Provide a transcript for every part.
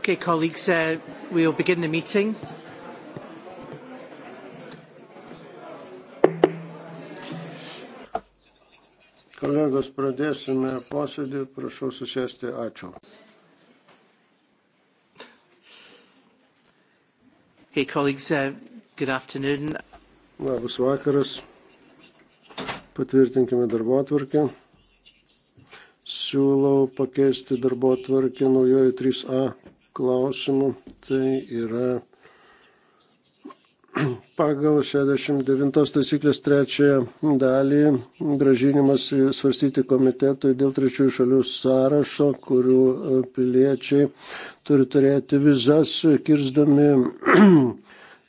Okay, colleagues, uh, we'll begin the meeting. Kolegos, pradėsime posėdį. Prašau susėsti. Ačiū. Hey, colleagues, uh, good afternoon. Labas vakaras. Patvirtinkime darbo atvarkę siūlau pakeisti darbo tvarkį naujojo 3A klausimų. Tai yra pagal 69 taisyklės trečiąją dalį gražinimas svarstyti komitetui dėl trečiųjų šalių sąrašo, kurių e, piliečiai turi turėti vizas, kirzdami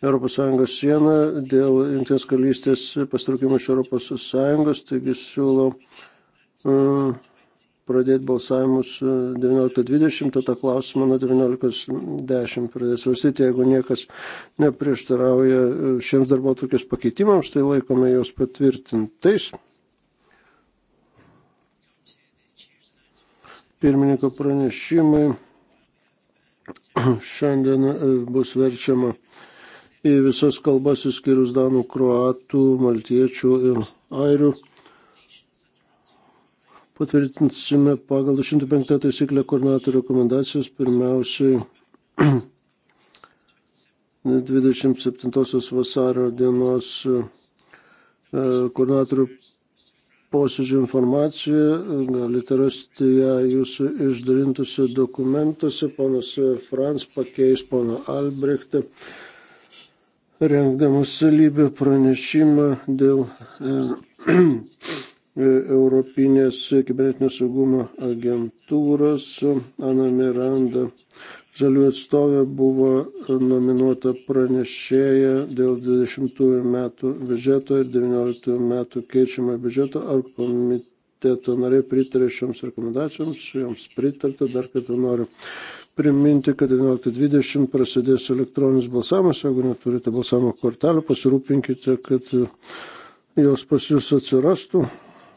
ES sieną dėl Junktinės karalystės pastraukimo iš ES, taigi siūlau uh, e, pradėti balsavimus 19.20, e, tą klausimą nuo 19.10 pradės svarstyti. Jeigu niekas neprieštarauja e, šiems darbo tokios pakeitimams, tai laikome juos patvirtintais. Pirmininko pranešimai šiandien e, bus verčiama į visas kalbas, išskyrus danų, kroatų, maltiečių ir airių patvirtinsime pagal 105 taisyklę koordinatorių rekomendacijas pirmiausiai 27 vasario dienos e, koordinatorių posėdžio informaciją. Galite rasti ją jūsų išdalintose dokumentuose. Ponas Frans pakeis poną Albrechtą rengdamas lybę pranešimą dėl e, E, Europinės kibernetinio saugumo agentūros Ana Miranda žalių atstovė buvo nominuota pranešėja dėl 20 metų biudžeto ir 19 metų keičiamą biudžeto. Ar komiteto nariai pritarė šioms rekomendacijoms? Joms pritarta. Dar kartą noriu priminti, kad 19.20 prasidės elektroninis balsavimas. Jeigu neturite balsavimo kortelio, pasirūpinkite, kad jos pas jūs atsirastų.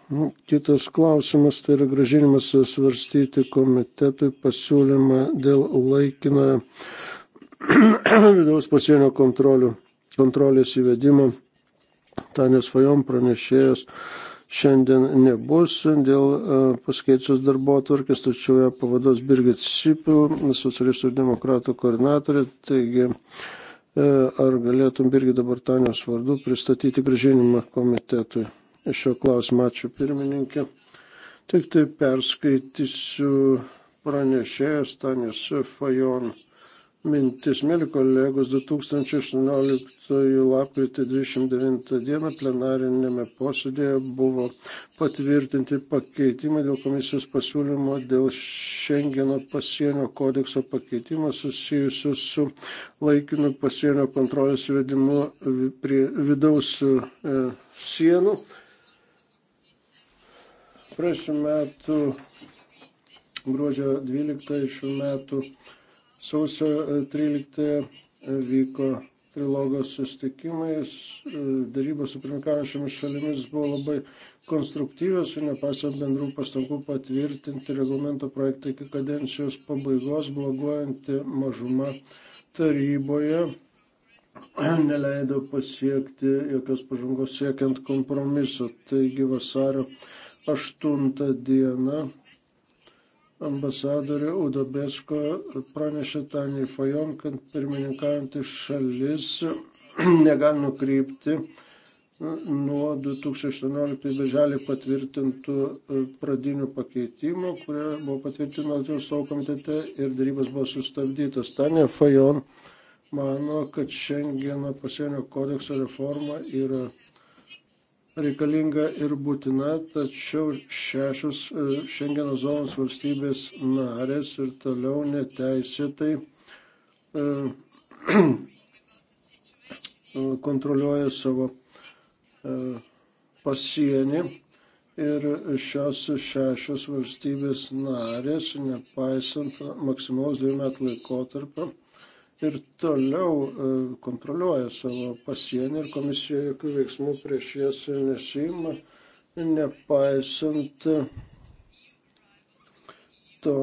Nu, kitas klausimas tai yra gražinimas svarstyti komitetui pasiūlymą dėl laikinojo vidaus pasienio kontrolių, kontrolės įvedimo. Tanės Fajom pranešėjas šiandien nebus dėl e, pasikeitusios darbo atvarkės, tačiau ją pavados Birgit Sipil, socialistų ir demokratų koordinatorė. Taigi, e, ar galėtum Birgit dabar Tanės vardu pristatyti gražinimą komitetui? šio klausimo. Ačiū pirmininkė. Tik tai perskaitysiu pranešėjas Tanis Fajon mintis. Mėly kolegos, 2018 lapkritį 29 dieną plenarinėme posėdėje buvo patvirtinti pakeitimai dėl komisijos pasiūlymo dėl Šengeno pasienio kodekso pakeitimo susijusiu su laikinu pasienio kontrolės vedimu prie vidaus e, sienų. E, Praėjusiu metu gruodžio 12 šių metų sausio 13 e, e, vyko trilogos sustikimais, e, darybos su pirmininkaujančiomis šalimis buvo labai konstruktyvios ir nepaisant bendrų pastangų patvirtinti reglamento projektą iki kadencijos pabaigos, bloguojanti mažuma taryboje neleido pasiekti jokios pažangos siekiant kompromiso. Taigi vasario 8 dieną ambasadorė Udabesko pranešė Tanį Fajon, kad pirmininkaujantį šalis negali nukrypti e, nuo 2018 beželį patvirtintų e, pradinių pakeitimų, kurie buvo patvirtinti Stovų komitete ir darybas buvo sustabdytas. Tanė Fajon mano, kad Šengeno pasienio kodekso reforma yra reikalinga ir būtina, tačiau šešios e, Šengeno zonos valstybės narės ir toliau neteisėtai e, kontroliuoja savo e, pasienį ir šios šešios valstybės narės, nepaisant maksimalaus dviejų metų laikotarpio, ir toliau e, kontroliuoja savo pasienį ir komisija jokių veiksmų prieš jas nesima, nepaisant to,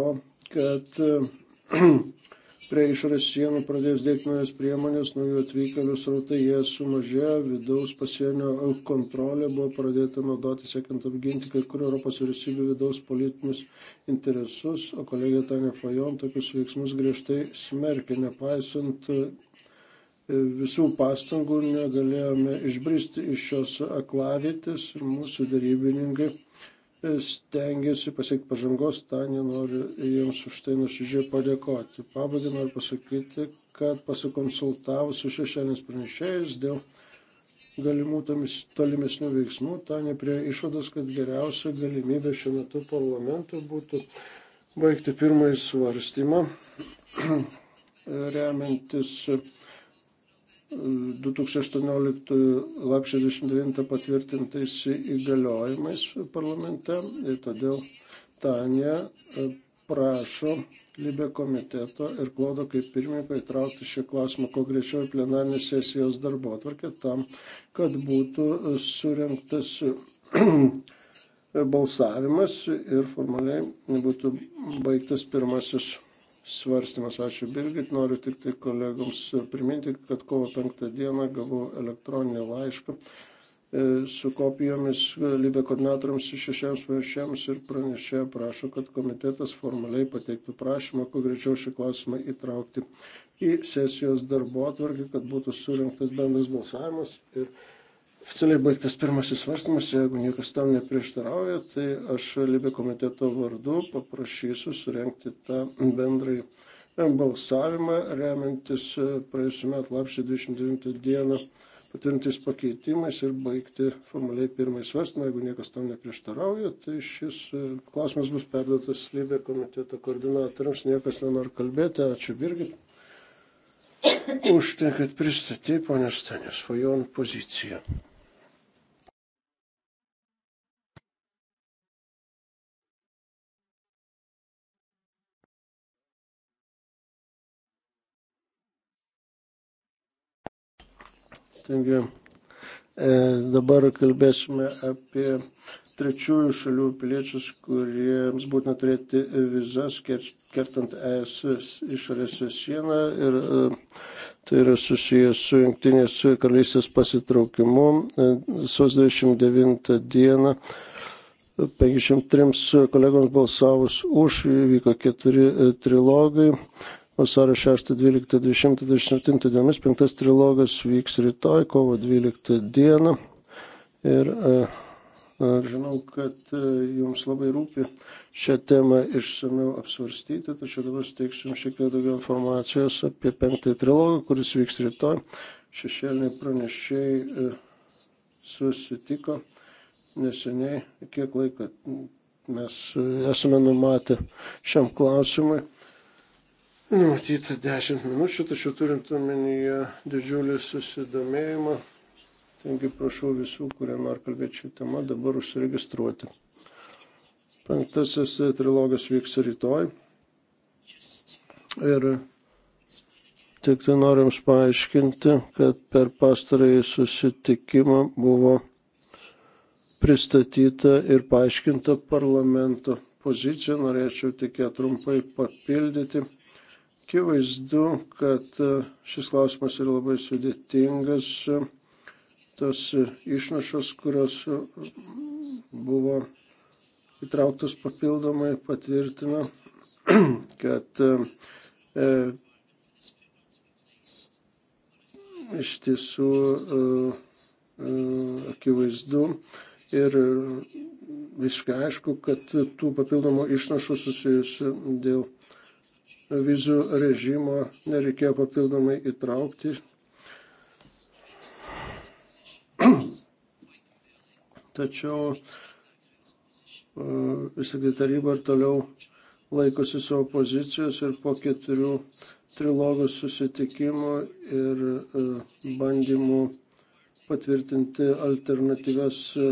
kad e, prie išorės sienų pradėjus dėkti naujas priemonės, naujų atvykėlių srautai jie sumažėjo, vidaus pasienio kontrolė buvo pradėta naudoti, siekiant apginti kai kurių Europos vyriausybių vidaus politinius interesus, o kolegė Tanė Fajon tokius veiksmus griežtai smerkė, nepaisant e, visų pastangų negalėjome išbristi iš šios aklavietės ir mūsų darybininkai stengiasi pasiekti pažangos, Tanė noriu jiems už tai nuširdžiai padėkoti. Pabaigai noriu pasakyti, kad pasikonsultavus su šešėlės pranešėjais dėl galimų tolimesnių veiksmų, Tanė prie išvados, kad geriausia galimybė šiuo metu parlamentui būtų baigti pirmąjį svarstymą, remiantis 2018 lapšė 29 patvirtintais įgaliojimais parlamente ir todėl Tanija e, prašo Libė komiteto ir klodo kaip pirmininko įtraukti šį klausimą kuo greičiau į plenarinį sesijos darbo atvarkę tam, kad būtų surinktas balsavimas ir formaliai būtų baigtas pirmasis svarstymas. Ačiū Birgit, noriu tik tai kolegoms priminti, kad kovo penktą dieną gavau elektroninį laišką e, su kopijomis lybė koordinatoriams iš šešiems pranešėjams ir pranešėja prašo, kad komitetas formaliai pateiktų prašymą, kuo greičiau šį klausimą įtraukti į sesijos darbo atvarkį, kad būtų surinktas bendras balsavimas ir oficialiai baigtas pirmasis svarstymas, jeigu niekas tam neprieštarauja, tai aš Libė komiteto vardu paprašysiu surenkti tą bendrąjį balsavimą, remiantis praėjusiu metu lapšį 29 dieną patvirtintais pakeitimais ir baigti formaliai pirmąjį svarstymą, jeigu niekas tam neprieštarauja, tai šis klausimas bus perduotas Libė komiteto koordinatoriams, niekas nenori kalbėti, ačiū Birgit už tai, kad pristatė ponios Stanės Fajon poziciją. Taigi e, dabar kalbėsime apie trečiųjų šalių piliečius, kuriems būtina turėti vizas, kertant ES išorės sieną. Ir e, tai yra susijęs su Junktinės karalystės pasitraukimu. E, Sos 29 dieną 503 kolegoms balsavus už vyko keturi trilogai. Vasario 6, 12, 227 dienomis, penktas trilogas vyks rytoj, kovo 12 dieną. Ir a, e, a, e, žinau, kad a, e, jums labai rūpi šią temą išsamiau apsvarstyti, tačiau dabar steiksiu jums šiek tiek daugiau informacijos apie penktąjį trilogą, kuris vyks rytoj. Šešėliniai pranešėjai susitiko neseniai, kiek laiko mes esame numatę šiam klausimui numatyta 10 minučių, tačiau turint omenyje didžiulį susidomėjimą, taigi prašau visų, kurie nori kalbėti šią temą, dabar užsiregistruoti. Penktasis trilogas vyks rytoj. Ir tik tai norim paaiškinti, kad per pastarąjį susitikimą buvo pristatyta ir paaiškinta parlamento pozicija. Norėčiau tik ją trumpai papildyti. Akivaizdu, kad e, šis klausimas yra labai sudėtingas. E, Tos e, išnašos, kurios buvo įtrauktos papildomai, patvirtina, kad e, iš tiesų e, e, akivaizdu ir visiškai aišku, kad tų papildomų išnašų susijusių dėl vizų režimo nereikėjo papildomai įtraukti. Tačiau e, vis tik taryba ir toliau laikosi savo pozicijos ir po keturių trilogų susitikimų ir e, bandymų patvirtinti alternatyvias e,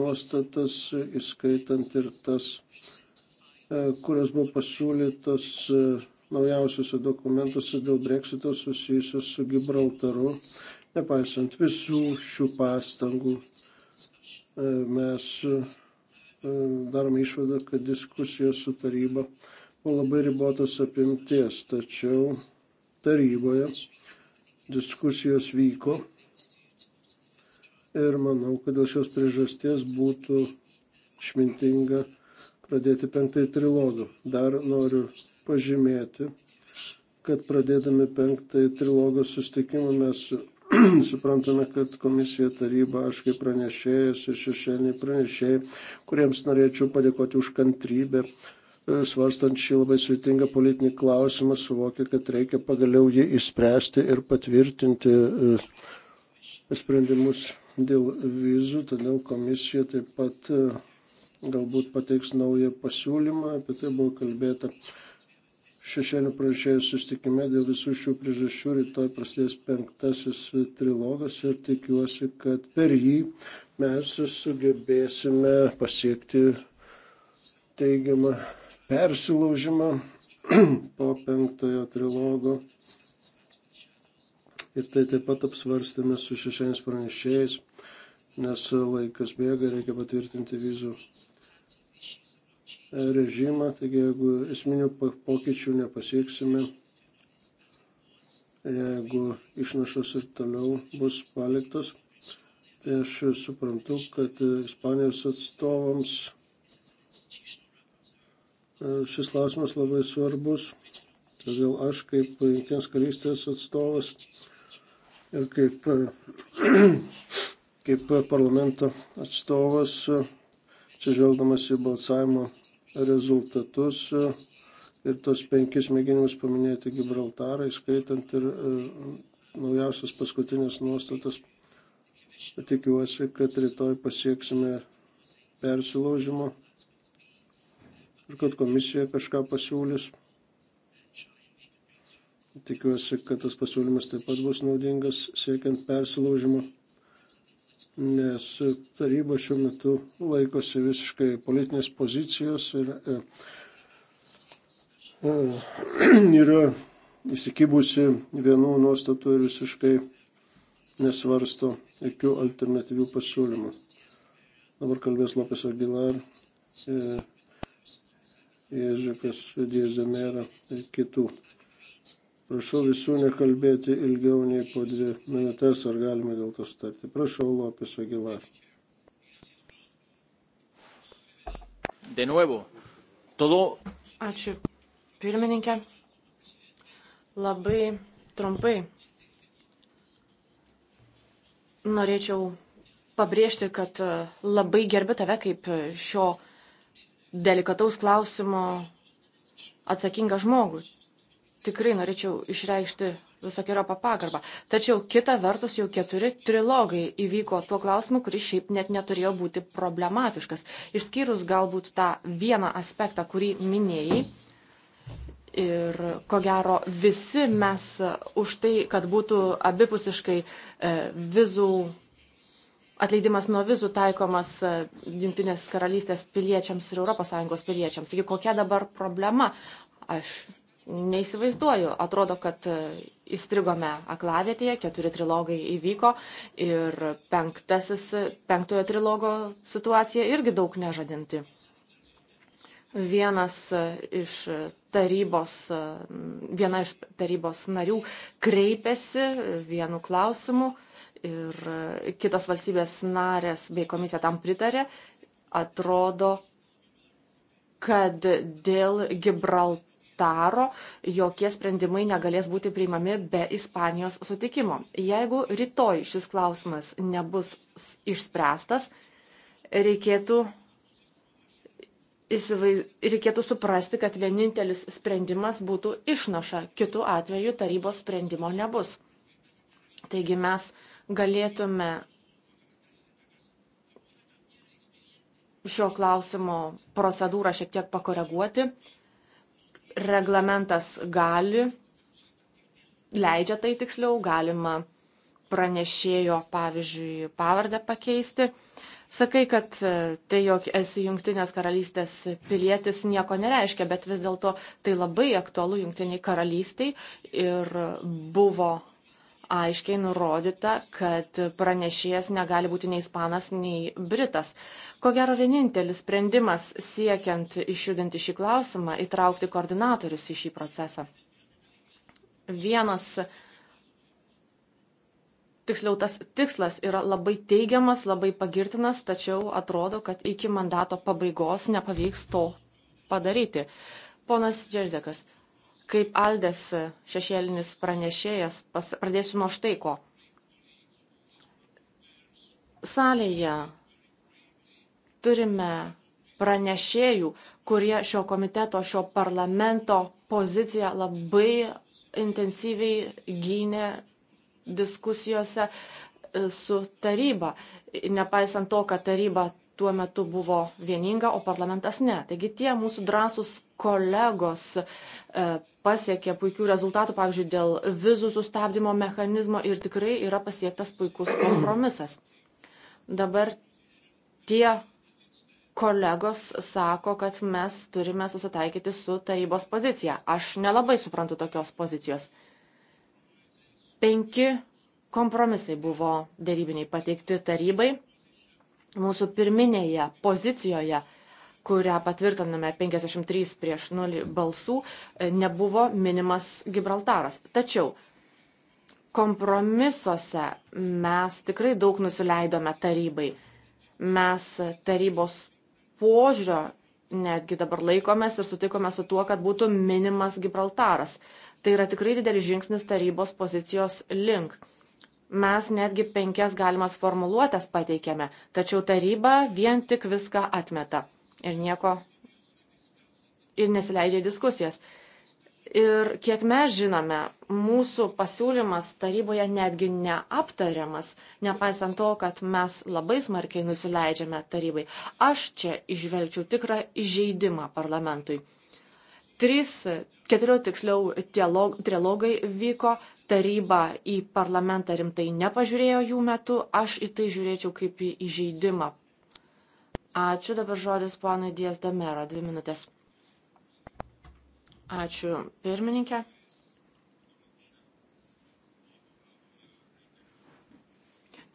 nuostatas, įskaitant ir tas E, kurios buvo pasiūlytos e, naujausiuose dokumentuose dėl breksito susijusios su Gibraltaru. Nepaisant visų šių pastangų, e, mes darome išvadą, kad diskusijos su taryba buvo labai ribotos apimties, tačiau taryboje diskusijos vyko ir manau, kad dėl šios priežasties būtų išmintinga pradėti penktąjį trilogą. Dar noriu pažymėti, kad pradėdami penktąjį trilogą sustikimą mes suprantame, kad komisija taryba, aš kaip pranešėjas ir šešėliniai pranešėjai, kuriems norėčiau padėkoti už kantrybę, e, svarstant šį labai sudėtingą politinį klausimą, suvokia, kad reikia pagaliau jį išspręsti ir patvirtinti e, sprendimus dėl vizų, todėl komisija taip pat e, galbūt pateiks naują pasiūlymą, apie tai buvo kalbėta šešėlių pranešėjų sustikime dėl visų šių priežasčių rytoj prasidės penktasis trilogas ir tikiuosi, kad per jį mes sugebėsime pasiekti teigiamą persilaužimą po penktojo trilogo. Ir tai taip pat apsvarstėme su šešėliais pranešėjais nes laikas bėga, reikia patvirtinti vizų režimą, taigi jeigu esminių pokyčių nepasieksime, jeigu išnašos ir toliau bus paliktos, tai aš suprantu, kad Ispanijos atstovams e, šis klausimas labai svarbus, todėl aš kaip Junktinės karystės atstovas ir kaip kaip parlamento atstovas, atsižvelgdamas į balsavimo rezultatus ir tos penkis mėginimus paminėti Gibraltarą, įskaitant ir e, naujausias paskutinės nuostatas, tikiuosi, kad rytoj pasieksime persilaužimo ir kad komisija kažką pasiūlys. Tikiuosi, kad tas pasiūlymas taip pat bus naudingas siekiant persilaužimo nes taryba šiuo metu laikosi visiškai politinės pozicijos ir e, e, yra įsikibusi vienų nuostatų ir visiškai nesvarsto jokių alternatyvių pasiūlymų. Dabar kalbės Lopes Aguilar, e, Ježikas, Diezemera ir kitų. Prašau visų nekalbėti ilgiau nei po dvi minutės, ar galime dėl to sutarti. Prašau, Lopis Agilar. De nuevo, todo. Ačiū, pirmininkė. Labai trumpai. Norėčiau pabrėžti, kad e, labai gerbi tave kaip e, šio delikataus klausimo atsakingą žmogų tikrai norėčiau išreikšti visokiojo papagarbą. Tačiau kita vertus jau keturi trilogai įvyko tuo klausimu, kuris šiaip net neturėjo būti problematiškas. Išskyrus galbūt tą vieną aspektą, kurį minėjai. Ir ko gero visi mes už tai, kad būtų abipusiškai e, vizų atleidimas nuo vizų taikomas e, Junktinės karalystės piliečiams ir ES piliečiams. Taigi kokia dabar problema? Aš neįsivaizduoju. Atrodo, kad e, įstrigome aklavietėje, keturi trilogai įvyko ir penktasis, penktojo trilogo situacija irgi daug nežadinti. Vienas e, iš tarybos, e, viena iš tarybos narių kreipėsi vienu klausimu ir kitos valstybės narės bei komisija tam pritarė. Atrodo, kad dėl Gibraltaro Kataro jokie sprendimai negalės būti priimami be Ispanijos sutikimo. Jeigu rytoj šis klausimas nebus išspręstas, reikėtų, įsivaiz... reikėtų suprasti, kad vienintelis sprendimas būtų išnaša, kitų atveju tarybos sprendimo nebus. Taigi mes galėtume šio klausimo procedūrą šiek tiek pakoreguoti reglamentas gali, leidžia tai tiksliau, galima pranešėjo, pavyzdžiui, pavardę pakeisti. Sakai, kad e, tai, jog esi Junktinės karalystės pilietis, nieko nereiškia, bet vis dėlto tai labai aktualu Junktiniai karalystiai ir buvo aiškiai nurodyta, kad pranešėjas negali būti nei ispanas, nei britas. Ko gero vienintelis sprendimas siekiant išjudinti šį klausimą - įtraukti koordinatorius į šį procesą. Vienas tiksliau tas tikslas yra labai teigiamas, labai pagirtinas, tačiau atrodo, kad iki mandato pabaigos nepavyks to padaryti. Ponas Džerzekas, kaip Aldės šešėlinis pranešėjas, pas, pradėsiu nuo štai ko. Salėje turime pranešėjų, kurie šio komiteto, šio parlamento poziciją labai intensyviai gynė diskusijose e, su taryba, nepaisant to, kad taryba tuo metu buvo vieninga, o parlamentas ne. Taigi tie mūsų drąsūs kolegos e, pasiekė puikių rezultatų, pavyzdžiui, dėl vizų sustabdymo mechanizmo ir tikrai yra pasiektas puikus kompromisas. Dabar tie kolegos sako, kad mes turime susitaikyti su tarybos pozicija. Aš nelabai suprantu tokios pozicijos. Penki kompromisai buvo dėrybiniai pateikti tarybai. Mūsų pirminėje pozicijoje kurią patvirtiname 53 prieš 0 balsų, e, nebuvo minimas Gibraltaras. Tačiau kompromisuose mes tikrai daug nusileidome tarybai. Mes tarybos požiūrio netgi dabar laikomės ir sutikome su tuo, kad būtų minimas Gibraltaras. Tai yra tikrai didelis žingsnis tarybos pozicijos link. Mes netgi penkias galimas formuluotės pateikėme, tačiau taryba vien tik viską atmeta ir nieko ir nesileidžia į diskusijas. Ir kiek mes žinome, mūsų pasiūlymas taryboje netgi neaptariamas, nepaisant to, kad mes labai smarkiai nusileidžiame tarybai. Aš čia išvelgčiau tikrą įžeidimą parlamentui. Trys, keturių tiksliau, trilogai vyko, taryba į parlamentą rimtai nepažiūrėjo jų metu, aš į tai žiūrėčiau kaip į įžeidimą Ačiū dabar žodis ponui Dijas Demero, dvi minutės. Ačiū pirmininkė.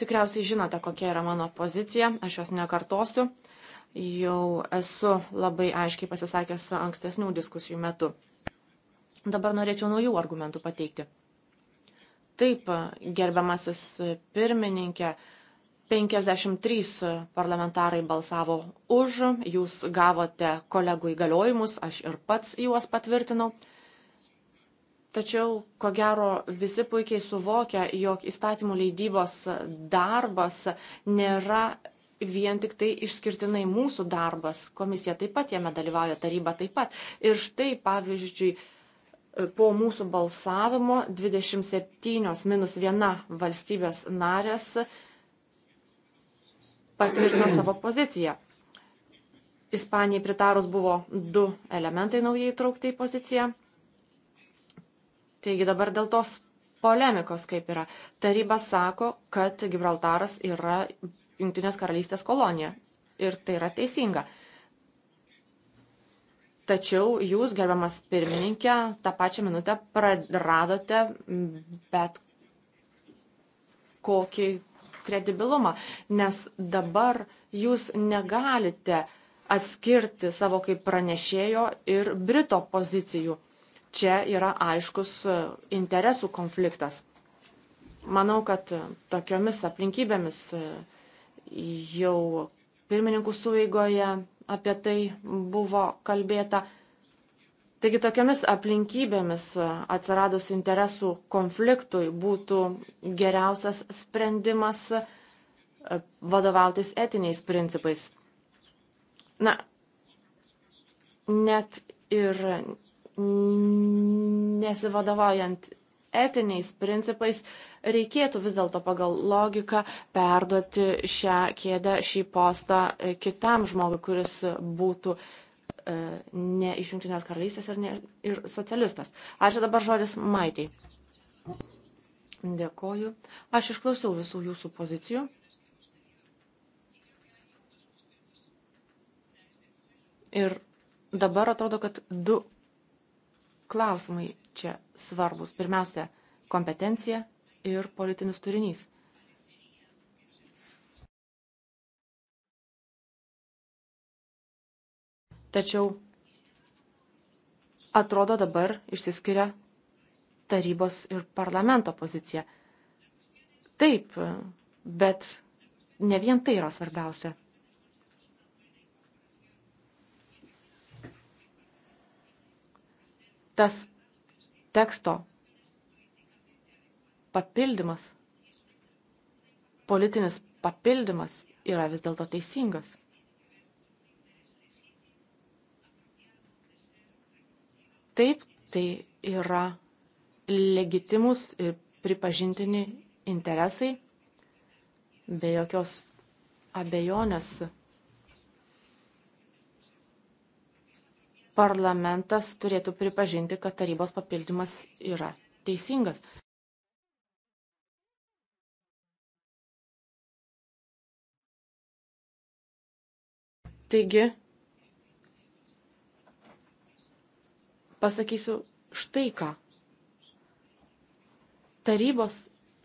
Tikriausiai žinote, kokia yra mano pozicija, aš jos nekartosiu. Jau esu labai aiškiai pasisakęs ankstesnių diskusijų metu. Dabar norėčiau naujų argumentų pateikti. Taip, gerbiamasis pirmininkė, 53 parlamentarai balsavo už, jūs gavote kolegų įgaliojimus, aš ir pats juos patvirtinau. Tačiau, ko gero, visi puikiai suvokia, jog įstatymų leidybos darbas nėra vien tik tai išskirtinai mūsų darbas. Komisija taip pat jame dalyvauja, taryba taip pat. Ir štai, pavyzdžiui, po mūsų balsavimo 27 minus 1 valstybės narės patvirtino savo poziciją. Ispanijai pritarus buvo du elementai naujai įtraukti į poziciją. Taigi dabar dėl tos polemikos kaip yra. Taryba sako, kad Gibraltaras yra Junktinės karalystės kolonija. Ir tai yra teisinga. Tačiau jūs, gerbiamas pirmininkė, tą pačią minutę praradote bet kokį kredibilumą, nes dabar jūs negalite atskirti savo kaip pranešėjo ir Brito pozicijų. Čia yra aiškus e, interesų konfliktas. Manau, kad e, tokiomis aplinkybėmis e, jau pirmininkų suveigoje apie tai buvo kalbėta. Taigi tokiamis aplinkybėmis e, atsiradus interesų konfliktui būtų geriausias sprendimas e, vadovautis etiniais principais. Na, net ir nesivadovaujant etiniais principais, reikėtų vis dėlto pagal logiką perduoti šią kėdę, šį postą kitam žmogui, kuris būtų uh, E, ne iš Junktinės karalystės ir, ne, ir socialistas. Ačiū dabar žodis Maitiai. Dėkoju. Aš išklausiau visų jūsų pozicijų. Ir dabar atrodo, kad du klausimai čia svarbus. Pirmiausia, kompetencija ir politinis turinys. Tačiau atrodo dabar išsiskiria tarybos ir parlamento pozicija. Taip, bet ne vien tai yra svarbiausia. Tas teksto papildymas, politinis papildymas yra vis dėlto teisingas. Taip, tai yra legitimus ir pripažintini interesai, be jokios abejonės. Parlamentas turėtų pripažinti, kad tarybos papildymas yra teisingas. Taigi, pasakysiu štai ką. Tarybos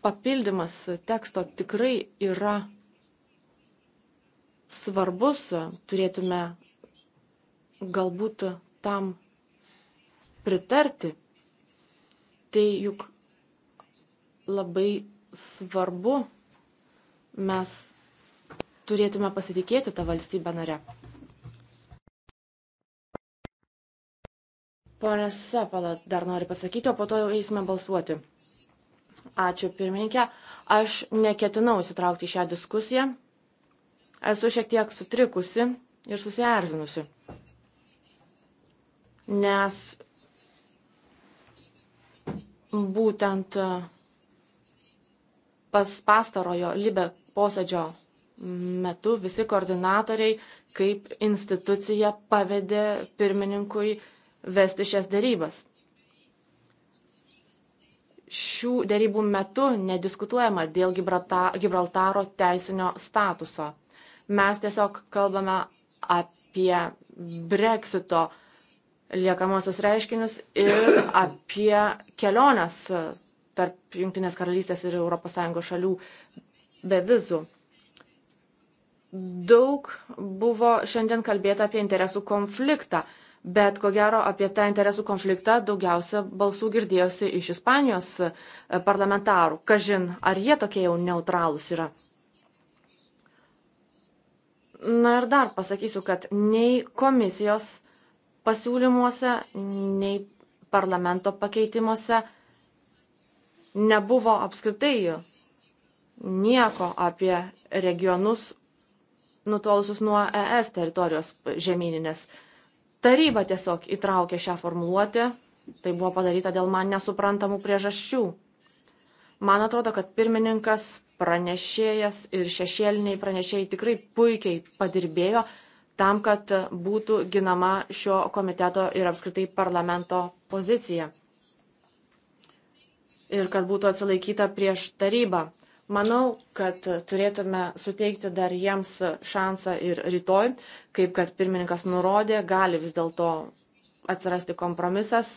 papildymas teksto tikrai yra svarbus, turėtume galbūt tam pritarti. Tai juk labai svarbu mes turėtume pasitikėti tą valstybę narę. Pone Sepala dar nori pasakyti, o po to jau eisime balsuoti. Ačiū pirmininkė. Aš neketinau įsitraukti į šią diskusiją. Esu šiek tiek sutrikusi ir susierzinusi. Nes būtent e, pas pastarojo libe posėdžio metu visi koordinatoriai kaip institucija pavedė pirmininkui vesti šias darybas. Šių darybų metu nediskutuojama dėl Gibraltaro teisinio statuso. Mes tiesiog kalbame apie Brexito liekamosios reiškinius ir apie keliones tarp Junktinės karalystės ir ES šalių be vizų. Daug buvo šiandien kalbėta apie interesų konfliktą Bet ko gero apie tą interesų konfliktą daugiausia balsų girdėjosi iš Ispanijos e, parlamentarų. Kažin, ar jie tokie jau neutralūs yra? Na ir dar pasakysiu, kad nei komisijos pasiūlymuose, nei parlamento pakeitimuose nebuvo apskritai nieko apie regionus nutolusius nuo ES teritorijos žemyninės teritorijos taryba tiesiog įtraukė šią formuluotę, tai buvo padaryta dėl man nesuprantamų priežasčių. Man atrodo, kad pirmininkas, pranešėjas ir šešėliniai pranešėjai tikrai puikiai padirbėjo tam, kad būtų ginama šio komiteto ir apskritai parlamento pozicija. Ir kad būtų atsilaikyta prieš tarybą. Manau, kad turėtume suteikti dar jiems šansą ir rytoj, kaip kad pirmininkas nurodė, gali vis dėlto atsirasti kompromisas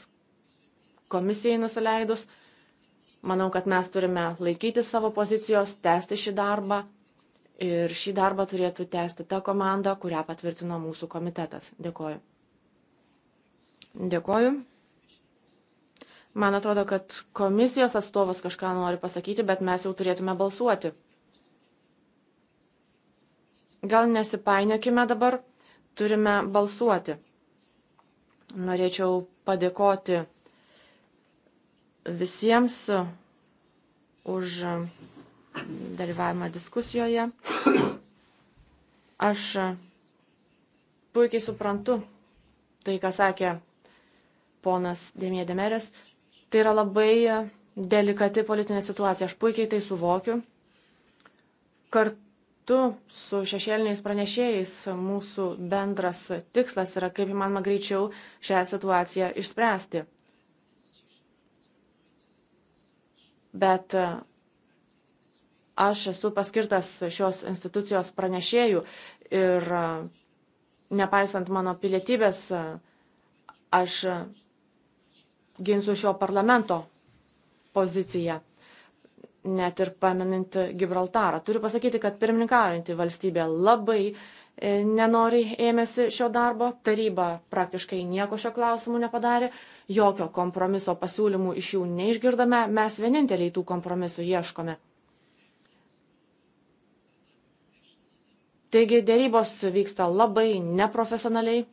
komisijai nusileidus. Manau, kad mes turime laikyti savo pozicijos, tęsti šį darbą ir šį darbą turėtų tęsti ta komanda, kurią patvirtino mūsų komitetas. Dėkoju. Dėkoju. Man atrodo, kad komisijos atstovas kažką nori pasakyti, bet mes jau turėtume balsuoti. Gal nesipainiokime dabar, turime balsuoti. Norėčiau padėkoti visiems už dalyvavimą diskusijoje. Aš puikiai suprantu tai, ką sakė ponas Demėdemeris, Tai yra labai delikati politinė situacija, aš puikiai tai suvokiu. Kartu su šešėliniais pranešėjais mūsų bendras tikslas yra kaip įmanoma greičiau šią situaciją išspręsti. Bet e, aš esu paskirtas šios institucijos pranešėjų ir e, nepaisant mano pilietybės, e, aš ginsiu šio parlamento poziciją, net ir paminint Gibraltarą. Turiu pasakyti, kad pirmininkaujantį valstybę labai e, nenori ėmėsi šio darbo, taryba praktiškai nieko šio klausimu nepadarė, jokio kompromiso pasiūlymų iš jų neišgirdome, mes vieninteliai tų kompromisų ieškome. Taigi dėrybos vyksta labai neprofesionaliai,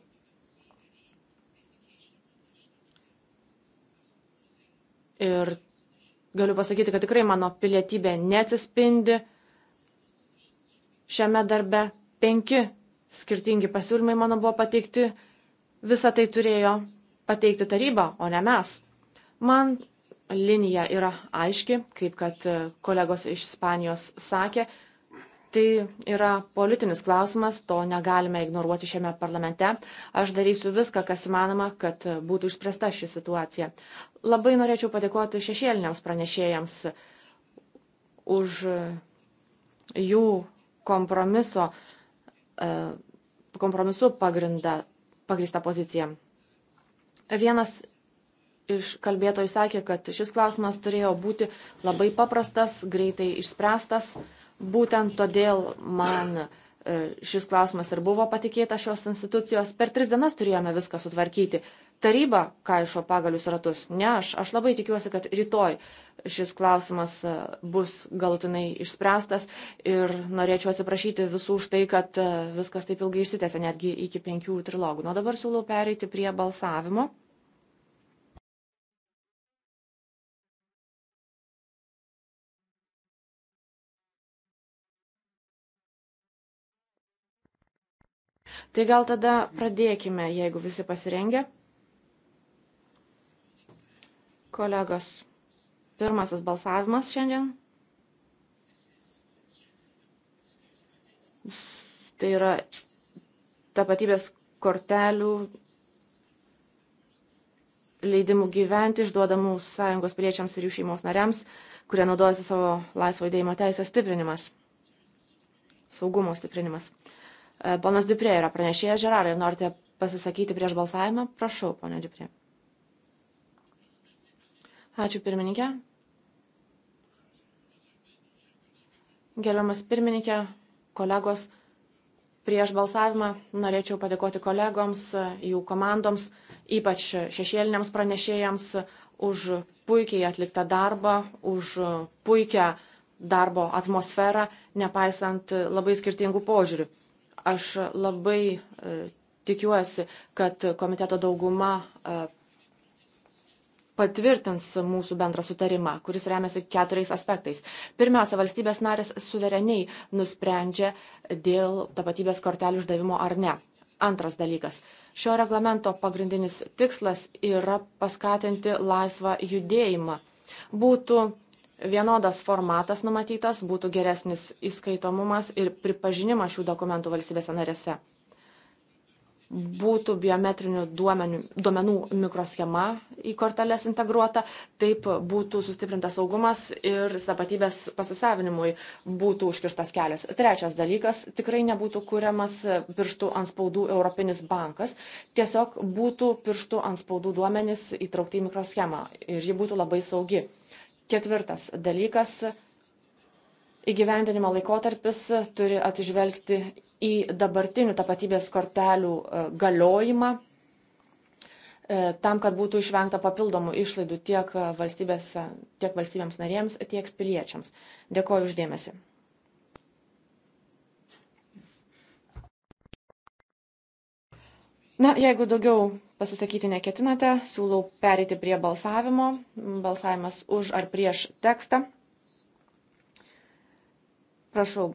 Ir galiu pasakyti, kad tikrai mano pilietybė neatsispindi šiame darbe. Penki skirtingi pasiūlymai mano buvo pateikti. Visą tai turėjo pateikti taryba, o ne mes. Man linija yra aiški, kaip kad kolegos iš Ispanijos sakė, Tai yra politinis klausimas, to negalime ignoruoti šiame parlamente. Aš darysiu viską, kas įmanoma, kad būtų išspręsta ši situacija. Labai norėčiau padėkoti šešėliniams pranešėjams už jų kompromiso, e, kompromisu pagrindą, pagrįstą poziciją. Vienas iš kalbėtojų sakė, kad šis klausimas turėjo būti labai paprastas, greitai išspręstas Būtent todėl man e, šis klausimas ir buvo patikėta šios institucijos. Per tris dienas turėjome viską sutvarkyti. Taryba kaišo pagalius ratus, ne aš. Aš labai tikiuosi, kad rytoj šis klausimas e, bus galutinai išspręstas ir norėčiau atsiprašyti visų už tai, kad e, viskas taip ilgai išsitęsė, netgi iki penkių trilogų. Nuo dabar siūlau pereiti prie balsavimo. Tai gal tada pradėkime, jeigu visi pasirengę. Kolegos, pirmasis balsavimas šiandien. Tai yra tapatybės kortelių leidimų gyventi išduodamų sąjungos piliečiams ir jų šeimos nariams, kurie naudojasi savo laisvo įdėjimo teisę stiprinimas, saugumo stiprinimas. E, ponas Duprė yra pranešėjas Žerarai. Norite pasisakyti prieš balsavimą? Prašau, ponė Duprė. Ačiū pirmininkė. Gerbiamas pirmininkė, kolegos, prieš balsavimą norėčiau padėkoti kolegoms, e, jų komandoms, ypač šešėliniams pranešėjams už puikiai atliktą darbą, už puikią darbo atmosferą, nepaisant labai skirtingų požiūrių. Aš labai e, tikiuosi, kad komiteto dauguma e, patvirtins mūsų bendrą sutarimą, kuris remiasi keturiais aspektais. Pirmiausia, valstybės narės suvereniai nusprendžia dėl tapatybės kortelių išdavimo ar ne. Antras dalykas. Šio reglamento pagrindinis tikslas yra paskatinti laisvą judėjimą. Būtų Vienodas formatas numatytas būtų geresnis įskaitomumas ir pripažinimas šių dokumentų valstybėse narėse. Būtų biometrinių duomenių, duomenų mikroschema į korteles integruota, taip būtų sustiprintas saugumas ir tapatybės pasisavinimui būtų užkirstas kelias. Trečias dalykas - tikrai nebūtų kuriamas pirštų ant spaudų Europinis bankas, tiesiog būtų pirštų ant spaudų duomenys įtraukti į mikroschemą ir ji būtų labai saugi Ketvirtas dalykas - įgyvendinimo laikotarpis turi atsižvelgti į dabartinių tapatybės kortelių e, galiojimą e, tam, kad būtų išvengta papildomų išlaidų tiek, tiek valstybėms narėms, tiek piliečiams. Dėkoju uždėmesi. Na, jeigu daugiau pasisakyti neketinate, siūlau perėti prie balsavimo. Balsavimas už ar prieš tekstą. Prašau,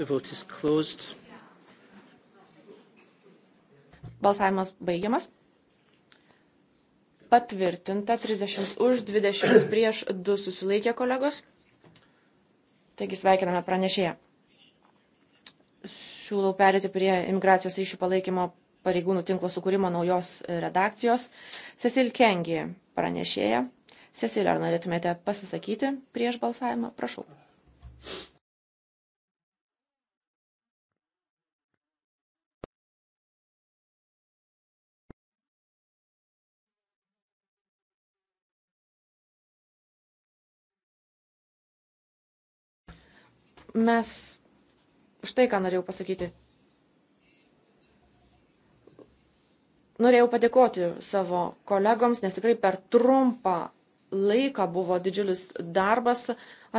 The vote is closed. Balsavimas baigiamas. Patvirtinta 30 už, 20 prieš, 2 susilaikė kolegos. Taigi sveikiname pranešėją. Siūlau perėti prie imigracijos ryšių palaikymo pareigūnų tinklo sukūrimo naujos redakcijos. Cecil Kengi pranešėja. Cecil, ar norėtumėte pasisakyti prieš balsavimą? Prašau. Thank you. Mes štai ką norėjau pasakyti. Norėjau padėkoti savo kolegoms, nes tikrai per trumpą laiką buvo didžiulis darbas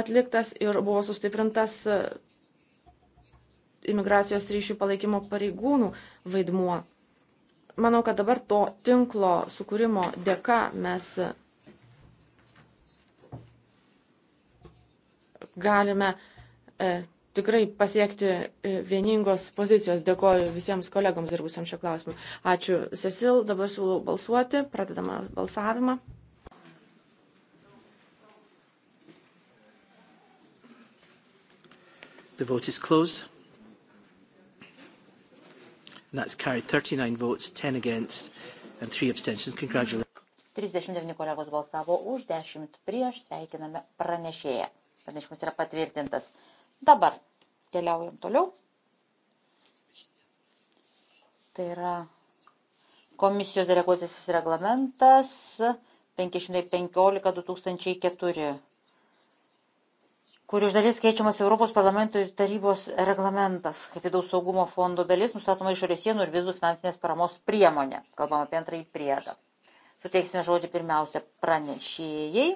atliktas ir buvo sustiprintas imigracijos ryšių palaikymo pareigūnų vaidmuo. Manau, kad dabar to tinklo sukūrimo dėka mes galime uh, E, tikrai pasiekti e, vieningos pozicijos. Dėkoju visiems kolegams dirbusiems šio klausimu. Ačiū, Cecil. Dabar siūlau balsuoti. Pradedame balsavimą. The vote is closed. And that's carried 39 votes, 10 against and 3 abstentions. Congratulations. 39 kolegos balsavo už, 10 prieš, sveikiname pranešėją. Pranešimas yra patvirtintas. Dabar keliaujam toliau. Tai yra komisijos deleguotasis reglamentas 515-2004, kur iš dalies keičiamas Europos parlamento ir tarybos reglamentas, kaip vidaus saugumo fondo dalis nustatoma išorės sienų ir vizų finansinės paramos priemonė. Kalbam apie antrąjį priedą. Suteiksime žodį pirmiausia pranešėjai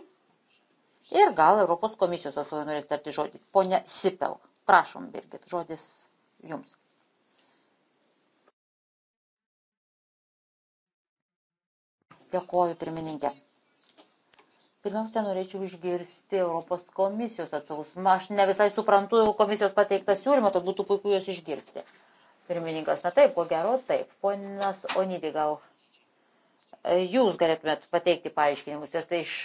Ir gal Europos komisijos atstovai norės tarti žodį. Pone Sipel, prašom, Birgit, žodis jums. Dėkuoju, pirmininkė. Pirmiausia, norėčiau išgirsti Europos komisijos atstovus. Aš ne visai suprantu komisijos pateiktą siūlymą, tad būtų puiku juos išgirsti. Pirmininkas, na taip, ko gero, taip. Ponas Onidį, gal jūs galėtumėt pateikti paaiškinimus, nes tai iš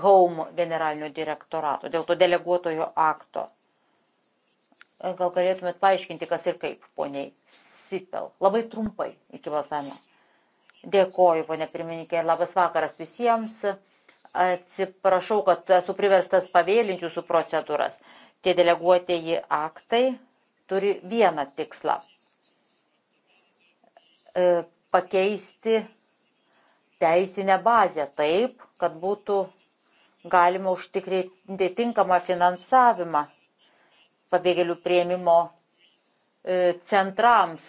Home generalinio direktorato, dėl to deleguotojo akto. Gal galėtumėt paaiškinti, kas ir kaip, poniai Sipel. Labai trumpai iki balsavimo. Dėkoju, ponė pirmininkė, labas vakaras visiems. Atsiprašau, kad esu priverstas pavėlinti jūsų procedūras. Tie deleguotieji aktai turi vieną tikslą e, pakeisti teisinę bazę taip, kad būtų galima užtikrinti tinkamą finansavimą pabėgėlių prieimimo e, centrams,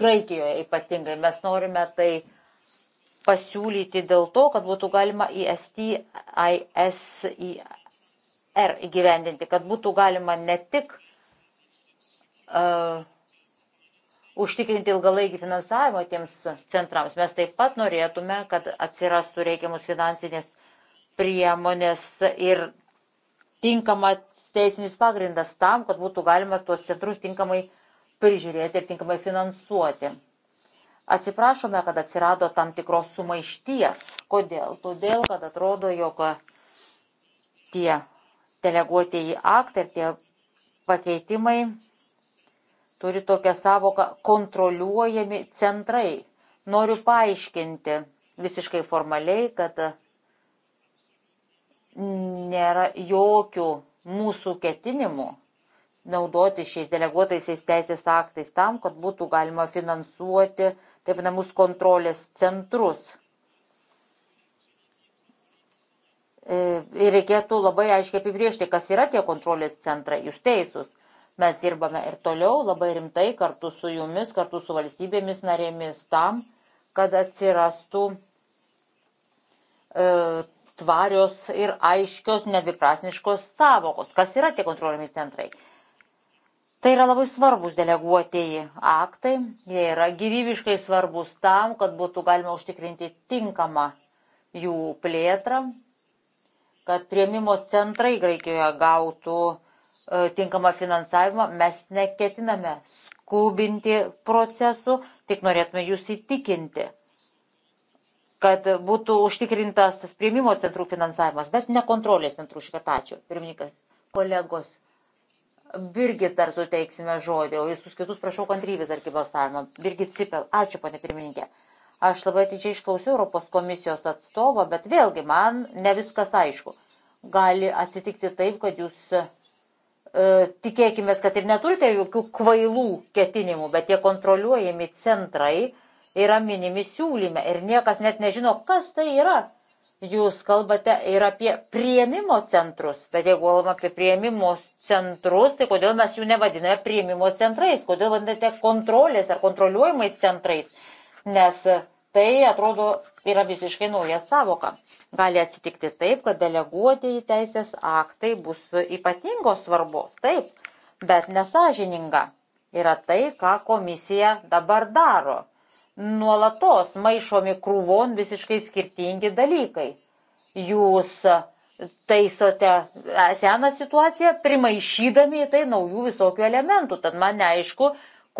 Graikijoje ypatingai. Mes norime tai pasiūlyti dėl to, kad būtų galima ISTISIR įgyvendinti, kad būtų galima ne tik uh, užtikrinti ilgalaikį finansavimą tiems centrams. Mes taip pat norėtume, kad atsirastų reikiamus finansinės priemonės ir tinkamas teisinis pagrindas tam, kad būtų galima tuos centrus tinkamai prižiūrėti ir tinkamai finansuoti. Atsiprašome, kad atsirado tam tikros sumaišties. Kodėl? Todėl, kad atrodo, jog tie deleguotieji aktai ir tie pakeitimai turi tokią savoką kontroliuojami centrai. Noriu paaiškinti visiškai formaliai, kad nėra jokių mūsų ketinimų naudoti šiais deleguotaisiais teisės aktais tam, kad būtų galima finansuoti taip vadinamus kontrolės centrus. E, ir reikėtų labai aiškiai apibriežti, kas yra tie kontrolės centrai. Jūs teisūs. Mes dirbame ir toliau labai rimtai kartu su jumis, kartu su valstybėmis narėmis tam, kad atsirastų e, tvarios ir aiškios, nedviprasniškos savokos. Kas yra tie kontroliniai centrai? Tai yra labai svarbus deleguotieji aktai, jie yra gyvybiškai svarbus tam, kad būtų galima užtikrinti tinkamą jų plėtrą, kad prieimimo centrai Graikijoje gautų e, tinkamą finansavimą. Mes neketiname skubinti procesų, tik norėtume jūs įtikinti kad būtų užtikrintas tas prieimimo centrų finansavimas, bet ne kontrolės centrų škartą. Ačiū, pirmininkas, kolegos. Birgit dar suteiksime žodį, o visus kitus prašau kantrybės ar balsavimo. Birgit Cipel, ačiū, pane pirmininkė. Aš labai atidžiai išklausiau Europos komisijos atstovą, bet vėlgi man ne viskas aišku. Gali atsitikti taip, kad jūs e, tikėkime, kad ir neturite jokių kvailų ketinimų, bet tie kontroliuojami centrai yra minimi siūlyme ir niekas net nežino, kas tai yra. Jūs kalbate ir apie prieimimo centrus, bet jeigu kalbame apie prieimimo centrus, tai kodėl mes jų nevadiname prieimimo centrais, kodėl vadinate kontrolės ar kontroliuojamais centrais, nes tai atrodo yra visiškai nauja savoka. Gali atsitikti taip, kad deleguoti į teisės aktai bus ypatingos svarbos, taip, bet nesažininga yra tai, ką komisija dabar daro nuolatos maišomi krūvon visiškai skirtingi dalykai. Jūs e, taisote seną situaciją, primaišydami į tai naujų visokių elementų. Tad man neaišku,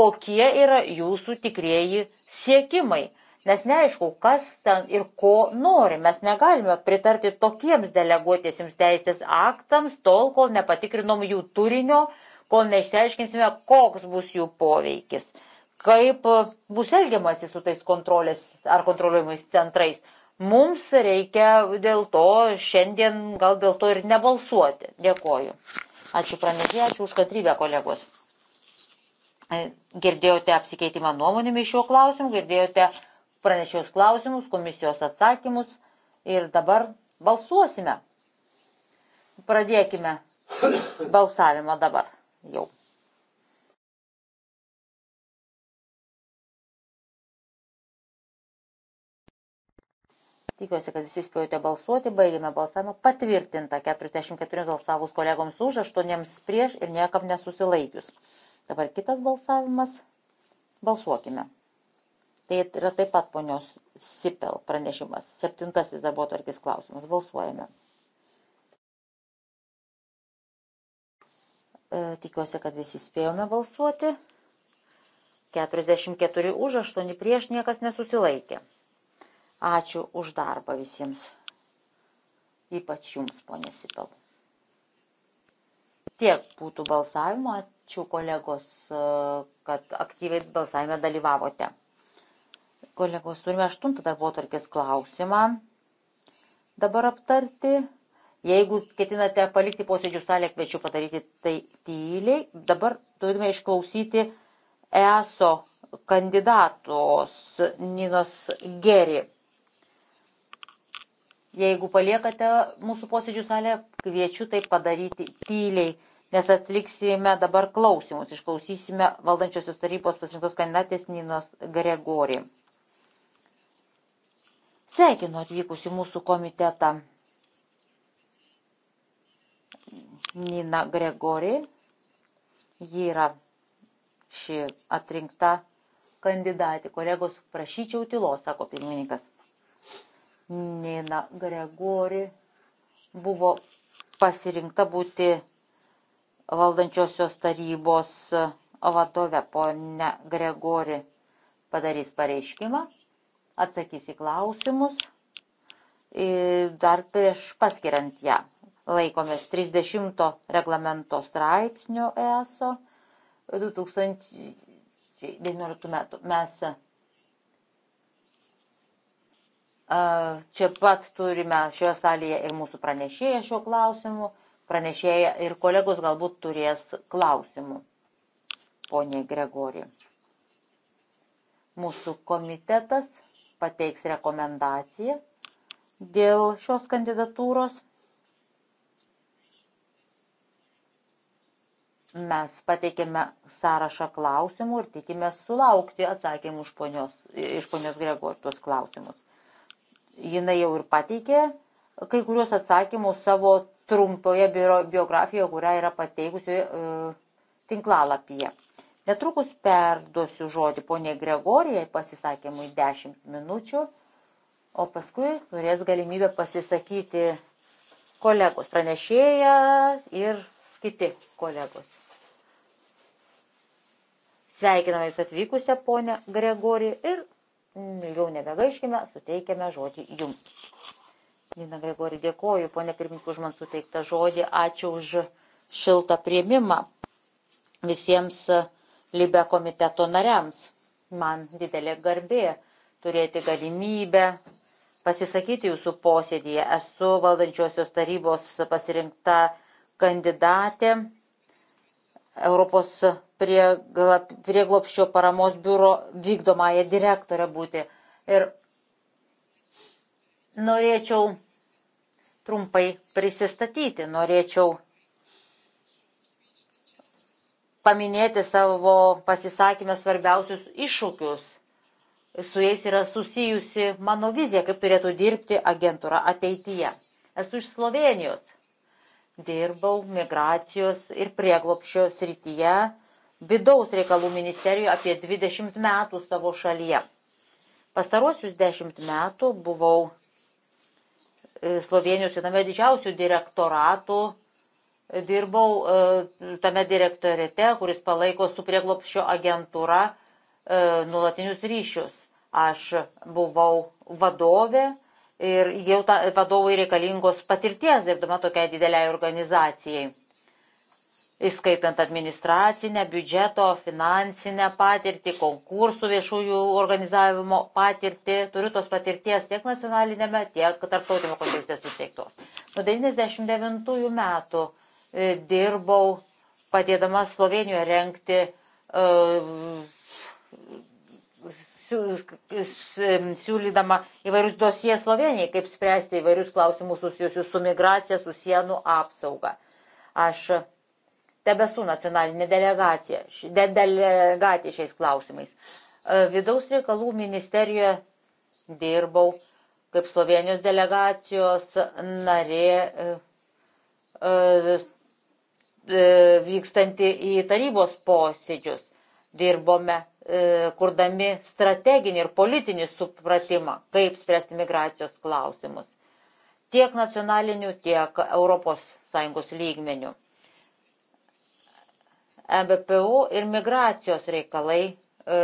kokie yra jūsų tikrieji siekimai. Nes neaišku, kas ten ir ko nori. Mes negalime pritarti tokiems deleguotėsiams teisės aktams, tol, kol nepatikrinom jų turinio, kol neišsiaiškinsime, koks bus jų poveikis kaip e, bus elgiamasi su tais kontrolės ar kontroliuojamais centrais. Mums reikia dėl to šiandien gal dėl to ir nebalsuoti. Dėkoju. Ačiū pranešėjai, ačiū už kantrybę, kolegos. E, girdėjote apsikeitimą nuomonėmis šiuo klausimu, girdėjote pranešėjus klausimus, komisijos atsakymus ir dabar balsuosime. Pradėkime balsavimą dabar jau. Tikiuosi, kad visi spėjote balsuoti. Baigėme balsavimą. Patvirtinta 44 balsavus kolegoms už, 8 prieš ir niekam nesusilaikius. Dabar kitas balsavimas. Balsuokime. Tai yra taip pat ponios Sipel pranešimas. Septintasis darbo tarkis klausimas. Balsuojame. E, tikiuosi, kad visi spėjome balsuoti. 44 už, 8 prieš, niekas nesusilaikė. Ačiū už darbą visiems, ypač jums, ponė Sipel. Tiek būtų balsavimo, ačiū kolegos, kad aktyviai balsavime dalyvavote. Kolegos, turime aštuntą darbo tarkės klausimą dabar aptarti. Jeigu ketinate palikti posėdžių salę, kviečiu padaryti tai tyliai. Dabar turime išklausyti ESO kandidatos Ninos Geri. Jeigu paliekate mūsų posėdžių salę, kviečiu tai padaryti tyliai, nes atliksime dabar klausimus. Išklausysime valdančiosios tarybos pasirinktos kandidatės Ninos Gregori. Sveikinu atvykusi mūsų komitetą Nina Gregori. Ji yra ši atrinkta kandidatė. Kolegos, prašyčiau tylos, sako pirmininkas. Nina Gregori buvo pasirinkta būti valdančiosios tarybos vadove. Pone Gregori padarys pareiškimą, atsakys į klausimus dar prieš paskiriant ją. Laikomės 30 reglamento straipsnio ESO 2019 metų. Mes Čia pat turime šioje salėje ir mūsų pranešėją šiuo klausimu. Pranešėja ir kolegos galbūt turės klausimų, poniai Gregori. Mūsų komitetas pateiks rekomendaciją dėl šios kandidatūros. mes pateikėme sąrašą klausimų ir tikime sulaukti atsakymų iš ponios, iš ponios Gregor tuos klausimus jinai jau ir pateikė kai kuriuos atsakymus savo trumpoje biografijoje, kurią yra pateikusi e, tinklalapyje. Netrukus perduosiu žodį ponė Gregorijai pasisakymui 10 minučių, o paskui turės galimybę pasisakyti kolegos, pranešėja ir kiti kolegos. Sveikiname Jūs atvykusią ponę Gregorį ir Mm, Ilgiau nebegaiškime, suteikiame žodį jums. Nina Gregori, dėkoju, ponė pirmininkų, už man suteiktą žodį. Ačiū už šiltą prieimimą visiems Libe komiteto nariams. Man didelė garbė turėti galimybę pasisakyti jūsų posėdėje. Esu valdančiosios tarybos pasirinkta kandidatė Europos prie, prie glopščio paramos biuro vykdomąją direktorę būti. Ir norėčiau trumpai prisistatyti, norėčiau paminėti savo pasisakymę svarbiausius iššūkius. Su jais yra susijusi mano vizija, kaip turėtų dirbti agentūra ateityje. Esu iš Slovenijos. Dirbau migracijos ir prieglopščio srityje vidaus reikalų ministerijoje apie 20 metų savo šalyje. Pastaruosius 10 metų buvau e, Slovenijos viename didžiausių direktoratų, e, dirbau e, tame direktorete, kuris palaiko su prieglopščio agentūra nulatinius ryšius. Aš buvau vadovė ir jau ta, vadovai reikalingos patirties dirbdama tokiai dideliai organizacijai įskaitant administracinę, biudžeto, finansinę patirtį, konkursų viešųjų organizavimo patirtį. Turiu tos patirties tiek nacionalinėme, tiek tarptautinėme kontekste suteiktos. Nuo 99 metų e, dirbau padėdama Slovenijoje renkti e, e, siūlydama įvairius dosie Slovenijai, kaip spręsti įvairius klausimus susijusius su migracija, su sienų apsauga. Aš tebesų nacionalinė delegacija, de, delegacija šiais klausimais. E, vidaus reikalų ministerijoje dirbau kaip Slovenijos delegacijos narė e, e, vykstanti į tarybos posėdžius. Dirbome kurdami strateginį ir politinį supratimą, kaip spręsti migracijos klausimus. Tiek nacionalinių, tiek ES lygmenių. MBPO e ir migracijos reikalai e, e,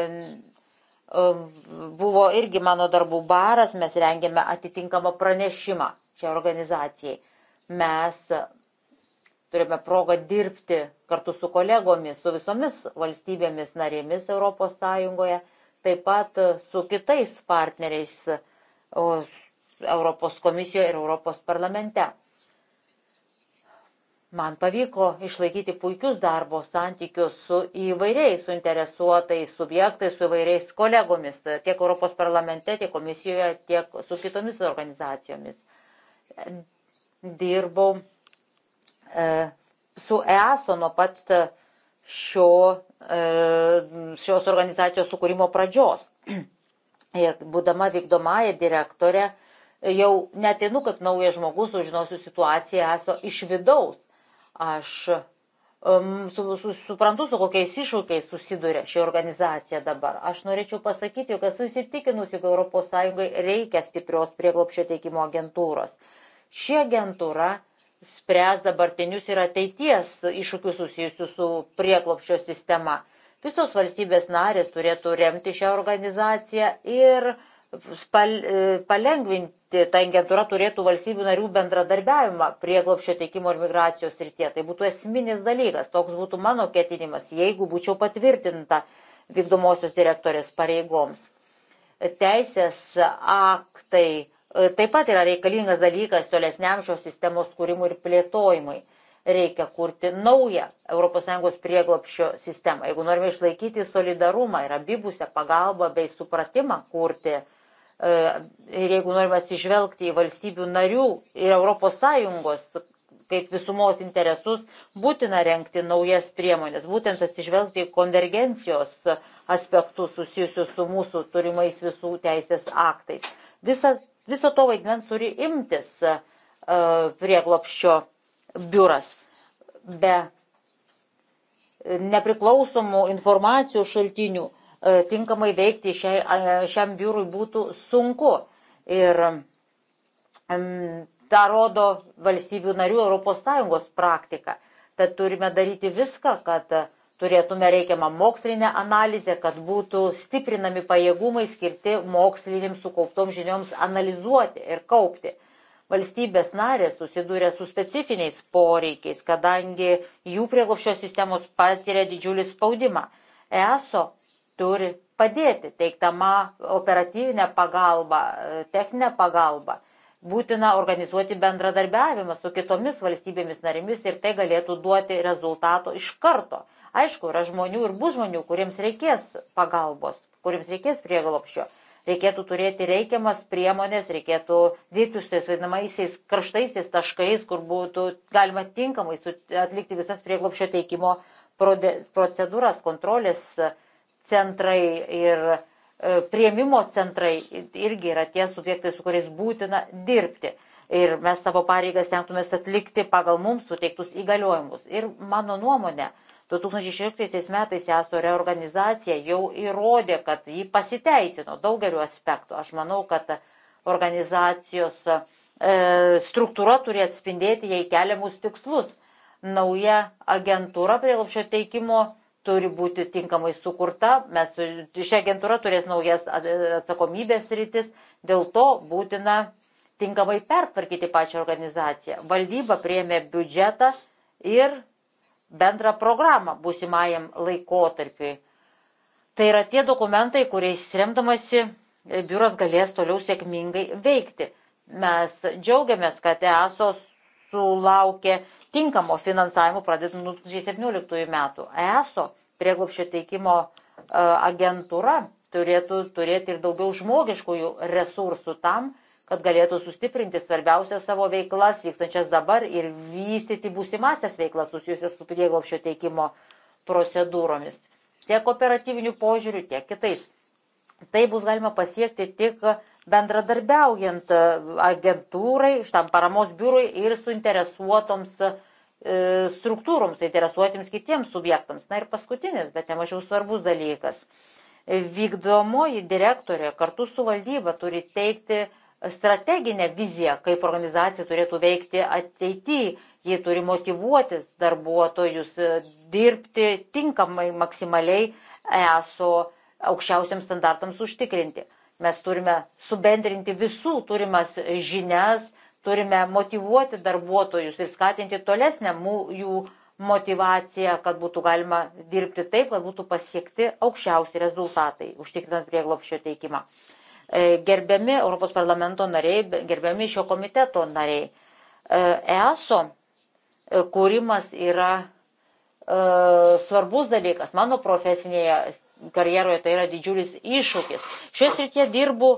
buvo irgi mano darbų baras, mes rengėme atitinkamą pranešimą šiai organizacijai. Mes turime progą dirbti kartu su kolegomis, su visomis valstybėmis narėmis ES, taip pat su kitais partneriais Europos komisijoje ir Europos parlamente. Man pavyko išlaikyti puikius darbo santykius su įvairiais suinteresuotais subjektais, su įvairiais kolegomis, tiek Europos parlamente, tiek komisijoje, tiek su kitomis organizacijomis. Dirbau e, su ESO nuo pat šio, e, šios organizacijos sukūrimo pradžios. Ir būdama vykdomąją direktorę, jau netinu kaip naujas žmogus, sužinosiu situaciją ESO iš vidaus Aš um, su, su, suprantu, su kokiais iššūkiais susiduria ši organizacija dabar. Aš norėčiau pasakyti, kad esu įsitikinusi, kad ES reikia stiprios prieglopščio teikimo agentūros. Ši agentūra spręs dabartinius ir ateities iššūkius susijusius su prieglopščio sistema. Visos valstybės narės turėtų remti šią organizaciją ir palengvinti E, ta agentūra turėtų valstybių narių bendradarbiavimą prieglopščio teikimo ir migracijos rytie. Tai būtų esminis dalykas, toks būtų mano ketinimas, jeigu būčiau patvirtinta vykdomosios direktorės pareigoms. Teisės aktai e, taip pat yra reikalingas dalykas tolesniam šios sistemos kūrimui ir plėtojimui. Reikia kurti naują ES prieglopščio sistemą. Jeigu norime išlaikyti solidarumą ir abipusę pagalbą bei supratimą kurti, uh, E, ir jeigu norime atsižvelgti į valstybių narių ir ES kaip visumos interesus, būtina renkti naujas priemonės, būtent atsižvelgti į konvergencijos aspektus susijusius su mūsų turimais visų teisės aktais. Visa, viso to vaidmens turi imtis uh, prieglopščio biuras. Be nepriklausomų informacijos šaltinių E, tinkamai veikti šiai, šiam biurui būtų sunku. Ir tą rodo valstybių narių ES praktika. Tad turime daryti viską, kad turėtume reikiamą mokslinę analizę, kad būtų stiprinami pajėgumai skirti mokslinėms sukauptoms žinioms analizuoti ir kaupti. Valstybės narės susiduria su specifiniais poreikiais, kadangi jų prieglopščio sistemos patiria didžiulį spaudimą. ESO turi padėti, teiktama operatyvinę pagalbą, techninę pagalbą. Būtina organizuoti bendradarbiavimą su kitomis valstybėmis narimis ir tai galėtų duoti rezultato iš karto. Aišku, yra žmonių ir bus žmonių, kuriems reikės pagalbos, kuriems reikės prieglopščio. Reikėtų turėti reikiamas priemonės, reikėtų dirbti su tais vadinamaisiais karštaisiais taškais, kur būtų galima tinkamai atlikti visas prieglopščio teikimo procedūras, kontrolės centrai ir e, prieimimo centrai irgi yra tie subjektai, su kuriais būtina dirbti. Ir mes savo pareigas tenktumės atlikti pagal mums suteiktus įgaliojimus. Ir mano nuomonė, 2016 metais ESO reorganizacija jau įrodė, kad jį pasiteisino daugeliu aspektų. Aš manau, kad organizacijos e, struktūra turi atspindėti jai keliamus tikslus. Nauja agentūra prieglopšio teikimo turi būti tinkamai sukurta, mes, ši agentūra turės naujas atsakomybės rytis, dėl to būtina tinkamai pertvarkyti pačią organizaciją. Valdyba priemė biudžetą ir bendrą programą būsimajam laikotarpiui. Tai yra tie dokumentai, kuriais remdamasi biuras galės toliau sėkmingai veikti. Mes džiaugiamės, kad EASO sulaukė tinkamo finansavimo pradedant nuo 2017 metų. ESO prieglopščio teikimo e, agentūra turėtų turėti ir daugiau žmogiškųjų resursų tam, kad galėtų sustiprinti svarbiausias savo veiklas, vykstančias dabar ir vystyti būsimasias veiklas susijusias su prieglopščio teikimo procedūromis. Tiek operatyvinių požiūrių, tiek kitais. Tai bus galima pasiekti tik uh, bendradarbiaujant e, agentūrai, šitam paramos biurui ir suinteresuotoms e, struktūroms, interesuotiems kitiems subjektams. Na ir paskutinis, bet nemažiau svarbus dalykas. Vykdomoji direktorė kartu su valdyba turi teikti strateginę viziją, kaip organizacija turėtų veikti ateityje. Jie turi motivuotis darbuotojus e, dirbti tinkamai, maksimaliai ESO aukščiausiams standartams užtikrinti. Mes turime subendrinti visų turimas žinias, turime motivuoti darbuotojus ir skatinti tolesnę jų motivaciją, kad būtų galima dirbti taip, kad būtų pasiekti aukščiausi rezultatai, užtikrinant prieglopščio teikimą. E, gerbiami Europos parlamento nariai, gerbiami šio komiteto nariai, ESO e, kūrimas yra e, svarbus dalykas mano profesinėje karjeroje tai yra didžiulis iššūkis. Šioje srityje dirbu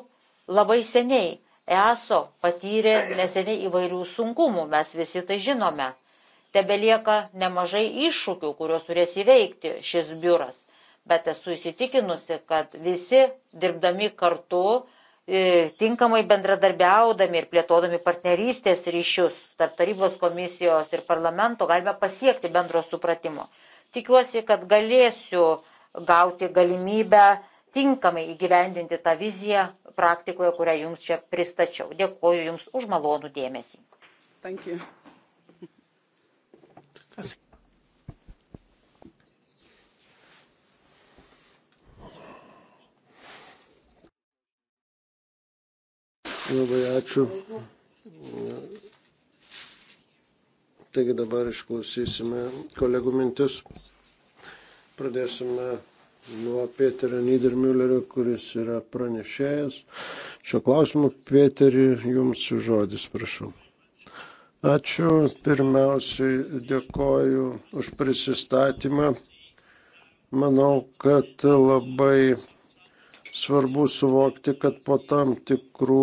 labai seniai. ESO patyrė neseniai įvairių sunkumų, mes visi tai žinome. Tebelieka nemažai iššūkių, kuriuos turės įveikti šis biuras. Bet esu įsitikinusi, kad visi dirbdami kartu, e, tinkamai bendradarbiaudami ir plėtodami partnerystės ryšius tarp tarybos komisijos ir parlamento galime pasiekti bendro supratimo. Tikiuosi, kad galėsiu uh, gauti galimybę tinkamai įgyvendinti tą viziją praktikoje, kurią jums čia pristačiau. Dėkuoju Jums už malonų dėmesį. Thank you. Labai ačiū. Taigi dabar išklausysime kolegų mintis. Pradėsime nuo Peterio Niedermüllerio, kuris yra pranešėjas. Šio klausimu, Peteri, jums žodis, prašau. Ačiū. Pirmiausiai dėkoju už prisistatymą. Manau, kad labai svarbu suvokti, kad po tam tikrų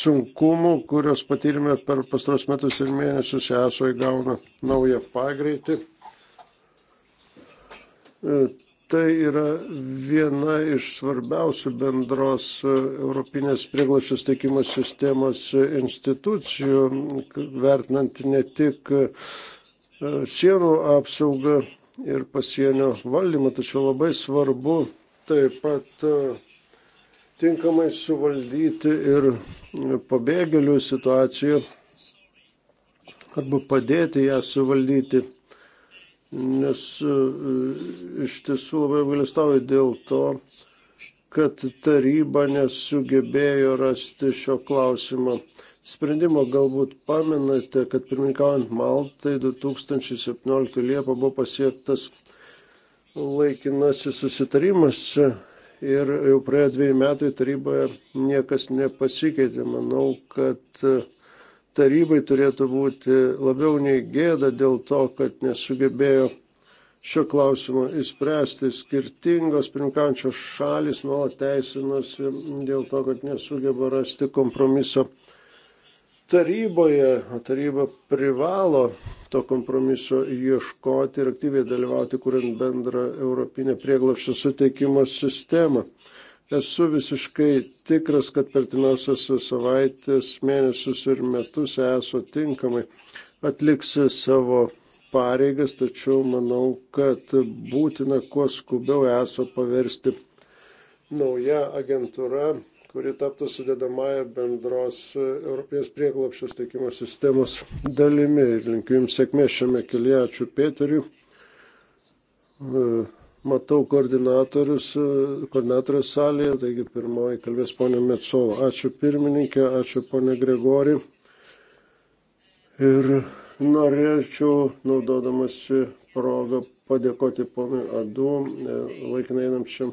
sunkumų, kuriuos patyrėme per pastaros metus ir mėnesius, esu įgauna naują pagreitį. E, tai yra viena iš svarbiausių bendros e, Europinės prieglapščio steikimo sistemos e, institucijų, vertinant ne tik sienų apsaugą ir pasienio valdymą, tačiau labai svarbu taip pat tinkamai suvaldyti ir pabėgėlių situaciją arba padėti ją suvaldyti nes e, e, iš tiesų labai apgalėstauju dėl to, kad taryba nesugebėjo rasti šio klausimo. Sprendimo galbūt pamenate, kad pirmininkaujant Maltai 2017 Liepą buvo pasiektas laikinasis susitarimas ir jau praėjo dviejų metų taryboje niekas nepasikeitė. Manau, kad tarybai turėtų būti labiau nei gėda dėl to, kad nesugebėjo šio klausimo įspręsti. Skirtingos pirmkančios šalis nuolat teisinosi dėl to, kad nesugeba rasti kompromiso taryboje, o taryba privalo to kompromiso ieškoti ir aktyviai dalyvauti, kuriant bendrą europinę prieglapščio suteikimo sistemą. Esu visiškai tikras, kad per tinosios savaitės, mėnesius ir metus esu tinkamai atliksi savo pareigas, tačiau manau, kad būtina kuo skubiau esu paversti nauja agentūra, kuri taptų sudėdamąją bendros Europės prieglopščios teikimo sistemos dalimi. Ir linkiu Jums sėkmės šiame kelyje. Ačiū Pėteriu matau koordinatorius, koordinatorius salėje, taigi pirmoji kalbės ponė Metsola. Ačiū pirmininkė, ačiū ponė Gregori. Ir norėčiau, naudodamasi progą, padėkoti ponui Adu, laikinai einamčiam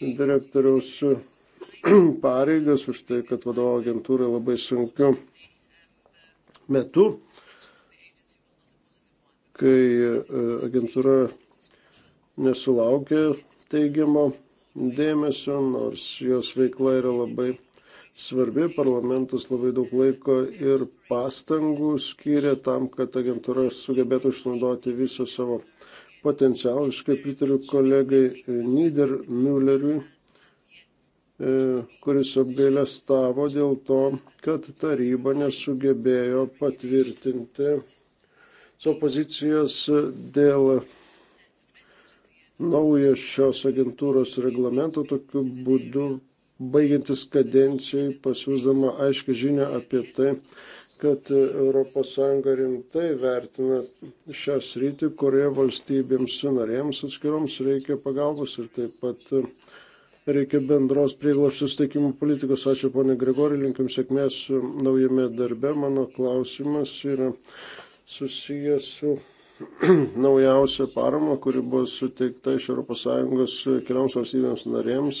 direktoriaus pareigas už tai, kad vadovavo agentūrai labai sunkiu metu, kai e, agentūra nesulaukė teigiamo dėmesio, nors jos veikla yra labai svarbi. Parlamentas labai daug laiko ir pastangų skyrė tam, kad agentūra sugebėtų išnaudoti visą savo potencialą. Visiškai pritariu kolegai Niedermülleriui, e, kuris apgailę stavo dėl to, kad taryba nesugebėjo patvirtinti savo pozicijos dėl naujo šios agentūros reglamento, tokiu būdu baigiantis kadencijai pasiūsdama aiškį žinę apie tai, kad ES rimtai vertina šią sritį, kurioje valstybėms narėms atskiroms reikia pagalbos ir taip pat reikia bendros prieglašų steikimų politikos. Ačiū ponė Gregori, linkim sėkmės naujame darbe. Mano klausimas yra susijęs su naujausią paramą, kuri buvo suteikta iš ES kelioms valstybėms narėms,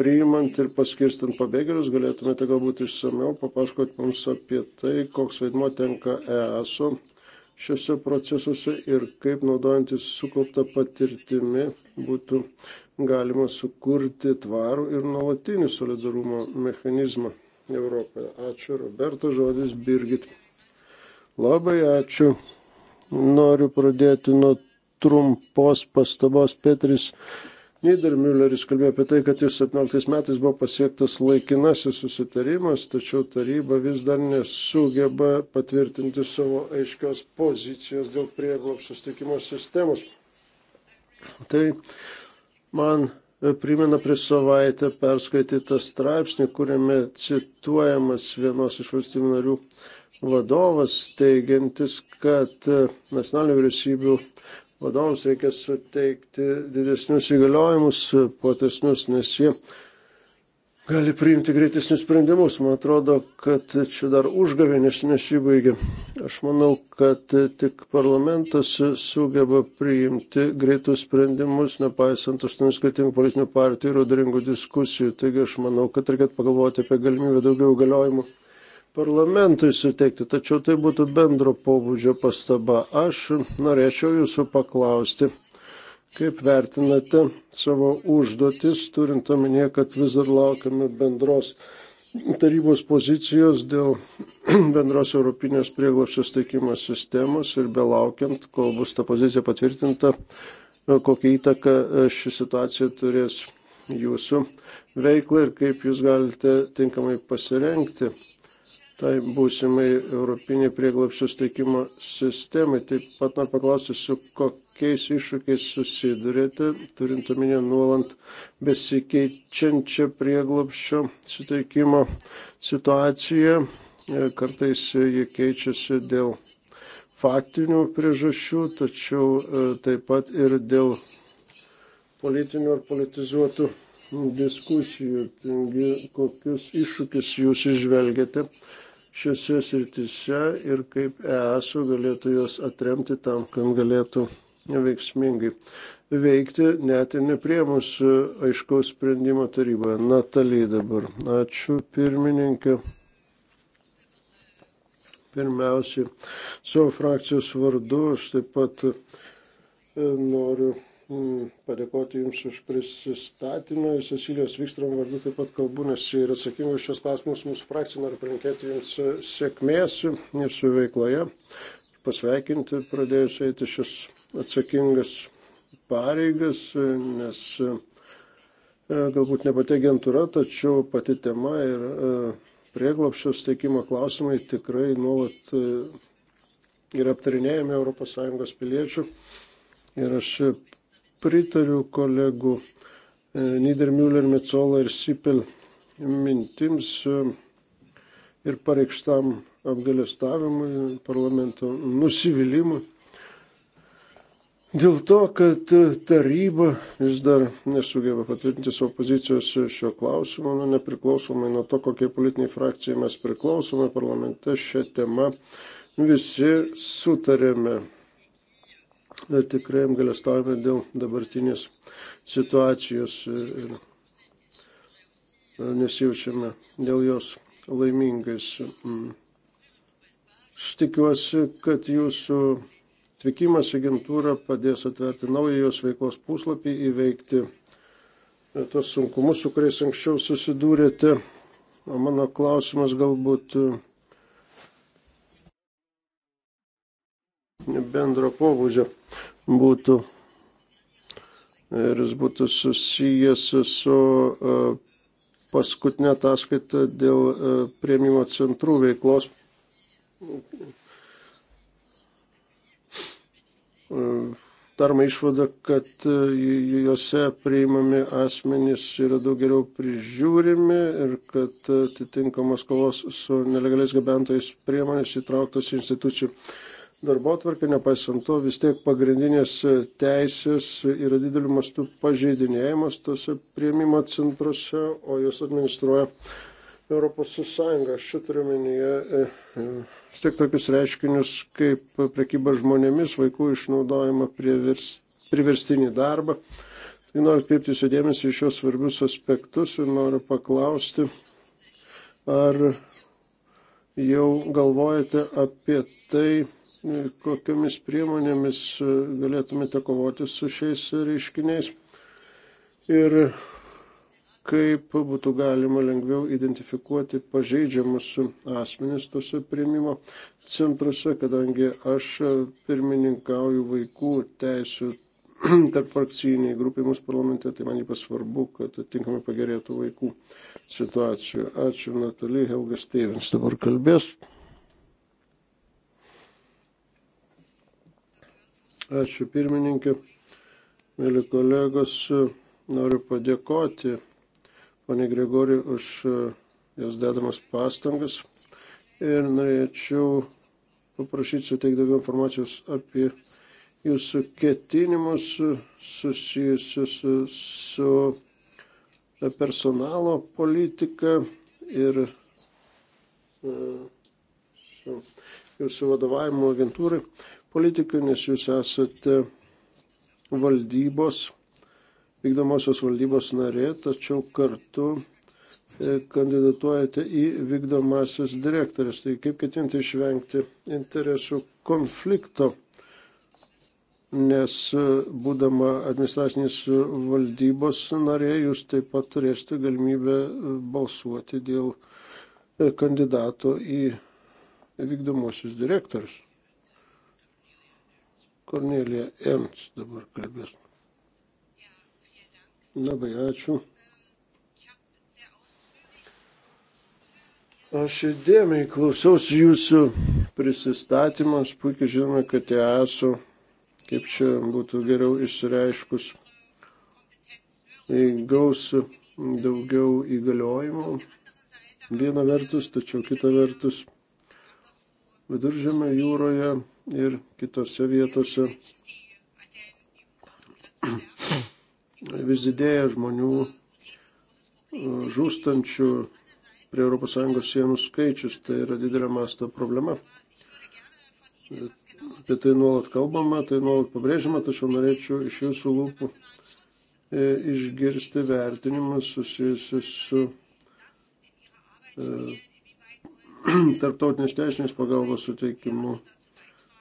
priimant ir paskirstant pabėgėlius, galėtumėte galbūt išsameu papasakoti mums apie tai, koks vaidmo tenka EASO šiuose procesuose ir kaip naudojantis sukauptą patirtimi būtų galima sukurti tvarų ir nuolatinį solidarumo mechanizmą Europoje. Ačiū, Roberto, žodis Birgit. Labai ačiū. Noriu pradėti nuo trumpos pastabos. Petris Niedermülleris kalbėjo apie tai, kad jau 17 metais buvo pasiektas laikinasis susitarimas, tačiau taryba vis dar nesugeba patvirtinti savo aiškios pozicijos dėl prieglopsio sutikimo sistemos. Tai man primena prieš savaitę perskaitytą straipsnį, kuriame cituojamas vienos iš valstybių narių vadovas, teigiantis, kad e, nacionalinių vyriausybių vadovams reikia suteikti didesnius įgaliojimus, e, platesnius, nes jie gali priimti greitesnius sprendimus. Man atrodo, kad čia dar užgavėnės nesibaigė. Aš manau, kad tik parlamentas sugeba priimti greitus sprendimus, nepaisant aštuonių skirtingų politinių partijų ir audringų diskusijų. Taigi aš manau, kad reikėtų pagalvoti apie galimybę daugiau galiojimų parlamentui suteikti, tačiau tai būtų bendro pobūdžio pastaba. Aš norėčiau jūsų paklausti, kaip vertinate savo užduotis, turint omenyje, kad vis dar laukiame bendros tarybos pozicijos dėl bendros europinės prieglapščio steikimo sistemos ir belaukiant, kol bus ta pozicija patvirtinta, e, kokią įtaką e, ši situacija turės jūsų veiklą ir kaip jūs galite tinkamai pasirenkti tai būsimai Europiniai prieglapšio steikimo sistemai. Taip pat noriu paklausti, su kokiais iššūkiais susidurėte, turint omenyje nuolant besikeičiančią prieglapšio suteikimo situaciją. Kartais jie keičiasi dėl faktinių priežasčių, tačiau e, taip pat ir dėl politinių ar politizuotų diskusijų. Taigi, kokius iššūkius jūs išvelgiate šiose srityse ir kaip ESU galėtų juos atremti tam, kad galėtų veiksmingai veikti, net ir nepriemus e, aiškaus sprendimo taryboje. Natalija dabar. Ačiū pirmininkė. Pirmiausiai, savo frakcijos vardu aš taip pat e, noriu Mm, padėkoti Jums už prisistatymą. Cecilijos Vikstrom vardu taip pat kalbu, nes ir atsakingi už šios klausimus mūsų frakcija noriu palinkėti Jums e, sėkmės Jūsų veikloje, pasveikinti pradėjus eiti šis atsakingas pareigas, nes e, galbūt ne pati agentūra, tačiau pati tema ir e, prieglopščio steikimo klausimai tikrai nuolat yra aptarinėjami ES piliečių. Ir aš pritariu kolegų e, Niedermüller, Metzola ir Sipel mintims e, ir pareikštam apgalėstavimui, parlamento nusivylimui. Dėl to, kad e, taryba vis dar nesugeba patvirtinti savo pozicijos šio klausimo, nu, nepriklausomai nuo to, kokie politiniai frakcijai mes priklausome, parlamente šią temą visi sutarėme tikrai apgalėstojame dėl dabartinės situacijos ir, ir nesijaučiame dėl jos laimingais. Mm. Aš tikiuosi, kad jūsų atvykimas į agentūrą padės atverti naują jos veiklos puslapį, įveikti tos sunkumus, su kuriais anksčiau susidūrėte. O mano klausimas galbūt bendro pobūdžio būtų ir jis būtų susijęs su e, paskutinė ataskaita dėl e, prieimimo centrų veiklos. E, daroma išvada, kad juose priimami asmenys yra daug geriau prižiūrimi ir kad atitinkamos kovos su nelegaliais gabentojais priemonės įtrauktos institucijų darbo atvarkę, nepaisant to vis tiek pagrindinės teisės yra dideliu mastu pažeidinėjimas tose prieimimo centruose, o jos administruoja Europos Sąjunga. Aš čia turiu menyje e, e, vis tiek tokius reiškinius kaip prekyba žmonėmis, vaikų išnaudojimą priverstinį darbą. Tai noriu atkreipti jūsų dėmesį į šios svarbius aspektus ir noriu paklausti, ar jau galvojate apie tai, kokiamis priemonėmis e, galėtumėte kovoti su šiais reiškiniais ir kaip būtų galima lengviau identifikuoti pažeidžiamus asmenis tose prieimimo centruose, kadangi aš pirmininkauju vaikų teisų tarp frakcijiniai grupiai mūsų parlamente, tai man ypač svarbu, kad atitinkamai pagerėtų vaikų situacijų. Ačiū Natalija Helga Stevens dabar kalbės. Ačiū pirmininkė. Mėly kolegos, noriu padėkoti ponė Gregori už e, jos dedamas pastangas ir norėčiau paprašyti suteikti daugiau informacijos apie jūsų ketinimus susijusius su e, personalo politika ir e, su jūsų vadovavimo agentūrai politikų, nes jūs esate valdybos, vykdomosios valdybos narė, tačiau kartu e, kandidatuojate į vykdomasis direktorius. Tai kaip ketinti išvengti interesų konflikto, nes e, būdama administracinės valdybos narė, jūs taip pat turėsite galimybę e, balsuoti dėl kandidato į vykdomosius direktorius. Kornelija Ernst dabar kalbės. Labai ačiū. Aš įdėmiai klausiausi jūsų prisistatymas, puikiai žinome, kad esu, kaip čia būtų geriau išsireiškus, gaus daugiau įgaliojimų. Viena vertus, tačiau kita vertus, viduržėme jūroje ir kitose vietose vis didėja žmonių uh, žūstančių prie ES sienų skaičius. Tai yra didelio masto problema. Apie tai nuolat kalbama, tai nuolat pabrėžiama, tačiau norėčiau iš jūsų lūpų e, išgirsti vertinimą susijusius su e, tarptautinės teisinės pagalbos suteikimu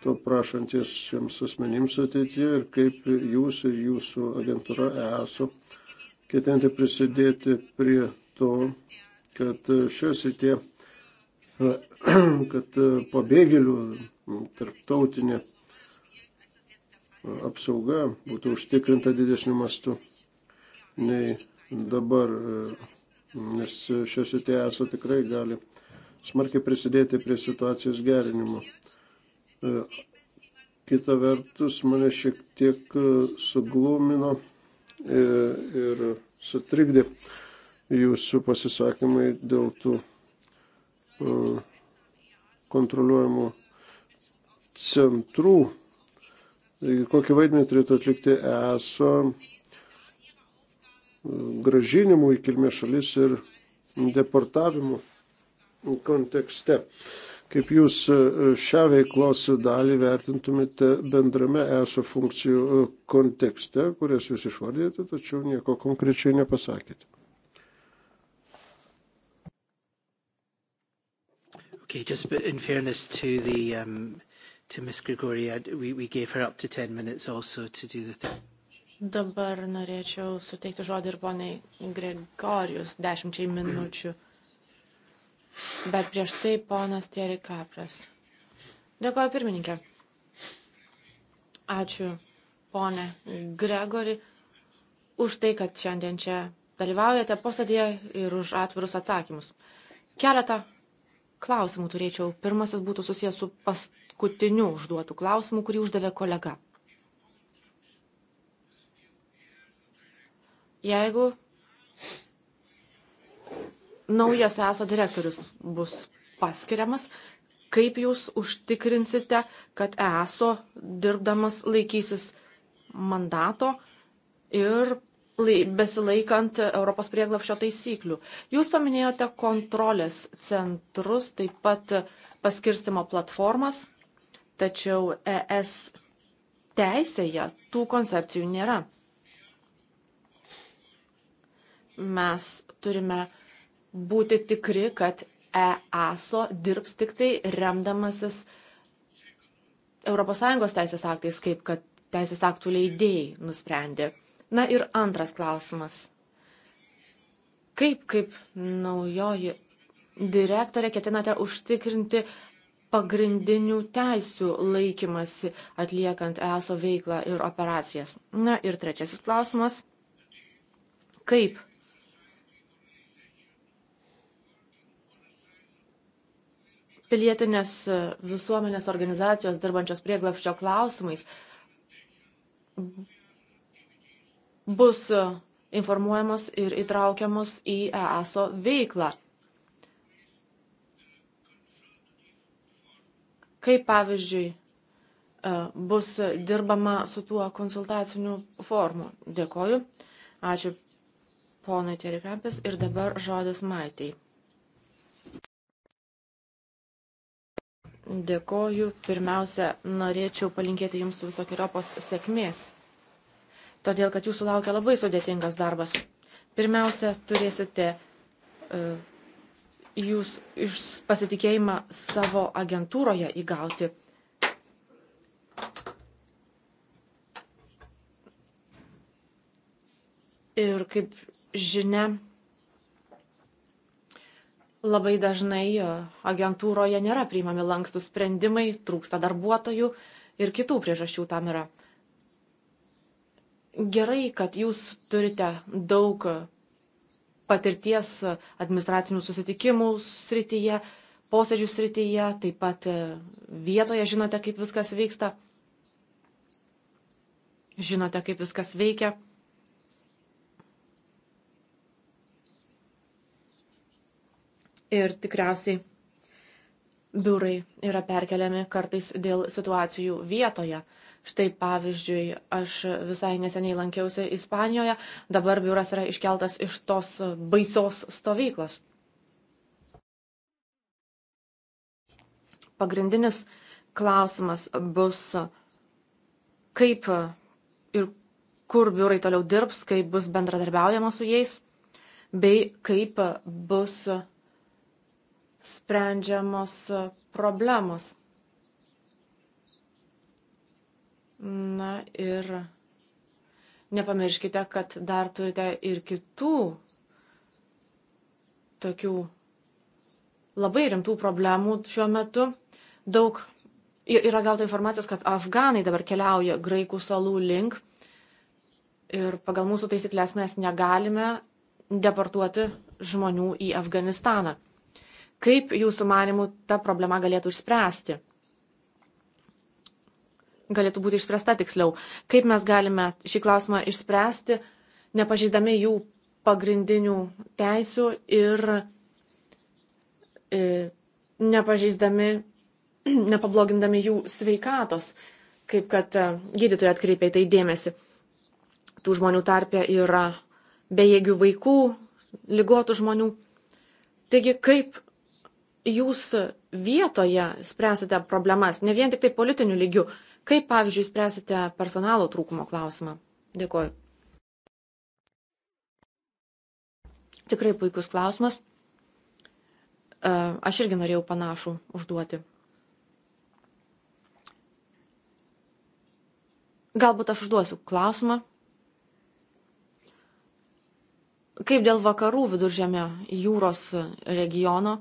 to prašantis šiems asmenims ateityje ir kaip jūs ir jūsų agentūra ESO ketinti prisidėti prie to, kad šios įtie, kad pabėgėlių tarptautinė apsauga būtų užtikrinta didesniu mastu nei dabar, nes šios įtie ESO tikrai gali smarkiai prisidėti prie situacijos gerinimo. E, kita vertus, mane šiek tiek e, suglumino e, ir sutrikdė jūsų pasisakymai dėl tų kontroliuojamų centrų. Kokį vaidmenį turėtų atlikti ESO gražinimų į kilmės šalis ir deportavimų kontekste. Uh, Kaip jūs e, e, šią veiklos dalį vertintumėte bendrame ESO funkcijų e, kontekste, kurias jūs išvardėte, tačiau nieko konkrečiai nepasakėte? Okay, just in fairness to the um, to Miss Grigori, we, we gave her up to 10 minutes also to do the thing. Dabar norėčiau suteikti žodį ir poniai Gregorijus dešimčiai minučių. Mm bet prieš tai ponas Tieri Kapras. Dėkuoju pirmininkė. Ačiū, ponė Gregori, už tai, kad šiandien čia dalyvaujate posėdėje ir už atvirus atsakymus. Keletą klausimų turėčiau. Pirmasis būtų susijęs su paskutiniu užduotų klausimu, kurį uždavė kolega. Jeigu naujas ESO direktorius bus paskiriamas. Kaip jūs užtikrinsite, kad ESO dirbdamas laikysis mandato ir besilaikant Europos prieglapšio taisyklių. Jūs paminėjote kontrolės centrus, taip pat paskirstimo platformas, tačiau ES teisėje tų koncepcijų nėra. Mes turime būti tikri, kad EASO dirbs tik tai remdamasis ES teisės aktais, kaip kad teisės aktų leidėjai nusprendė. Na ir antras klausimas. Kaip, kaip naujoji direktorė ketinate užtikrinti pagrindinių teisių laikymasi atliekant ESO veiklą ir operacijas? Na ir trečiasis klausimas. Kaip Pilietinės e, visuomenės organizacijos dirbančios prieglapščio klausimais bus e, informuojamos ir įtraukiamos į EASO veiklą. Kaip pavyzdžiui e, bus dirbama su tuo konsultaciniu formu. Dėkoju. Ačiū ponai Terikampės ir dabar žodis Maitei. Dėkoju. Pirmiausia, norėčiau palinkėti Jums visokiojopos sėkmės, todėl kad Jūsų laukia labai sudėtingas darbas. Pirmiausia, turėsite uh, Jūs iš pasitikėjimą savo agentūroje įgauti. Ir kaip žinia, Labai dažnai e, agentūroje nėra priimami lankstus sprendimai, trūksta darbuotojų ir kitų priežasčių tam yra. Gerai, kad jūs turite daug patirties administracinių susitikimų srityje, posėdžių srityje, taip pat e, vietoje žinote, kaip viskas vyksta, žinote, kaip viskas veikia. ir tikriausiai biurai yra perkeliami kartais dėl situacijų vietoje. Štai pavyzdžiui, aš visai neseniai lankiausi Ispanijoje, dabar biuras yra iškeltas iš tos baisios stovyklos. Pagrindinis klausimas bus, kaip ir kur biurai toliau dirbs, kaip bus bendradarbiaujama su jais, bei kaip bus sprendžiamos e, problemos. Na ir nepamirškite, kad dar turite ir kitų tokių labai rimtų problemų šiuo metu. Daug yra gauta informacijos, kad afganai dabar keliauja graikų salų link ir pagal mūsų taisyklės mes negalime deportuoti žmonių į Afganistaną. Kaip jūsų manimų ta problema galėtų išspręsti? Galėtų būti išspręsta tiksliau. Kaip mes galime šį klausimą išspręsti, nepažeidami jų pagrindinių teisių ir e, nepažeisdami, nepablogindami jų sveikatos, kaip kad e, gydytojai atkreipia į tai dėmesį. Tų žmonių tarpė yra bejėgių vaikų, lygotų žmonių. Taigi, kaip jūs vietoje spręsite problemas, ne vien tik tai politinių lygių. Kaip, pavyzdžiui, spręsite personalo trūkumo klausimą? Dėkuoju. Tikrai puikus klausimas. E, aš irgi norėjau panašų užduoti. Galbūt aš užduosiu klausimą. Kaip dėl vakarų viduržėmio jūros regiono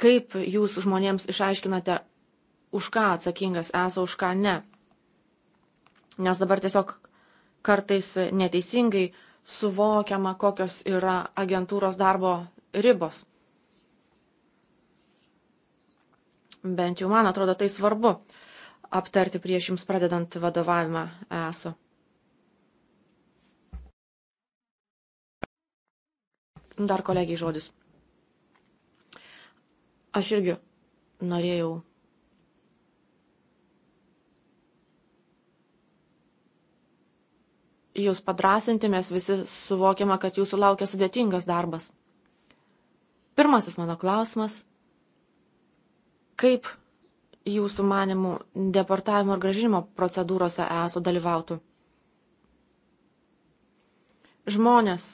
Kaip jūs žmonėms išaiškinate, už ką atsakingas esu, už ką ne? Nes dabar tiesiog kartais neteisingai suvokiama, kokios yra agentūros darbo ribos. Bent jau man atrodo tai svarbu aptarti prieš jums pradedant vadovavimą esu. Dar kolegiai žodis. Aš irgi norėjau jūs padrasinti, mes visi suvokiame, kad jūsų laukia sudėtingas darbas. Pirmasis mano klausimas. Kaip jūsų manimų deportavimo ir gražinimo procedūrose ESO dalyvautų? Žmonės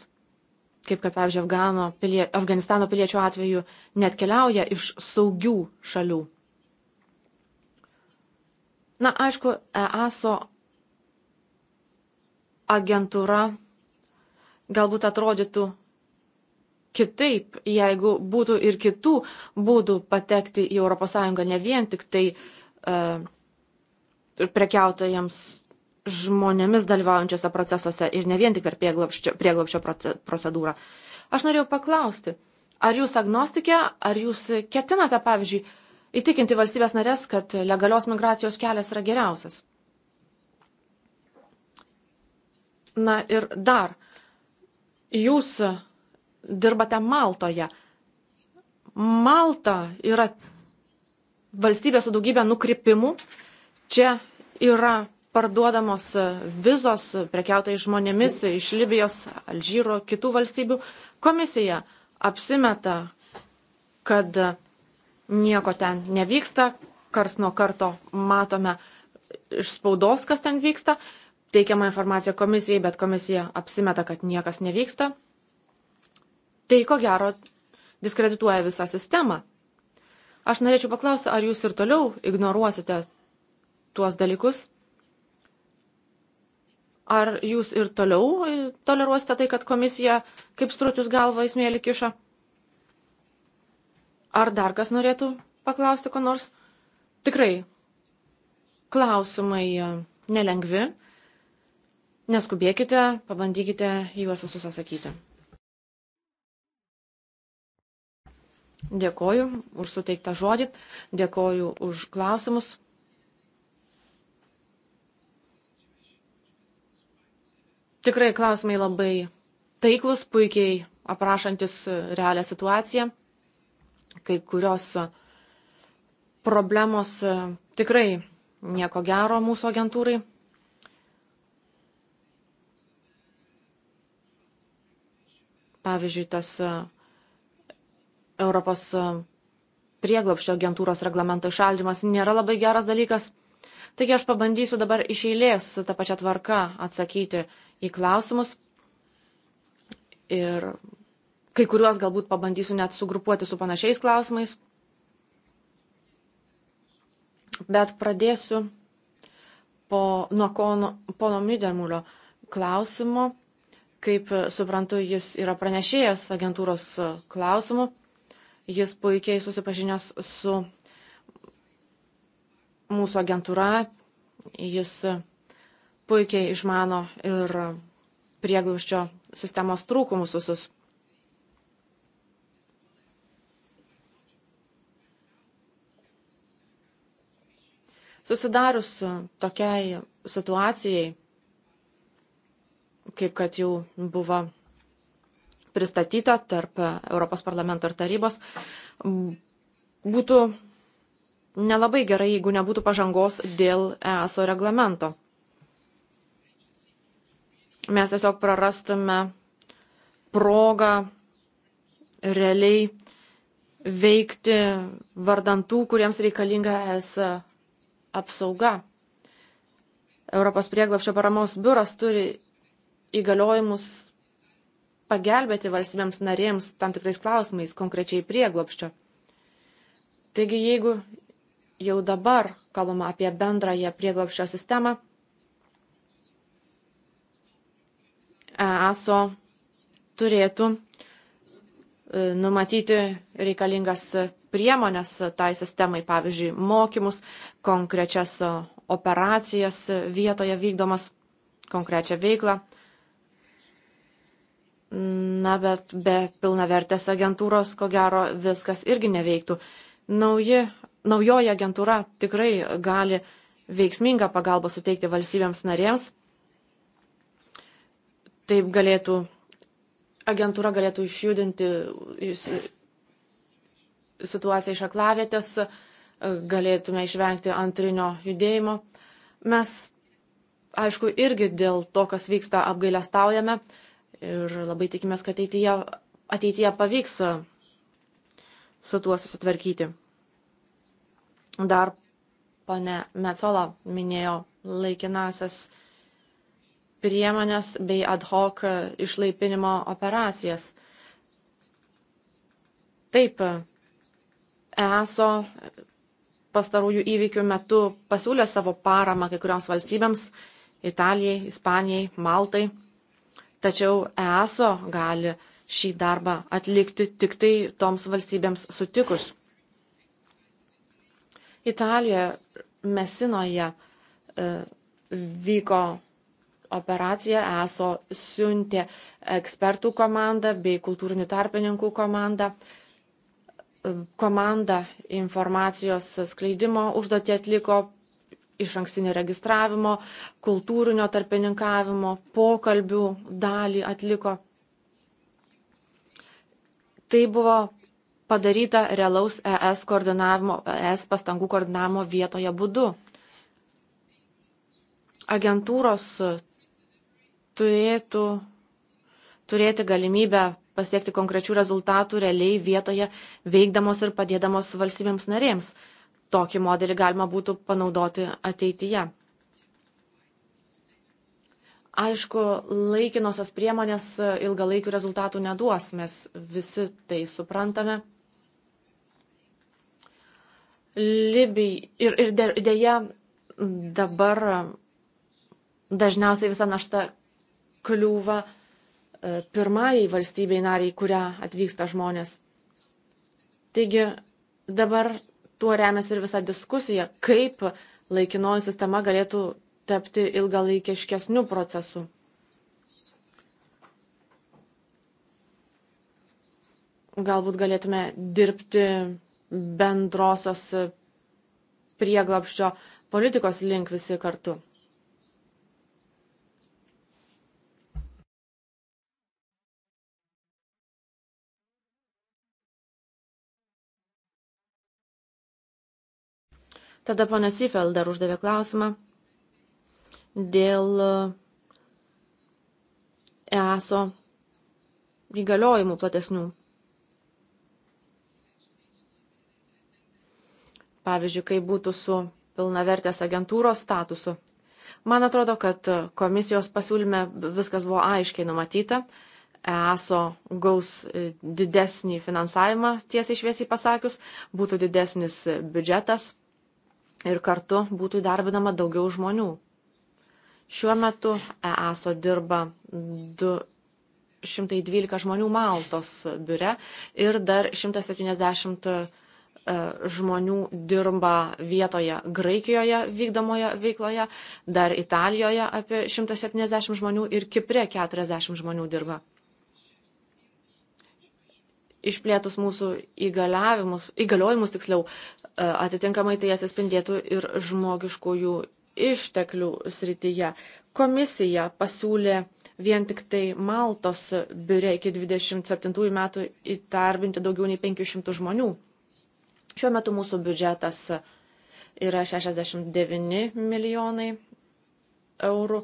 kaip kad pavyzdžiui Afgano pilie, Afganistano piliečių atveju, net keliauja iš saugių šalių. Na, aišku, EASO agentūra galbūt atrodytų kitaip, jeigu būtų ir kitų būdų patekti į ES, ne vien tik tai uh, prekiautojams žmonėmis dalyvaujančiose procesuose ir ne vien tik per prieglopščio, prieglopščio procedūrą. Aš norėjau paklausti, ar jūs agnostikė, ar jūs ketinate, pavyzdžiui, įtikinti valstybės narės, kad legalios migracijos kelias yra geriausias? Na ir dar, jūs dirbate Maltoje. Malta yra valstybė su daugybė nukrypimų. Čia yra parduodamos e, vizos e, prekiautai žmonėmis iš Libijos, Alžyro, kitų valstybių. Komisija apsimeta, kad e, nieko ten nevyksta, kars nuo karto matome iš spaudos, kas ten vyksta, teikiama informacija komisijai, bet komisija apsimeta, kad niekas nevyksta. Tai ko gero diskredituoja visą sistemą. Aš norėčiau paklausti, ar jūs ir toliau ignoruosite tuos dalykus, Ar jūs ir toliau e, toleruosite tai, kad komisija kaip strutis galvą į smėlį kiša? Ar dar kas norėtų paklausti ko nors? Tikrai, klausimai e, nelengvi. Neskubėkite, pabandykite juos visus atsakyti. Dėkoju už suteiktą žodį, dėkoju už klausimus. Tikrai klausimai labai taiklus, puikiai aprašantis e, realią situaciją. Kai kurios e, problemos e, tikrai nieko gero mūsų agentūrai. Pavyzdžiui, tas Europos prieglopščio agentūros reglamento išaldymas nėra labai geras dalykas. Taigi aš pabandysiu dabar iš eilės tą pačią tvarką atsakyti į klausimus ir kai kuriuos galbūt pabandysiu net sugrupuoti su panašiais klausimais. Bet pradėsiu po, nuo kono, pono Midermulio klausimo. Kaip suprantu, jis yra pranešėjas agentūros klausimų. Jis puikiai susipažinęs su mūsų agentūra. Jis puikiai išmano ir prieglauščio sistemos trūkumus visus. Susidarius tokiai situacijai, kaip kad jau buvo pristatyta tarp Europos parlamento ir tarybos, būtų nelabai gerai, jeigu nebūtų pažangos dėl ESO reglamento mes tiesiog prarastume progą realiai veikti vardantų, kuriems reikalinga es apsauga. Europos prieglapšio paramos biuras turi įgaliojimus pagelbėti valstybėms narėms tam tikrais klausimais, konkrečiai prieglapščio. Taigi, jeigu jau dabar kalbama apie bendrąją prieglapščio sistemą, ESO turėtų e, numatyti reikalingas priemonės tai sistemai, pavyzdžiui, mokymus, konkrečias operacijas vietoje vykdomas, konkrečią veiklą. Na, bet be pilnavertės agentūros, ko gero, viskas irgi neveiktų. Nauji, naujoji agentūra tikrai gali veiksmingą pagalbą suteikti valstybėms narėms Taip galėtų, agentūra galėtų išjudinti situaciją iš aklavietės, galėtume išvengti antrinio judėjimo. Mes, aišku, irgi dėl to, kas vyksta, apgailestaujame ir labai tikimės, kad ateityje, ateityje pavyks su tuo susitvarkyti. Dar pane Metsola minėjo laikinasias priemonės bei ad hoc išlaipinimo operacijas. Taip, ESO pastarųjų įvykių metu pasiūlė savo paramą kai kurioms valstybėms - Italijai, Ispanijai, Maltai. Tačiau ESO gali šį darbą atlikti tik tai toms valstybėms sutikus. Italijoje, Mesinoje e, vyko operaciją ESO siuntė ekspertų komandą bei kultūrinių tarpininkų komandą. Komanda informacijos skleidimo užduotį atliko iš ankstinio registravimo, kultūrinio tarpininkavimo, pokalbių dalį atliko. Tai buvo padaryta realaus ES, koordinavimo, ES pastangų koordinavimo vietoje būdu. Agentūros turėtų turėti galimybę pasiekti konkrečių rezultatų realiai vietoje veikdamos ir padėdamos valstybėms narėms. Tokį modelį galima būtų panaudoti ateityje. Aišku, laikinosios priemonės ilgalaikių rezultatų neduos, mes visi tai suprantame. Libijai ir, ir dėja dabar dažniausiai visa našta kliūva e, pirmajai valstybei nariai, kurią atvyksta žmonės. Taigi dabar tuo remiasi ir visa diskusija, kaip laikinoji sistema galėtų tapti ilgalaikiškesnių procesų. Galbūt galėtume dirbti bendrosios prieglapščio politikos link visi kartu. Tada ponas Sifel dar uždavė klausimą dėl EASO įgaliojimų platesnių. Pavyzdžiui, kai būtų su pilnavertės agentūros statusu. Man atrodo, kad komisijos pasiūlyme viskas buvo aiškiai numatyta. EASO gaus didesnį finansavimą, tiesiai išviesiai pasakius, būtų didesnis biudžetas, ir kartu būtų įdarbinama daugiau žmonių. Šiuo metu EASO dirba 212 žmonių Maltos biure ir dar 170 e, žmonių dirba vietoje Graikijoje vykdomoje veikloje, dar Italijoje apie 170 žmonių ir Kipre 40 žmonių dirba išplėtus mūsų įgaliojimus, tiksliau, e, atitinkamai tai atsispindėtų ir žmogiškųjų išteklių srityje. Komisija pasiūlė vien tik tai Maltos biure iki 27 metų įdarbinti daugiau nei 500 žmonių. Šiuo metu mūsų biudžetas yra 69 milijonai eurų.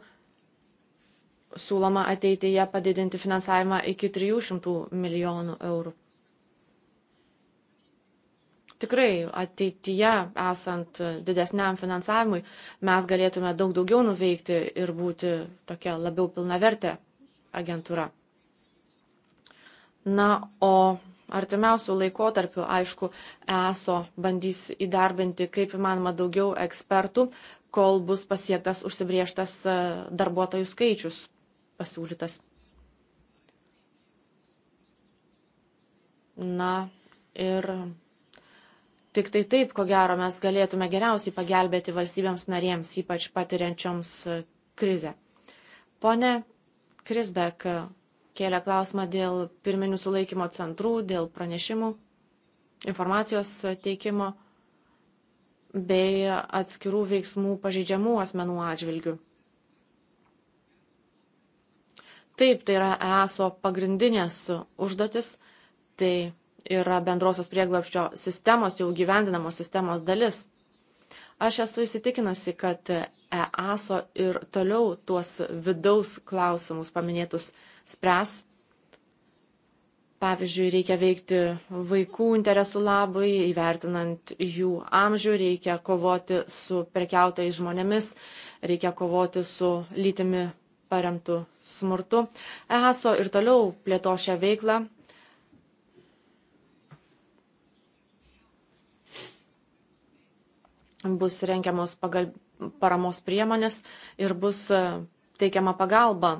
Sūloma ateityje padidinti finansavimą iki 300 milijonų eurų tikrai ateityje, esant didesniam finansavimui, mes galėtume daug daugiau nuveikti ir būti tokia labiau pilnavertė agentūra. Na, o artimiausių laikotarpių, aišku, ESO bandys įdarbinti kaip įmanoma daugiau ekspertų, kol bus pasiektas užsibrieštas e, darbuotojų skaičius pasiūlytas. Na ir Tik tai taip, ko gero, mes galėtume geriausiai pagelbėti valstybėms narėms, ypač patiriančioms e, krizę. Pone Krisbek e, kėlė klausimą dėl pirminių sulaikymo centrų, dėl pranešimų, informacijos e, teikimo bei atskirų veiksmų pažeidžiamų asmenų atžvilgių. Taip, tai yra ESO pagrindinės užduotis, tai yra bendrosios prieglapščio sistemos, jau gyvendinamos sistemos dalis. Aš esu įsitikinusi, kad EASO ir toliau tuos vidaus klausimus paminėtus spręs. Pavyzdžiui, reikia veikti vaikų interesų labai, įvertinant jų amžių, reikia kovoti su prekiautais žmonėmis, reikia kovoti su lytimi paremtų smurtu. EASO ir toliau plėto šią veiklą, bus rengiamos pagal paramos priemonės ir bus e, teikiama pagalba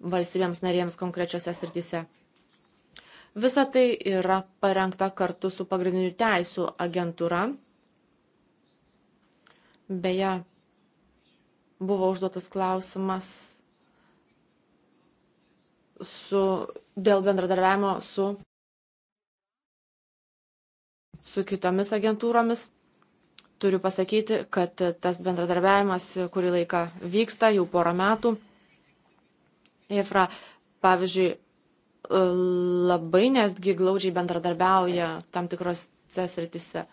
valstybėms narėms konkrečiose srityse. Visa tai yra parengta kartu su pagrindinių teisų agentūra. Beje, buvo užduotas klausimas su, dėl bendradarbiavimo su, su kitomis agentūromis turiu pasakyti, kad tas bendradarbiavimas kurį laiką vyksta, jau porą metų. IFRA, pavyzdžiui, labai netgi glaudžiai bendradarbiauja tam tikros sritise.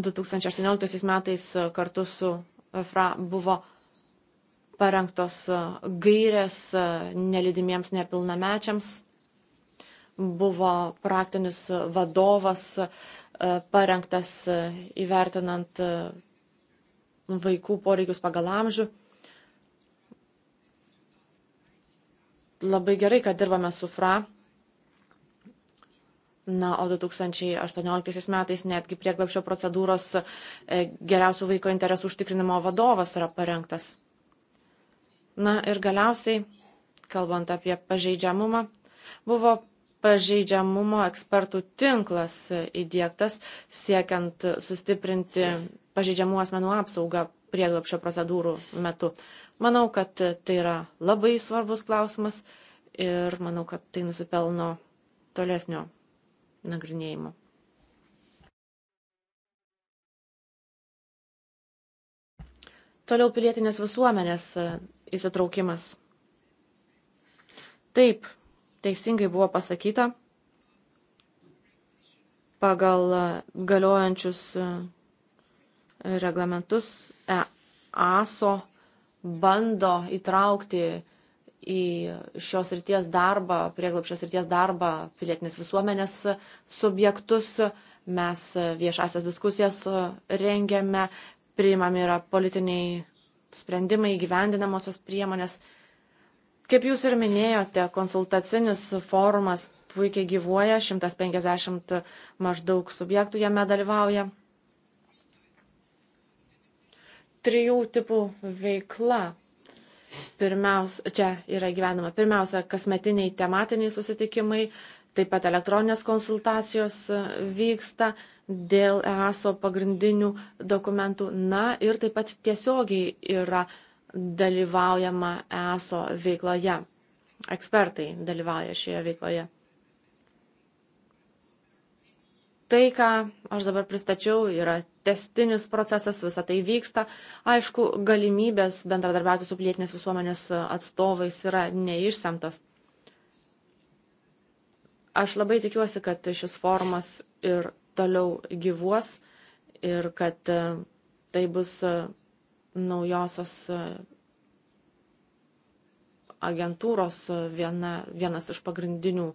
2018 metais kartu su IFRA buvo parengtos gairės nelidimiems nepilnamečiams, buvo praktinis vadovas uh, parengtas e, įvertinant e, vaikų poreikius pagal amžių. Labai gerai, kad dirbame su FRA. Na, o 2018 metais netgi prieglapšio procedūros e, geriausių vaiko interesų užtikrinimo vadovas yra parengtas. Na ir galiausiai, kalbant apie pažeidžiamumą, buvo pažeidžiamumo ekspertų tinklas įdėktas siekiant sustiprinti pažeidžiamų asmenų apsaugą prieglapšio procedūrų metu. Manau, kad tai yra labai svarbus klausimas ir manau, kad tai nusipelno tolesnio nagrinėjimo. Toliau pilietinės visuomenės e, įsitraukimas. Taip, teisingai buvo pasakyta, pagal e, galiojančius e, reglamentus EASO bando įtraukti į šios ryties darbą, prieglapšios ryties darbą pilietinės visuomenės subjektus. Mes viešasias diskusijas rengiame, priimami yra politiniai sprendimai, gyvendinamosios priemonės. Kaip jūs ir minėjote, konsultacinis forumas puikiai gyvuoja, 150 maždaug subjektų jame dalyvauja. Trijų tipų veikla. Pirmiausia, čia yra gyvenama. Pirmiausia, kasmetiniai tematiniai susitikimai, taip pat elektroninės konsultacijos vyksta dėl ESO pagrindinių dokumentų. Na ir taip pat tiesiogiai yra dalyvaujama ESO veikloje. Ekspertai dalyvauja šioje veikloje. Tai, ką aš dabar pristačiau, yra testinis procesas, visa tai vyksta. Aišku, galimybės bendradarbiauti su plėtinės visuomenės atstovais yra neišsemtas. Aš labai tikiuosi, kad šis formas ir toliau gyvuos ir kad tai bus naujosios e, agentūros e, viena, vienas iš pagrindinių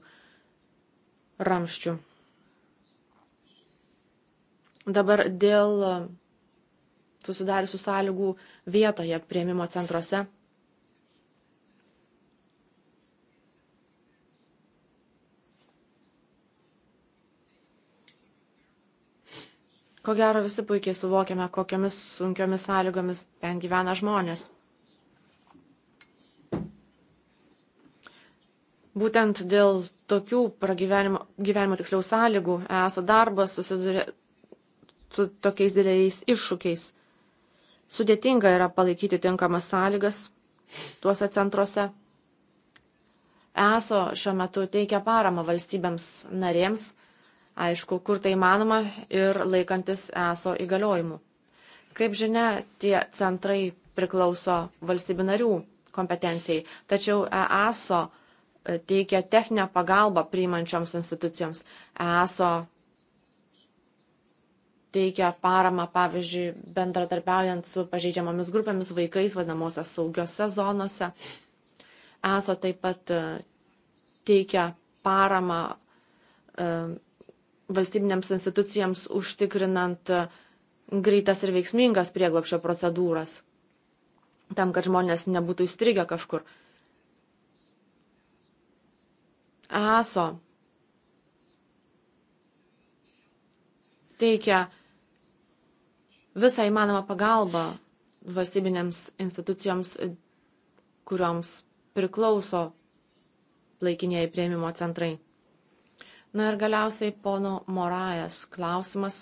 ramščių. Dabar dėl e, susidariusių sąlygų vietoje prieimimo centruose Ko gero visi puikiai suvokiame, kokiamis sunkiomis sąlygomis ten gyvena žmonės. Būtent dėl tokių pragyvenimo gyvenimo tiksliau sąlygų ESA darbas susiduria su tokiais dideliais iššūkiais. Sudėtinga yra palaikyti tinkamas sąlygas tuose centruose. ESO šiuo metu teikia paramą valstybėms narėms aišku, kur tai manoma ir laikantis ESO įgaliojimų. Kaip žinia, tie centrai priklauso valstybių narių kompetencijai, tačiau ESO e, teikia techninę pagalbą priimančioms institucijoms. ESO teikia paramą, pavyzdžiui, bendradarbiaujant su pažeidžiamomis grupėmis vaikais vadinamosios saugiose zonose. ESO taip pat e, teikia paramą e, valstybinėms institucijoms užtikrinant e, greitas ir veiksmingas prieglopšio procedūras, tam, kad žmonės nebūtų įstrigę kažkur. ESO teikia visą įmanomą pagalbą valstybinėms institucijoms, kurioms priklauso laikinieji prieimimo centrai. Na ir galiausiai pono Morajas klausimas,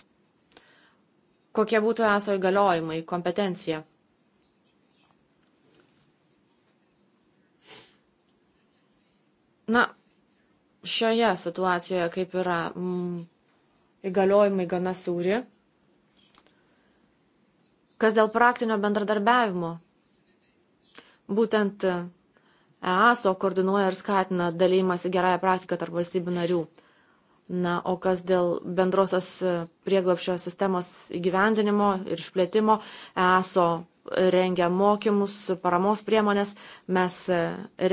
kokie būtų ESO įgaliojimai, kompetencija. Na, šioje situacijoje kaip yra mm, įgaliojimai gana siauri. Kas dėl praktinio bendradarbiavimo? Būtent EASO koordinuoja ir skatina dalymasi gerąją praktiką tarp valstybių narių. Na, o kas dėl bendrosios e, prieglapšio sistemos įgyvendinimo ir išplėtimo, ESO rengia mokymus, paramos priemonės, mes e,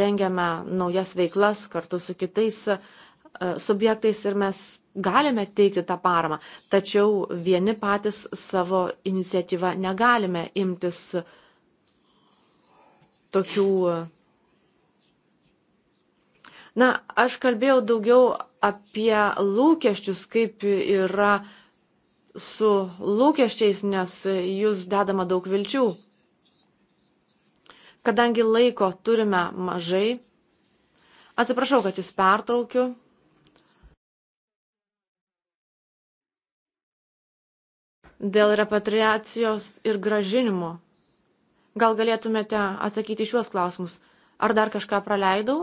rengiame naujas veiklas kartu su kitais e, subjektais ir mes galime teikti tą paramą, tačiau vieni patys savo iniciatyvą negalime imtis tokių Na, aš kalbėjau daugiau apie lūkesčius, kaip yra su lūkesčiais, nes jūs dedama daug vilčių. Kadangi laiko turime mažai, atsiprašau, kad jūs pertraukiu. dėl repatriacijos ir gražinimo. Gal galėtumėte atsakyti šiuos klausimus? Ar dar kažką praleidau?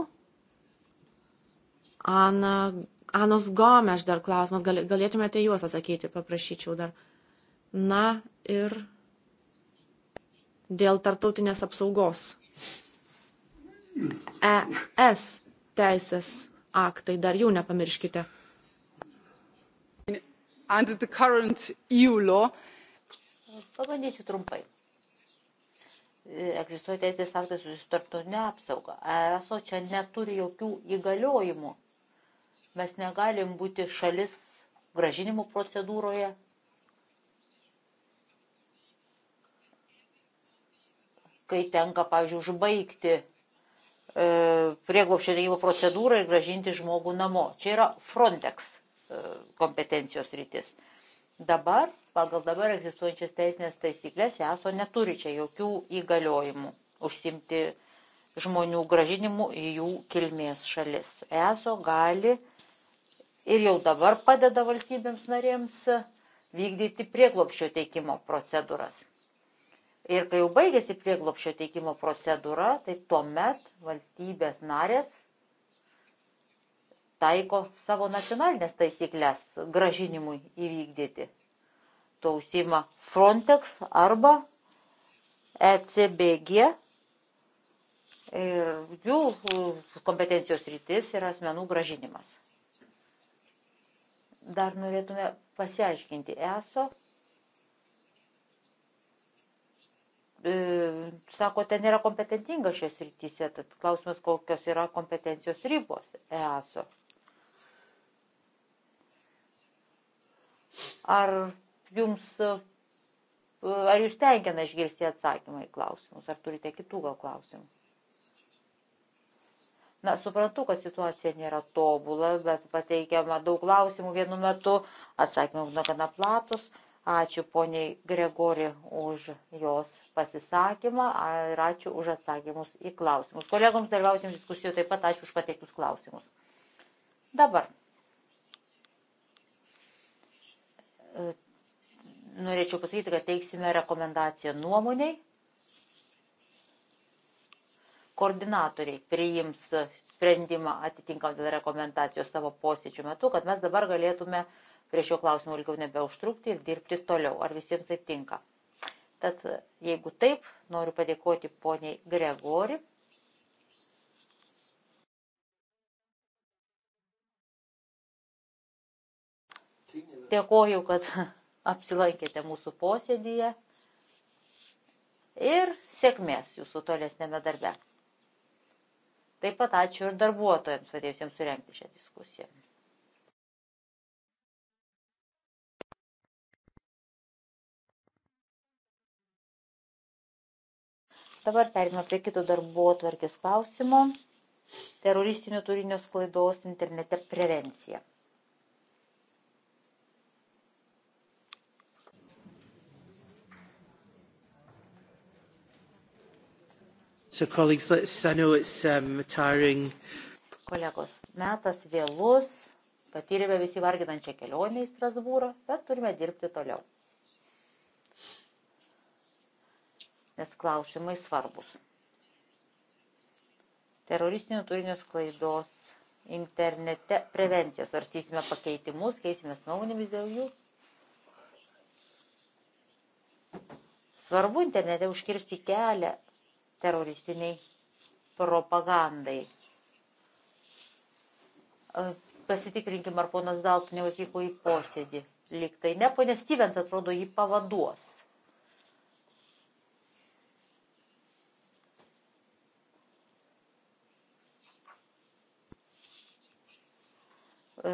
Ana, Anos Gomeš dar klausimas, gal, galėtumėte juos atsakyti, paprašyčiau dar. Na ir dėl tartautinės apsaugos. ES teisės aktai, dar jų nepamirškite. E Pabandysiu trumpai. Egzistuoja teisės aktas su tarptautinė apsauga. ESO čia neturi jokių įgaliojimų Mes negalim būti šalis gražinimo procedūroje. Kai tenka, pavyzdžiui, užbaigti e, prieglopščio teikimo procedūrą ir gražinti žmogų namo. Čia yra Frontex e, kompetencijos rytis. Dabar, pagal dabar egzistuojančias teisinės taisyklės, ESO neturi čia jokių įgaliojimų užsimti žmonių gražinimu į jų kilmės šalis. ESO gali ir jau dabar padeda valstybėms narėms vykdyti prieglopščio teikimo procedūras. Ir kai jau baigėsi prieglopščio teikimo procedūra, tai tuomet valstybės narės taiko savo nacionalinės taisyklės gražinimui įvykdyti. Tuo užsima Frontex arba ECBG. Ir jų kompetencijos rytis yra asmenų gražinimas dar norėtume pasiaiškinti. ESO, e, sako, ten yra kompetentinga šios rytise, tad klausimas, kokios yra kompetencijos ribos ESO. Ar jums, e, ar jūs tenkina išgirsti atsakymą į klausimus, ar turite kitų gal klausimų? Na, suprantu, kad situacija nėra tobula, bet pateikiama daug klausimų vienu metu, atsakymai būna gana platus. Ačiū poniai Gregori už jos pasisakymą ir ačiū už atsakymus į klausimus. Kolegoms dalyvausim diskusijoje taip pat ačiū už pateiktus klausimus. Dabar norėčiau pasakyti, kad teiksime rekomendaciją nuomoniai koordinatoriai priims sprendimą atitinkamą dėl rekomendacijos savo posėdžių metu, kad mes dabar galėtume prie šio klausimo ilgiau nebeužtrukti ir dirbti toliau. Ar visiems tai tinka? Tad jeigu taip, noriu padėkoti poniai Gregori. Dėkoju, kad apsilankėte mūsų posėdyje ir sėkmės jūsų tolesnėme darbe. Taip pat ačiū ir darbuotojams padėjusiems surenkti šią diskusiją. Dabar perėmė prie kito darbo tvarkės klausimo – teroristinių turinio sklaidos internete prevencija. So, colleagues, let's, I know it's um, tiring. Kolegos, metas vėlus, patyrėme visi varginančią kelionę į Strasbūrą, bet turime dirbti toliau. Nes klausimai svarbus. Teroristinių turinio sklaidos internete prevenciją. Svarstysime pakeitimus, keisime nuomonėmis dėl jų. Svarbu internete užkirsti kelią teroristiniai propagandai. E, pasitikrinkim, ar ponas Dalton jau atvyko į posėdį. Liktai ne, ponė Stevens atrodo jį pavaduos. E,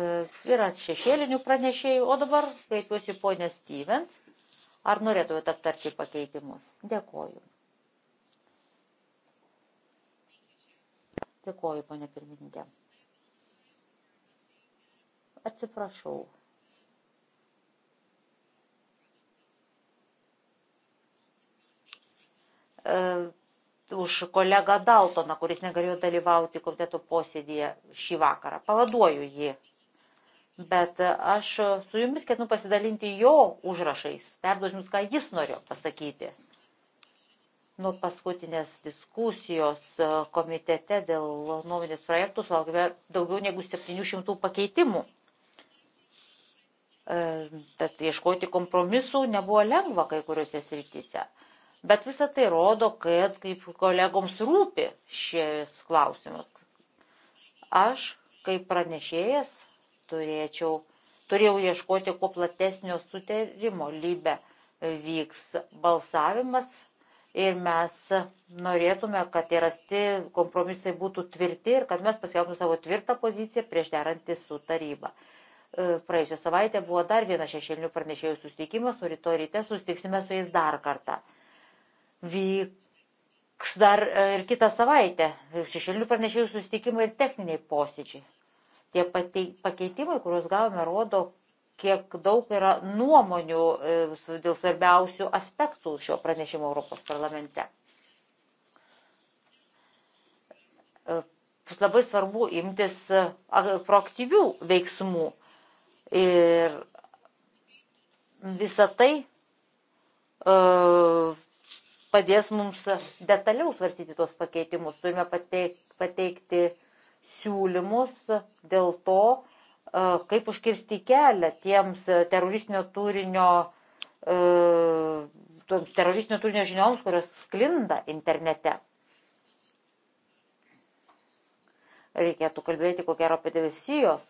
yra šešėlinių pranešėjų, o dabar skaičiuosiu ponę Stevens. Ar norėtumėte aptarti pakeitimus? Dėkoju. Dėkoju, ponė pirmininkė. Atsiprašau. E, už kolegą Daltoną, kuris negalėjo dalyvauti komiteto posėdėje šį vakarą. Pavaduoju jį. Bet aš su jumis ketinu pasidalinti jo užrašais. Perduosiu jums, ką jis norėjo pasakyti. Nuo paskutinės diskusijos e, komitete dėl nuomonės projektų sulaukėme daugiau negu 700 pakeitimų. E, tad ieškoti kompromisų nebuvo lengva kai kuriuose srityse. Bet visa tai rodo, kad kaip kolegoms rūpi šis klausimas. Aš, kaip pranešėjas, turėčiau, turėjau ieškoti kuo platesnio sutarimo. Lybe vyks balsavimas ir mes norėtume, kad tie rasti kompromisai būtų tvirti ir kad mes paskelbtume savo tvirtą poziciją prieš derantį su taryba. E, praėjusią savaitę buvo dar vienas šešėlinių pranešėjų susitikimas, o rytoj ryte susitiksime su jais dar kartą. Vyks dar e, ir kitą savaitę šešėlinių pranešėjų susitikimai ir techniniai posėdžiai. Tie pakeitimai, kuriuos gavome, rodo, kiek daug yra nuomonių e, dėl svarbiausių aspektų šio pranešimo Europos parlamente. E, labai svarbu imtis e, proaktyvių veiksmų ir visą tai padės mums detaliau svarstyti tuos pakeitimus. Turime pateikti siūlymus dėl to, E, kaip užkirsti kelią tiems e, teroristinio turinio, e, teroristinio turinio žinioms, kurios sklinda internete. Reikėtų kalbėti ko gero apie debesijos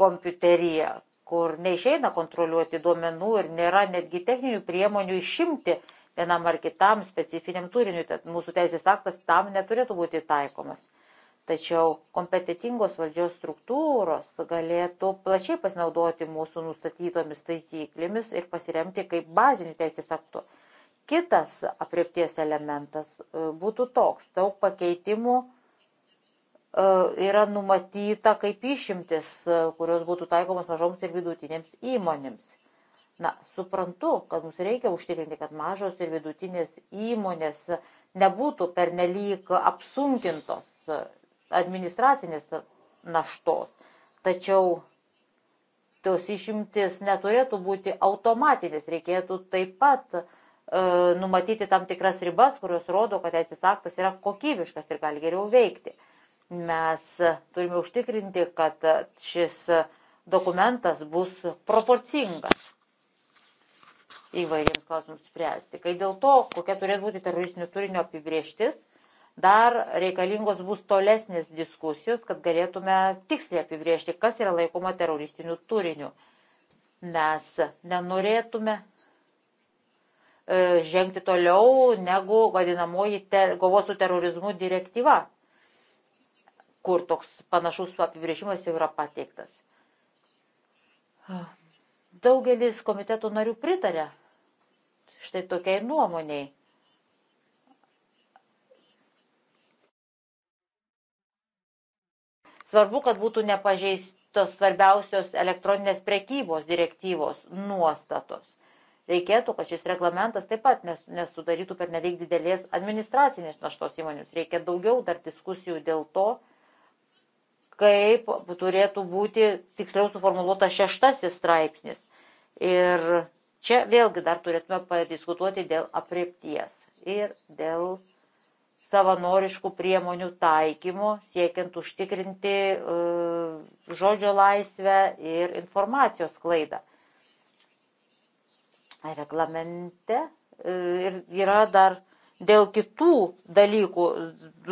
kompiuteriją, kur neišeina kontroliuoti duomenų ir nėra netgi techninių priemonių išimti vienam ar kitam specifiniam turiniui. Tad mūsų teisės aktas tam neturėtų būti taikomas. Tačiau kompetitingos valdžios struktūros galėtų plačiai pasinaudoti mūsų nustatytomis taisyklėmis ir pasiremti kaip bazinių teisės aktų. Kitas apriepties elementas e, būtų toks, daug pakeitimų e, yra numatyta kaip išimtis, e, kurios būtų taikomos mažoms ir vidutinėms įmonėms. Na, suprantu, kad mums reikia užtikrinti, kad mažos ir vidutinės įmonės nebūtų pernelyg apsunkintos administracinės naštos. Tačiau tos išimtis neturėtų būti automatinės, reikėtų taip pat e, numatyti tam tikras ribas, kurios rodo, kad teisės aktas yra kokybiškas ir gali geriau veikti. Mes turime užtikrinti, kad šis dokumentas bus proporcingas įvairiems klausimams spręsti. Kai dėl to, kokia turėtų būti teroristinių turinio apibrieštis, Dar reikalingos bus tolesnės diskusijos, kad galėtume tiksliai apibriežti, kas yra laikoma teroristiniu turiniu. Mes nenorėtume e, žengti toliau negu vadinamoji kovos su terorizmu direktyva, kur toks panašus apibrėžimas jau yra pateiktas. Daugelis komitetų narių pritarė štai tokiai nuomoniai. Svarbu, kad būtų nepažeistos svarbiausios elektroninės prekybos direktyvos nuostatos. Reikėtų, kad šis reglamentas taip pat nesudarytų per nelik didelės administracinės naštos įmonėms. Reikia daugiau dar diskusijų dėl to, kaip turėtų būti tiksliau suformuoluota šeštasis straipsnis. Ir čia vėlgi dar turėtume padiskutuoti dėl apriepties ir dėl savanoriškų priemonių taikymu, siekiant užtikrinti e, žodžio laisvę ir informacijos klaidą. Reglamente e, yra dar dėl kitų dalykų,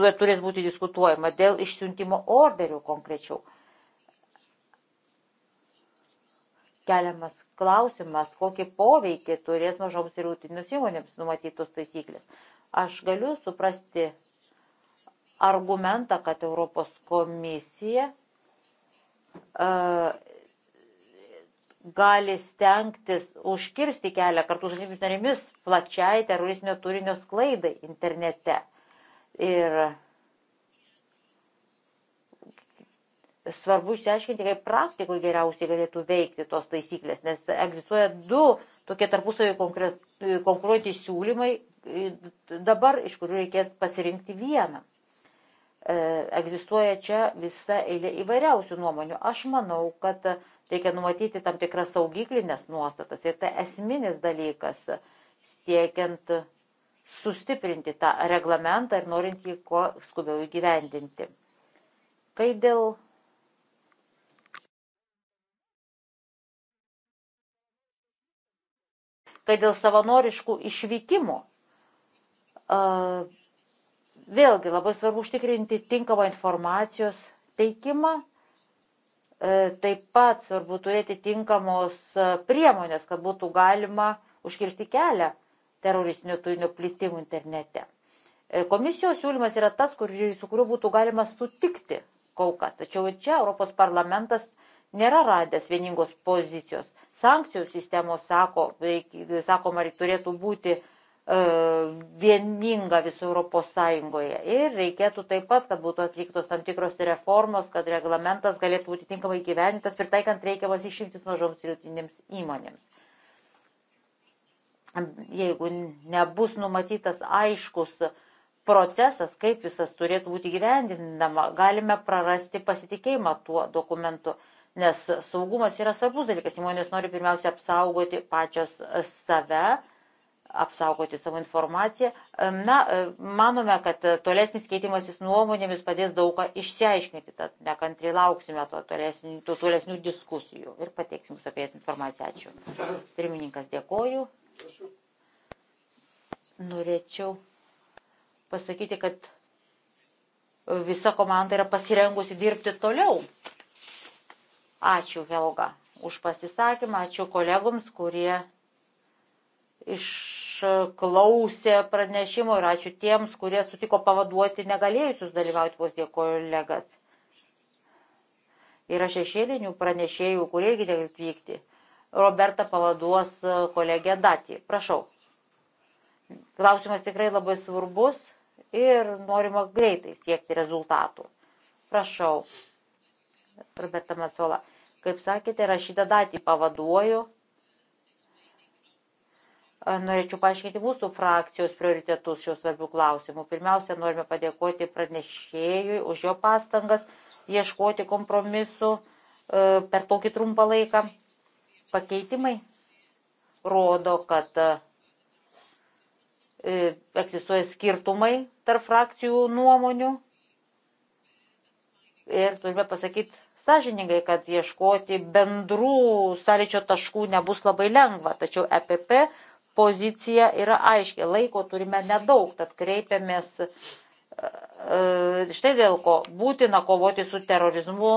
e, turės būti diskutuojama, dėl išsiuntimo orderių konkrečiau. keliamas klausimas, kokį poveikį turės mažoms ir rūtinėms įmonėms numatytos taisyklės. Aš galiu suprasti argumentą, kad Europos komisija uh, gali stengtis užkirsti kelią kartu su valstybėmis narėmis plačiai teroristinio turinio sklaidai internete. Ir svarbu išsiaiškinti, kaip praktikoje geriausiai galėtų veikti tos taisyklės, nes egzistuoja du tokie tarpusavį konkuruoti siūlymai dabar, iš kurių reikės pasirinkti vieną. E, egzistuoja čia visa eilė įvairiausių nuomonių. Aš manau, kad reikia numatyti tam tikras saugiklinės nuostatas ir tai esminis dalykas siekiant sustiprinti tą reglamentą ir norint jį kuo skubiau įgyvendinti. Kai dėl kai dėl savanoriškų išvykimų Vėlgi labai svarbu užtikrinti tinkamą informacijos teikimą. E, taip pat svarbu turėti tinkamos e, priemonės, kad būtų galima užkirsti kelią teroristinio turinio plitimų internete. E, komisijos siūlymas yra tas, kur, su kuriuo būtų galima sutikti kol kas. Tačiau čia Europos parlamentas nėra radęs vieningos pozicijos. Sankcijų sistemos, sako, sakoma, turėtų būti E, vieninga viso Europos Sąjungoje. Ir reikėtų taip pat, kad būtų atliktos tam tikros reformos, kad reglamentas galėtų būti tinkamai gyvenintas, pritaikant reikiamas išimtis mažoms ir jūtinėms įmonėms. Jeigu nebus numatytas aiškus procesas, kaip visas turėtų būti gyvendinama, galime prarasti pasitikėjimą tuo dokumentu, nes saugumas yra svarbus dalykas. Įmonės nori pirmiausia apsaugoti pačios save apsaugoti savo informaciją. Na, e, manome, kad e, tolesnis keitimasis nuomonėmis padės daugą išsiaiškinti, tad nekantriai lauksime to tolesnių, to tolesnių diskusijų ir pateiksim jums apie jas informaciją. Ačiū. Pirmininkas, dėkoju. Norėčiau pasakyti, kad visa komanda yra pasirengusi dirbti toliau. Ačiū, Helga, už pasisakymą, ačiū kolegoms, kurie iš klausė pranešimo ir ačiū tiems, kurie sutiko pavaduoti negalėjusius dalyvauti posėdėje kolegas. Yra šešėlinių pranešėjų, kurie irgi negali atvykti. Roberta pavaduos e, kolegė Dati. Prašau. Klausimas tikrai labai svarbus ir norima greitai siekti rezultatų. Prašau. Roberta Masola. Kaip sakėte, rašytą datį pavaduoju Norėčiau paaiškinti mūsų frakcijos prioritetus šios svarbių klausimų. Pirmiausia, norime padėkoti pranešėjui už jo pastangas ieškoti kompromisu e, per tokį trumpą laiką. Pakeitimai rodo, kad e, egzistuoja skirtumai tarp frakcijų nuomonių. Ir turime pasakyti sąžiningai, kad ieškoti bendrų sąlyčio taškų nebus labai lengva. Tačiau EPP pozicija yra aiški. Laiko turime nedaug, tad kreipiamės e, e, štai dėl ko būtina kovoti su terorizmu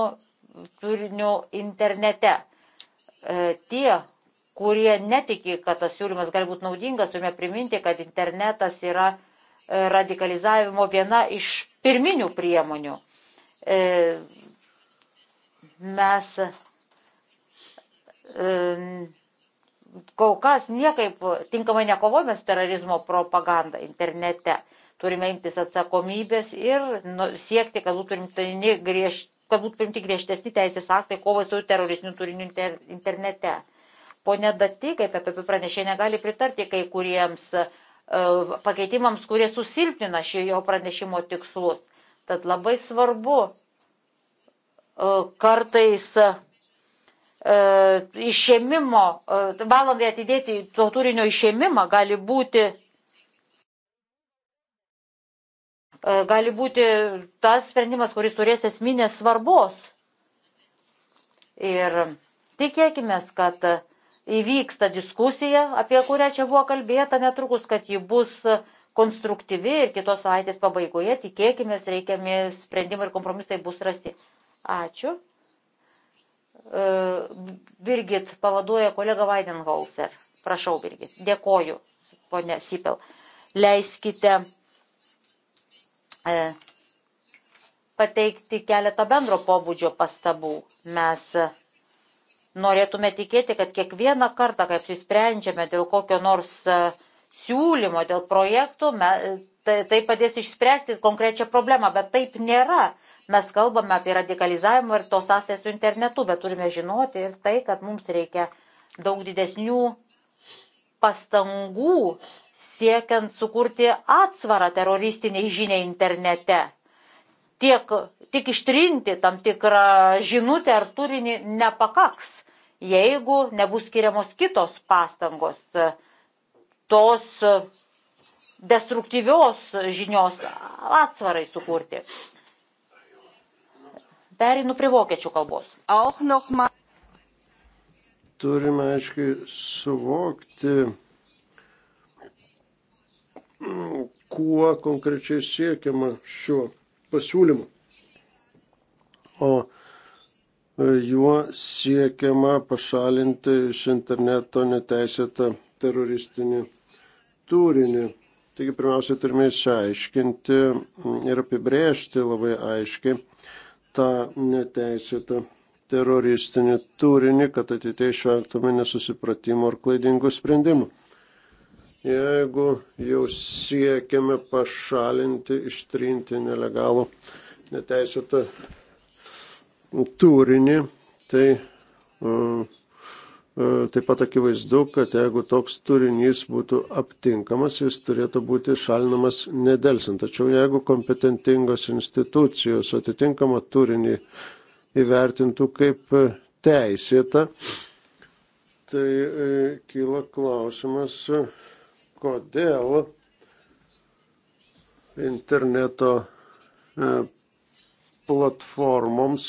turiniu internete. E, tie, kurie netiki, kad tas siūlymas gali būti naudingas, turime priminti, kad internetas yra radikalizavimo viena iš pirminių priemonių. Mes kol kas niekaip tinkamai nekovojame su terorizmo propaganda internete. Turime imtis atsakomybės ir nu, siekti, kad būtų, griež, kad būtų primti griežtesni teisės aktai kovai su teroristiniu turiniu inter, internete. Pone Dati, kaip apie pranešė, negali pritarti kai kuriems e, pakeitimams, kurie susilpnina šio jo pranešimo tikslus. Tad labai svarbu e, kartais E, išėmimo, e, valandai atidėti to turinio išėmimą gali būti, e, gali būti tas sprendimas, kuris turės esminės svarbos. Ir tikėkime, kad įvyksta diskusija, apie kurią čia buvo kalbėta netrukus, kad ji bus konstruktyvi ir kitos savaitės pabaigoje tikėkime, reikiami sprendimai ir kompromisai bus rasti. Ačiū. E, Birgit pavaduoja kolega Weidenholzer. Prašau, Birgit. Dėkoju, ponė Sipel. Leiskite e, pateikti keletą bendro pobūdžio pastabų. Mes norėtume tikėti, kad kiekvieną kartą, kai apsisprendžiame dėl kokio nors e, siūlymo, dėl projektų, tai, tai padės išspręsti konkrečią problemą, bet taip nėra. Mes kalbame apie radikalizavimą ir to sąsąją su internetu, bet turime žinoti ir tai, kad mums reikia daug didesnių pastangų siekiant sukurti atsvarą teroristiniai žiniai internete. Tiek, tik ištrinti tam tikrą žinutę ar turinį nepakaks, jeigu nebus skiriamos kitos pastangos tos destruktyvios žinios atsvarai sukurti. Perinu prie vokiečių kalbos. Turime aiškiai suvokti, kuo konkrečiai siekiama šiuo pasiūlymu. O e, juo siekiama pašalinti iš interneto neteisėtą teroristinį turinį. Taigi pirmiausia, turime išsiaiškinti ir apibrėžti labai aiškiai, tą neteisėtą teroristinį turinį, kad ateitie išvengtume nesusipratimų ar klaidingų sprendimų. Jeigu jau siekiame pašalinti, ištrinti nelegalų neteisėtą turinį, tai uh, E, taip pat akivaizdu, kad jeigu toks turinys būtų aptinkamas, jis turėtų būti šalinamas nedelsint. Tačiau jeigu kompetentingos institucijos atitinkamą turinį įvertintų kaip e, teisėtą, tai e, kyla klausimas, kodėl interneto platformoms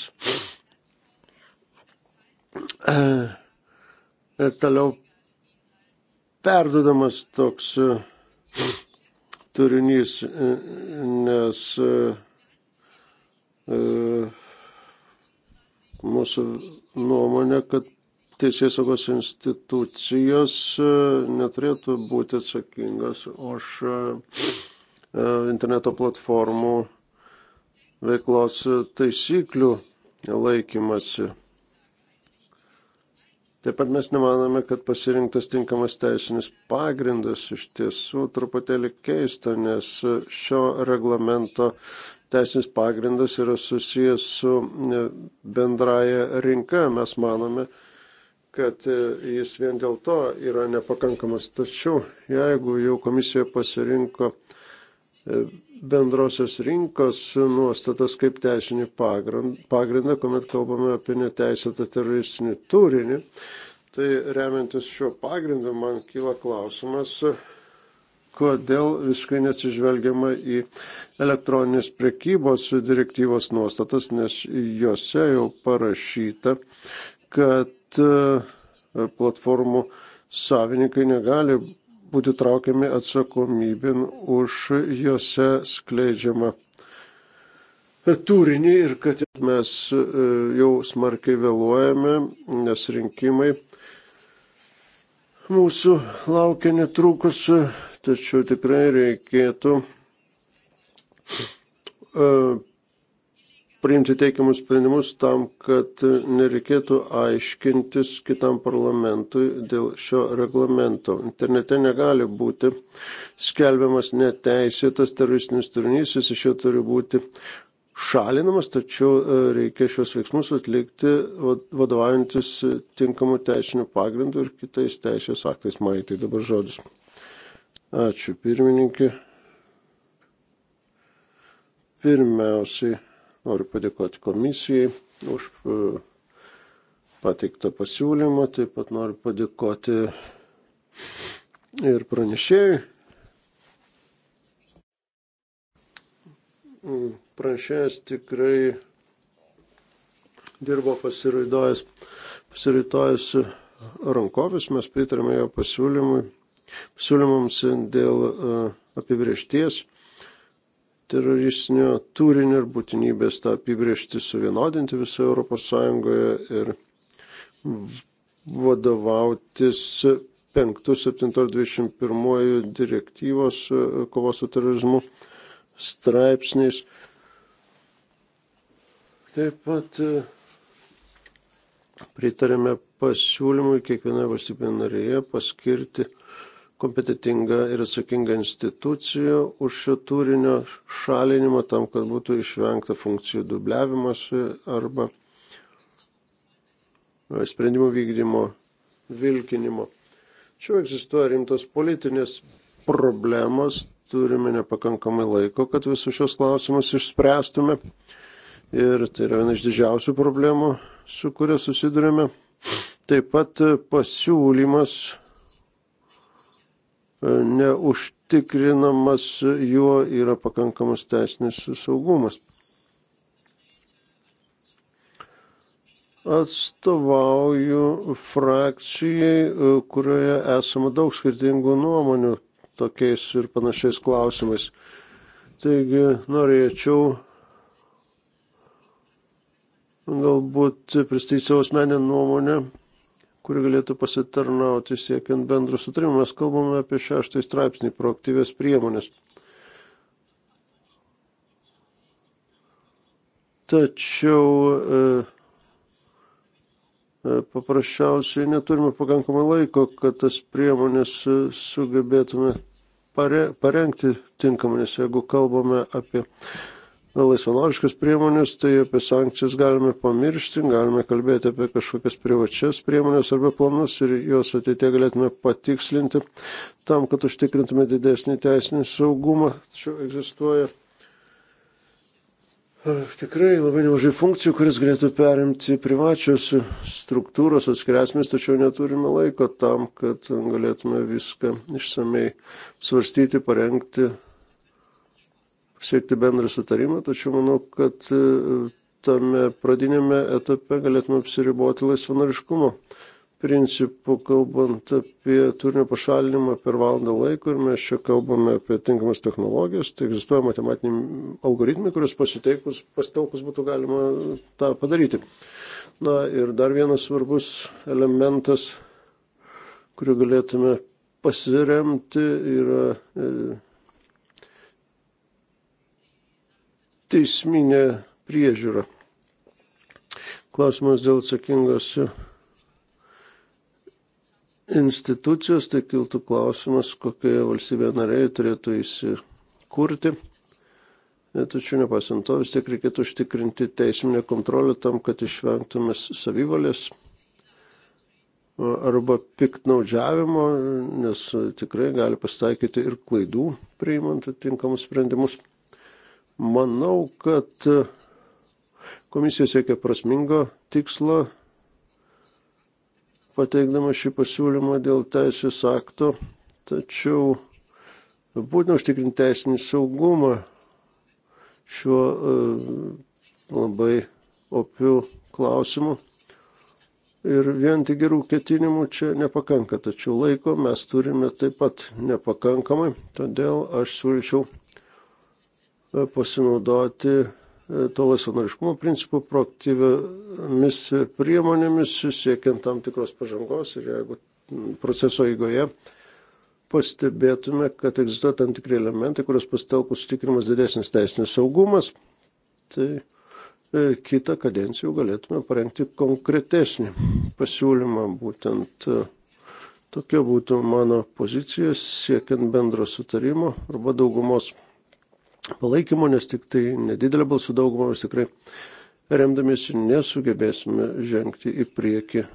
ir e, toliau perdodamas toks e, turinys, e, nes mūsų nuomonė, kad teisės saugos institucijos neturėtų būti atsakingas už interneto platformų veiklos taisyklių laikymasi. Taip pat mes nemanome, kad pasirinktas tinkamas teisinis pagrindas iš tiesų truputėlį keista, nes šio reglamento teisinis pagrindas yra susijęs su e, bendraja rinka. Mes manome, kad e, jis vien dėl to yra nepakankamas. Tačiau jeigu jau komisija pasirinko e, bendrosios rinkos nuostatas kaip teisinį pagrindą, kuomet kalbame apie neteisėtą teroristinį turinį. Tai remiantis šiuo pagrindu man kyla klausimas, kodėl visiškai neatsižvelgiama į elektroninės prekybos direktyvos nuostatas, nes juose jau parašyta, kad e, platformų savininkai negali būti traukiami atsakomybin už juose skleidžiamą turinį ir kad mes e, jau smarkiai vėluojame, nes rinkimai mūsų laukia netrukus, tačiau tikrai reikėtų e, priimti teikiamus sprendimus tam, kad nereikėtų aiškintis kitam parlamentui dėl šio reglamento. Internete negali būti skelbiamas neteisėtas teroristinis turinys, jis iš jo turi būti šalinamas, tačiau e, reikia šios veiksmus atlikti vadovaujantis tinkamu teisiniu pagrindu ir kitais teisės aktais. Maitai dabar žodis. Ačiū pirmininkė. Pirmiausiai Noriu padėkoti komisijai už e, pateiktą pasiūlymą, taip pat noriu padėkoti ir pranešėjui. Mm, pranešėjas tikrai dirbo pasiraidojęs, pasiraidojęs rankovis, mes pritarėme jo pasiūlymui, pasiūlymams dėl e, apibriešties teroristinio turinio ir būtinybės tą apibriežti suvienodinti visoje Europos Sąjungoje ir vadovautis 5.7.21 direktyvos e, kovos su terorizmu straipsniais. Taip pat e, pritarėme pasiūlymui kiekvienoje valstybėje narėje paskirti kompetitinga ir atsakinga institucija už šio turinio šalinimą tam, kad būtų išvengta funkcijų dubliavimuose arba e, sprendimų vykdymo vilkinimo. Čia egzistuoja rimtos politinės problemos, turime nepakankamai laiko, kad visus šios klausimus išspręstume. Ir tai yra viena iš didžiausių problemų, su kuria susidurime. Taip pat e, pasiūlymas E, neužtikrinamas juo yra pakankamas teisinis saugumas. Atstovauju frakcijai, e, kurioje esama daug skirtingų nuomonių tokiais ir panašiais klausimais. Taigi norėčiau galbūt pristatyti savo asmenę nuomonę kuri galėtų pasitarnauti siekiant bendro sutarimo. Mes kalbame apie šeštąjį straipsnį - proaktyvės priemonės. Tačiau e, e, paprasčiausiai neturime pakankamai laiko, kad tas priemonės e, sugebėtume parengti tinkamai, nes jeigu kalbame apie laisvanoriškas priemonės, tai apie sankcijas galime pamiršti, galime kalbėti apie kažkokias privačias priemonės arba planus ir juos ateitie galėtume patikslinti tam, kad užtikrintume didesnį teisinį saugumą. Tačiau egzistuoja tikrai labai nemažai funkcijų, kuris galėtų perimti privačios struktūros atskiresmės, tačiau neturime laiko tam, kad galėtume viską išsamei svarstyti, parengti siekti bendrą sutarimą, tačiau manau, kad e, tame pradinėme etape galėtume apsiriboti laisvanoriškumo principų, kalbant apie turinio pašalinimą per valandą laiko ir mes čia kalbame apie tinkamas technologijas, tai egzistuoja matematiniai algoritmai, kuriuos pasiteikus, pasitelkus būtų galima tą padaryti. Na ir dar vienas svarbus elementas, kuriuo galėtume pasiremti, yra e, teisminė priežiūra. Klausimas dėl atsakingos institucijos, tai kiltų klausimas, kokioje valstybėje nariai turėtų įsikurti. Tačiau nepasant to, vis tiek reikėtų užtikrinti teisminę kontrolę tam, kad išvengtumės savivalės arba piktnaudžiavimo, nes tikrai gali pasitaikyti ir klaidų priimant atitinkamus sprendimus. Manau, kad e, komisija siekia prasmingo tikslo, pateikdama šį pasiūlymą dėl teisės akto, tačiau būtina užtikrinti teisinį saugumą šiuo e, labai opiu klausimu. Ir vien tik gerų ketinimų čia nepakanka, tačiau laiko mes turime taip pat nepakankamai, todėl aš siūlyčiau E, pasinaudoti e, to laisvanoriškumo principu proaktyviamis priemonėmis, siekiant tam tikros pažangos ir jeigu proceso eigoje pastebėtume, kad egzistuoja tam tikri elementai, kurios pastelkus sutikimas didesnis teisinis saugumas, tai e, kitą kadenciją galėtume parengti konkretesnį pasiūlymą. Būtent tokia būtų mano pozicija siekiant bendro sutarimo arba daugumos palaikymo, nes tik tai nedidelė balsų dauguma vis tikrai remdamiesi nesugebėsime žengti į priekį e,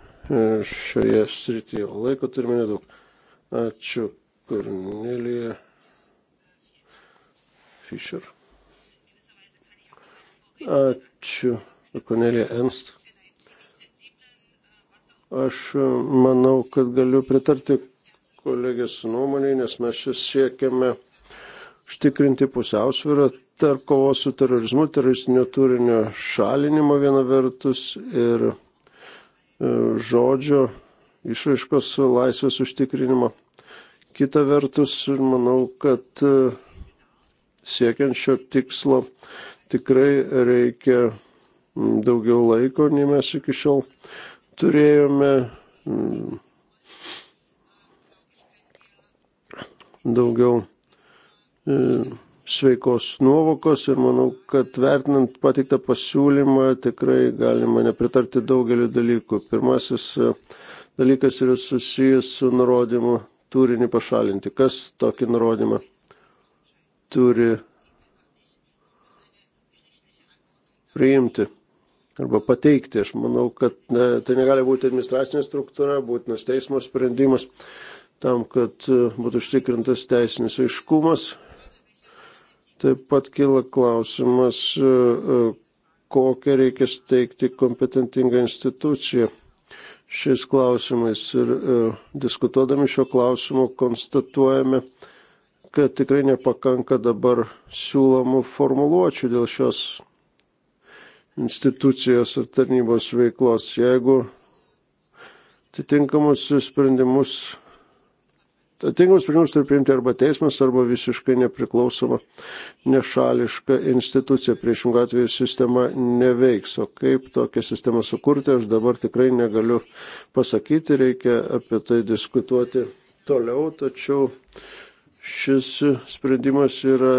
šioje srityje. O laiko turime nedaug. Ačiū, Kornelija Fischer. Ačiū, Kornelija Ernst. Aš e, manau, kad galiu pritarti kolegės nuomonėje, nes mes čia siekiame užtikrinti pusiausvyrą tarp kovos su terorizmu, teroristinio turinio šalinimo viena vertus ir e, žodžio išraiškos laisvės užtikrinimo. Kita vertus, manau, kad e, siekiant šio tikslo tikrai reikia daugiau laiko, nei mes iki šiol turėjome. Daugiau E, sveikos nuovokos ir manau, kad vertinant patiktą pasiūlymą tikrai galima nepritarti daugeliu dalykų. Pirmasis e, dalykas yra susijęs su nurodymu turinį pašalinti. Kas tokį nurodymą turi priimti arba pateikti. Aš manau, kad ne, tai negali būti administracinė struktūra, būtinas teismo sprendimas tam, kad e, būtų užtikrintas teisinis aiškumas Taip pat kyla klausimas, e, e, kokią reikia steigti kompetentingą instituciją šiais klausimais. Ir e, diskutuodami šio klausimu konstatuojame, kad tikrai nepakanka dabar siūlomų formuluočių dėl šios institucijos ar tarnybos veiklos. Jeigu atitinkamus sprendimus Atinkamus sprendimus turi priimti arba teismas, arba visiškai nepriklausoma nešališka institucija. Priešingų atveju sistema neveiks. O kaip tokią sistemą sukurti, aš dabar tikrai negaliu pasakyti, reikia apie tai diskutuoti toliau, tačiau šis sprendimas yra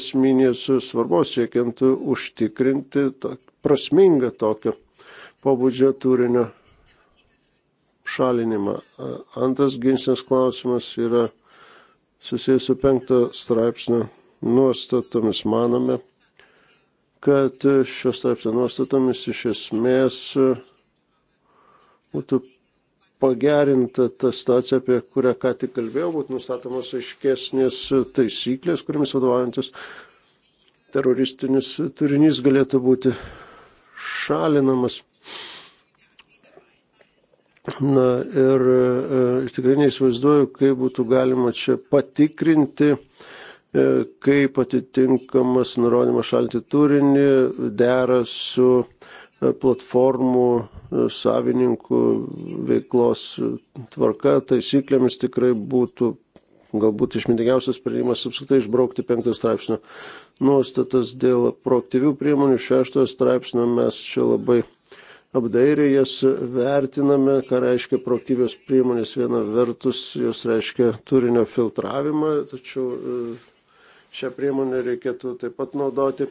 esminės svarbos siekiant užtikrinti prasmingą tokio pobūdžio turinio šalinimą. Antras ginčinas klausimas yra susijęs su penkto straipsnio nuostatomis. Manome, kad šios straipsnio nuostatomis iš esmės būtų pagerinta ta situacija, apie kurią ką tik kalbėjau, būtų nustatomos aiškesnės taisyklės, kuriamis vadovaujantis teroristinis turinys galėtų būti šalinamas. Na ir iš e, e, tikrai neįsivaizduoju, kaip būtų galima čia patikrinti, e, kaip atitinkamas nurodymas šalti turinį dera su platformų savininkų veiklos tvarka, taisyklėmis tikrai būtų galbūt išmintingiausias sprendimas apskritai išbraukti penktojo straipsnio nuostatas dėl proaktyvių priemonių. Šeštojo straipsnio mes čia labai apdairiai jas vertiname, ką reiškia proaktyvios priemonės. Viena vertus, jos reiškia turinio filtravimą, tačiau e, šią priemonę reikėtų taip pat naudoti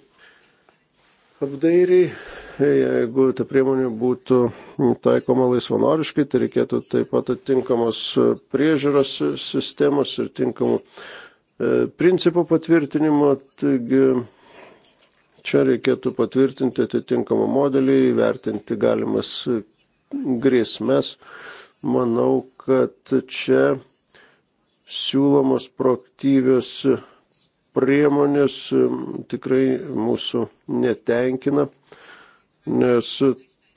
apdairiai. Jeigu ta priemonė būtų taikoma laisvanoriškai, tai reikėtų taip pat atitinkamos priežiūros sistemos ir tinkamų e, principų patvirtinimo. Taigi, Čia reikėtų patvirtinti atitinkamą modelį, įvertinti galimas grėsmes. Manau, kad čia siūlomos proaktyvios priemonės tikrai mūsų netenkina, nes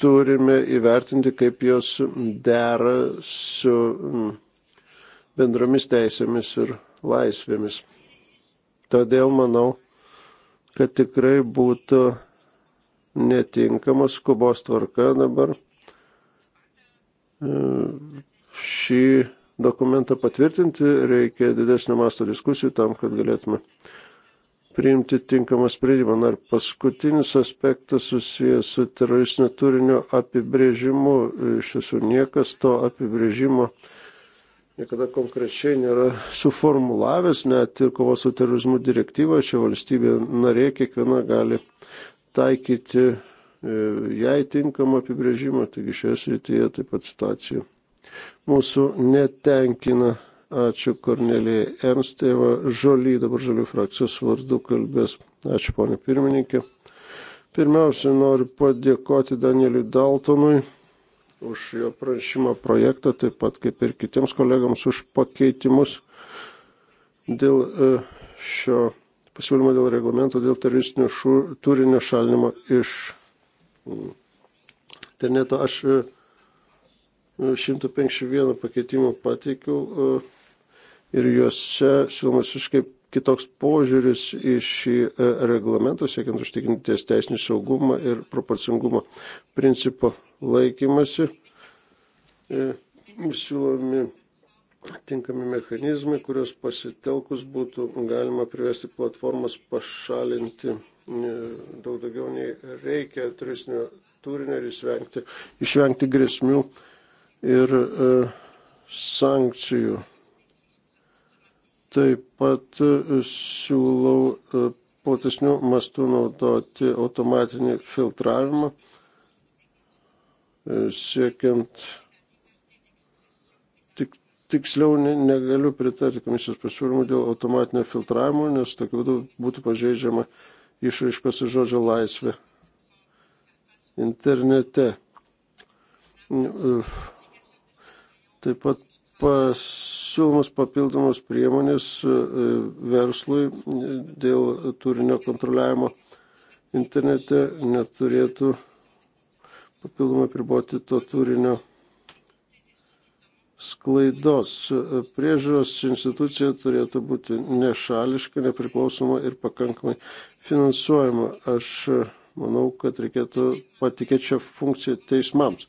turime įvertinti, kaip jos dera su bendromis teisėmis ir laisvėmis. Todėl manau, kad tikrai būtų netinkamas skubos tvarka dabar šį dokumentą patvirtinti, reikia didesnio masto diskusijų tam, kad galėtume priimti tinkamą sprendimą. Na ir paskutinis aspektas susijęs su teroristinio turinio apibrėžimu. Iš tiesų niekas to apibrėžimo uh, niekada konkrečiai nėra suformulavęs, net ir kovos su terorizmu direktyvoje, čia valstybė narė kiekviena gali taikyti e, jai tinkamą apibrėžimą, taigi šioje srityje taip pat situacija mūsų netenkina. Ačiū Kornelijai Ernstėva, Žoly, dabar Žolių frakcijos vardu kalbės. Ačiū ponė pirmininkė. Pirmiausia, noriu padėkoti Danieliui Daltonui už jo pranešimo projektą, taip pat kaip ir kitiems kolegams už pakeitimus dėl e, šio pasiūlymo dėl reglamento, dėl teroristinių šu, turinio šalinimo iš mm, interneto. Aš 151 e, pakeitimą pateikiau e, ir juose siūlomas visiškai kitoks požiūris į šį e, reglamentą, siekiant užtikrinti ties teisinį saugumą ir proporcingumą principo laikymasi. E, siūlomi tinkami mechanizmai, kurios pasitelkus būtų galima privesti platformas pašalinti e, daug daugiau nei reikia turistinio turinio ir išvengti, išvengti grėsmių ir e, sankcijų. Taip pat e, siūlau e, platesnių mastų naudoti automatinį filtravimą, e, siekiant tik, tiksliau negaliu pritarti komisijos pasiūlymų dėl automatinio filtravimo, nes tokiu būdu būtų pažeidžiama išraiškos ir žodžio laisvė internete. Taip pat pas siūlomas papildomas priemonės e, e, verslui e, dėl turinio kontroliavimo internete neturėtų papildomai priboti to turinio sklaidos. Priežiūros institucija turėtų būti nešališka, nepriklausoma ir pakankamai finansuojama. Aš manau, kad reikėtų patikėti šią funkciją teismams.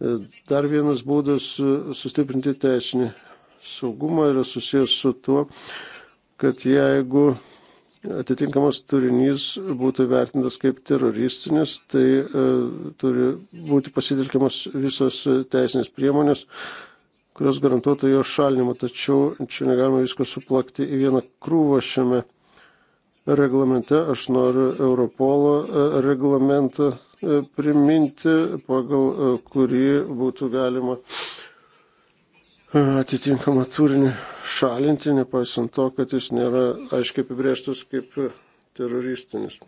E, dar vienas būdas e, sustiprinti teisinį saugumą yra susijęs su tuo, kad jeigu atitinkamas turinys būtų vertintas kaip teroristinis, tai e, turi būti pasitelkiamas visos teisinės priemonės, kurios garantuotų jo šalinimą. Tačiau čia negalima visko suplakti į vieną krūvą šiame reglamente. Aš noriu Europolo e, reglamentą e, priminti, pagal e, kurį būtų galima atitinkamą turinį šalinti, nepaisant to, kad jis nėra aiškiai apibrėžtas kaip teroristinis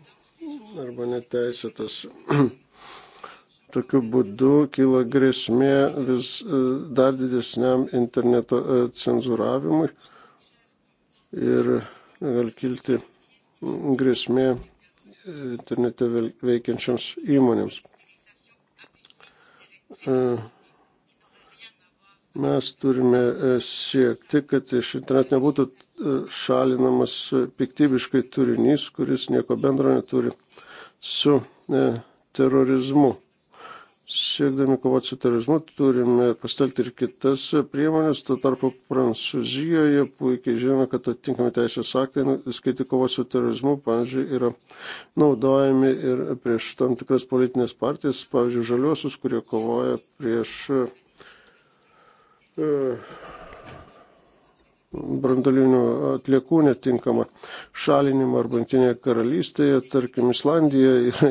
arba neteisėtas. Tokiu būdu kyla grėsmė vis dar didesniam interneto cenzuravimui ir gali kilti grėsmė internete veikiančiams įmonėms. E, mes turime e, siekti, kad iš interneto nebūtų e, šalinamas piktybiškai turinys, kuris nieko bendro neturi su terorizmu siekdami kovoti su terorizmu, turime pastelti ir kitas priemonės. Tuo tarpu Prancūzijoje puikiai žinome, kad atitinkami teisės aktai, skaiti kovos su terorizmu, pavyzdžiui, yra naudojami ir prieš tam tikras politinės partijas, pavyzdžiui, žaliuosius, kurie kovoja prieš. Uh, brandolinių atliekų netinkamą šalinimą arba Antinėje karalystėje, tarkim, Islandija yra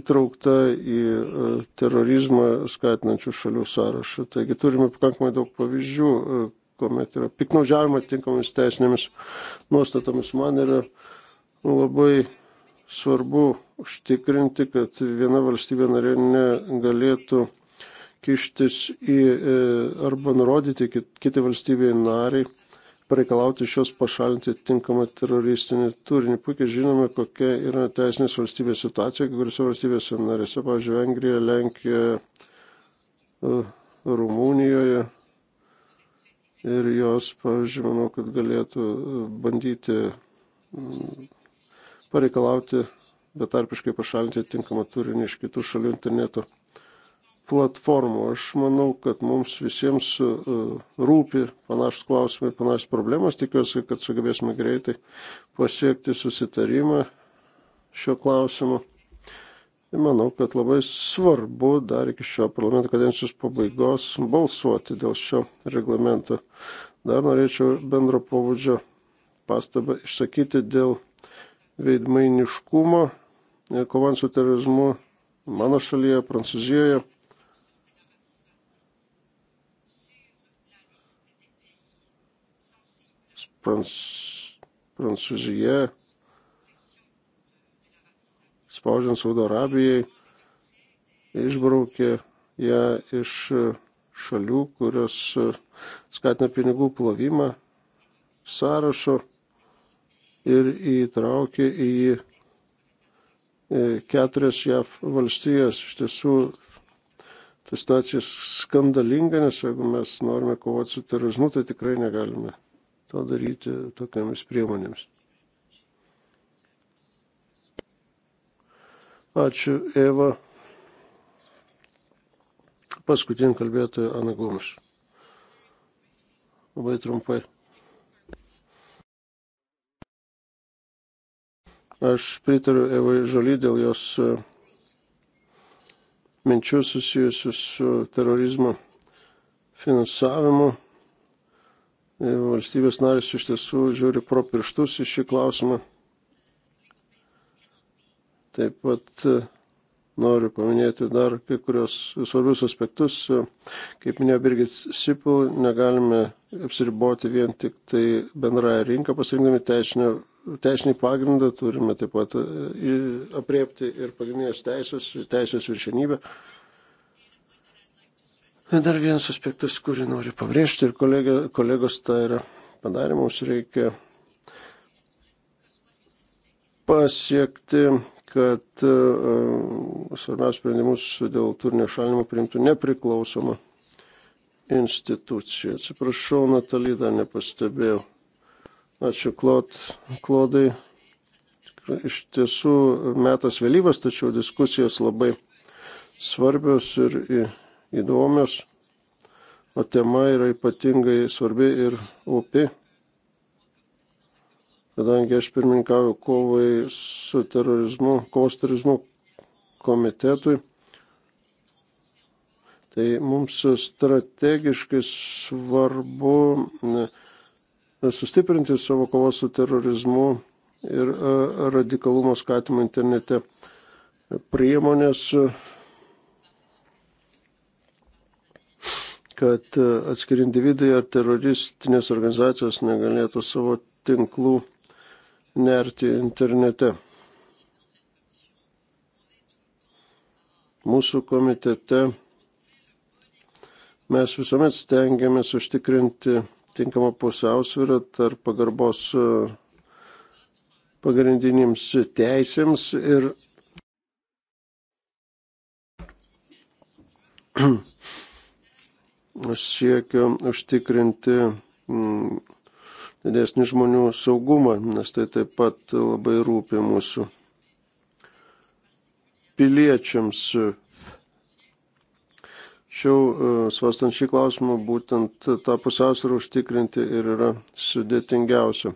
įtraukta į e, terorizmą skatinančių šalių sąrašą. Taigi turime pakankamai daug pavyzdžių, e, kuomet yra piknaudžiavimo tinkamomis teisinėmis nuostatomis. Man yra labai svarbu užtikrinti, kad viena valstybė narė negalėtų kištis į e, arba nurodyti kitai valstybei nariai, pareikalauti šios pašalinti tinkamą teroristinį turinį. Puikiai žinome, kokia yra teisinės valstybės situacija, kai kuriuose valstybėse narėse, pavyzdžiui, Vengrijoje, Lenkijoje, uh, Rumunijoje. Ir jos, pavyzdžiui, manau, kad galėtų uh, bandyti mm, pareikalauti betarpiškai pašalinti tinkamą turinį iš kitų šalių interneto platformų. Aš manau, kad mums visiems e, rūpi panašus klausimai, panašus problemas. Tikiuosi, kad sugebėsime greitai pasiekti susitarimą šio klausimu. Ir manau, kad labai svarbu dar iki šio parlamento kadencijos pabaigos balsuoti dėl šio reglamento. Dar norėčiau bendro pobūdžio pastabą išsakyti dėl veidmainiškumo, e, kovant su terorizmu mano šalyje, Prancūzijoje. Pranc Prancūzija, spaudžiant Saudo Arabijai, išbraukė ją iš šalių, kurios skatina pinigų plovimą sąrašo ir įtraukė į jį e, keturias JAV valstijas. Iš tiesų, ta situacija skandalinga, nes jeigu mes norime kovoti su terorizmu, tai tikrai negalime to daryti tokiamis priemonėmis. Ačiū, Eva. Paskutinį kalbėtoją Ana Gomes. Labai trumpai. Aš pritariu Evai Žoly dėl jos e, minčių susijusių su terorizmo finansavimu. E, valstybės narės iš tiesų žiūri pro pirštus į šį klausimą. Taip pat e, noriu paminėti dar kai kurios svarbius aspektus. E, kaip minėjo Birgit Sipil, negalime apsiriboti vien tik tai bendrąją rinką, pasirinkdami teisinio, teisinį pagrindą, turime taip pat apriepti ir pagrindinės teisės, teisės viršenybę. Ir Dar vienas aspektas, kurį noriu pabrėžti ir kolegė, kolegos tą yra padarė, mums reikia pasiekti, kad uh, svarbiausius sprendimus dėl turinio šalinimo priimtų nepriklausoma institucija. Atsiprašau, Natalį dar nepastebėjau. Ačiū, Klod, Klodai. Iš tiesų metas vėlyvas, tačiau diskusijos labai svarbios ir įdomios, o tema yra ypatingai svarbi ir opi, kadangi aš pirmininkauju kovai su terorizmu, kovos terorizmu komitetui. Tai mums strategiškai svarbu sustiprinti savo kovos su terorizmu ir radikalumo skatimo internete priemonės kad e, atskiri individai ar teroristinės organizacijos negalėtų savo tinklų nerti internete. Mūsų komitete mes visuomet stengiamės užtikrinti tinkamą pusiausvyrą tarp pagarbos e, pagrindinėms teisėms ir siekia užtikrinti mm, didesnį žmonių saugumą, nes tai taip pat labai rūpi mūsų piliečiams. Šiau e, svastant šį klausimą, būtent tą pusiausvyrą užtikrinti ir yra sudėtingiausia.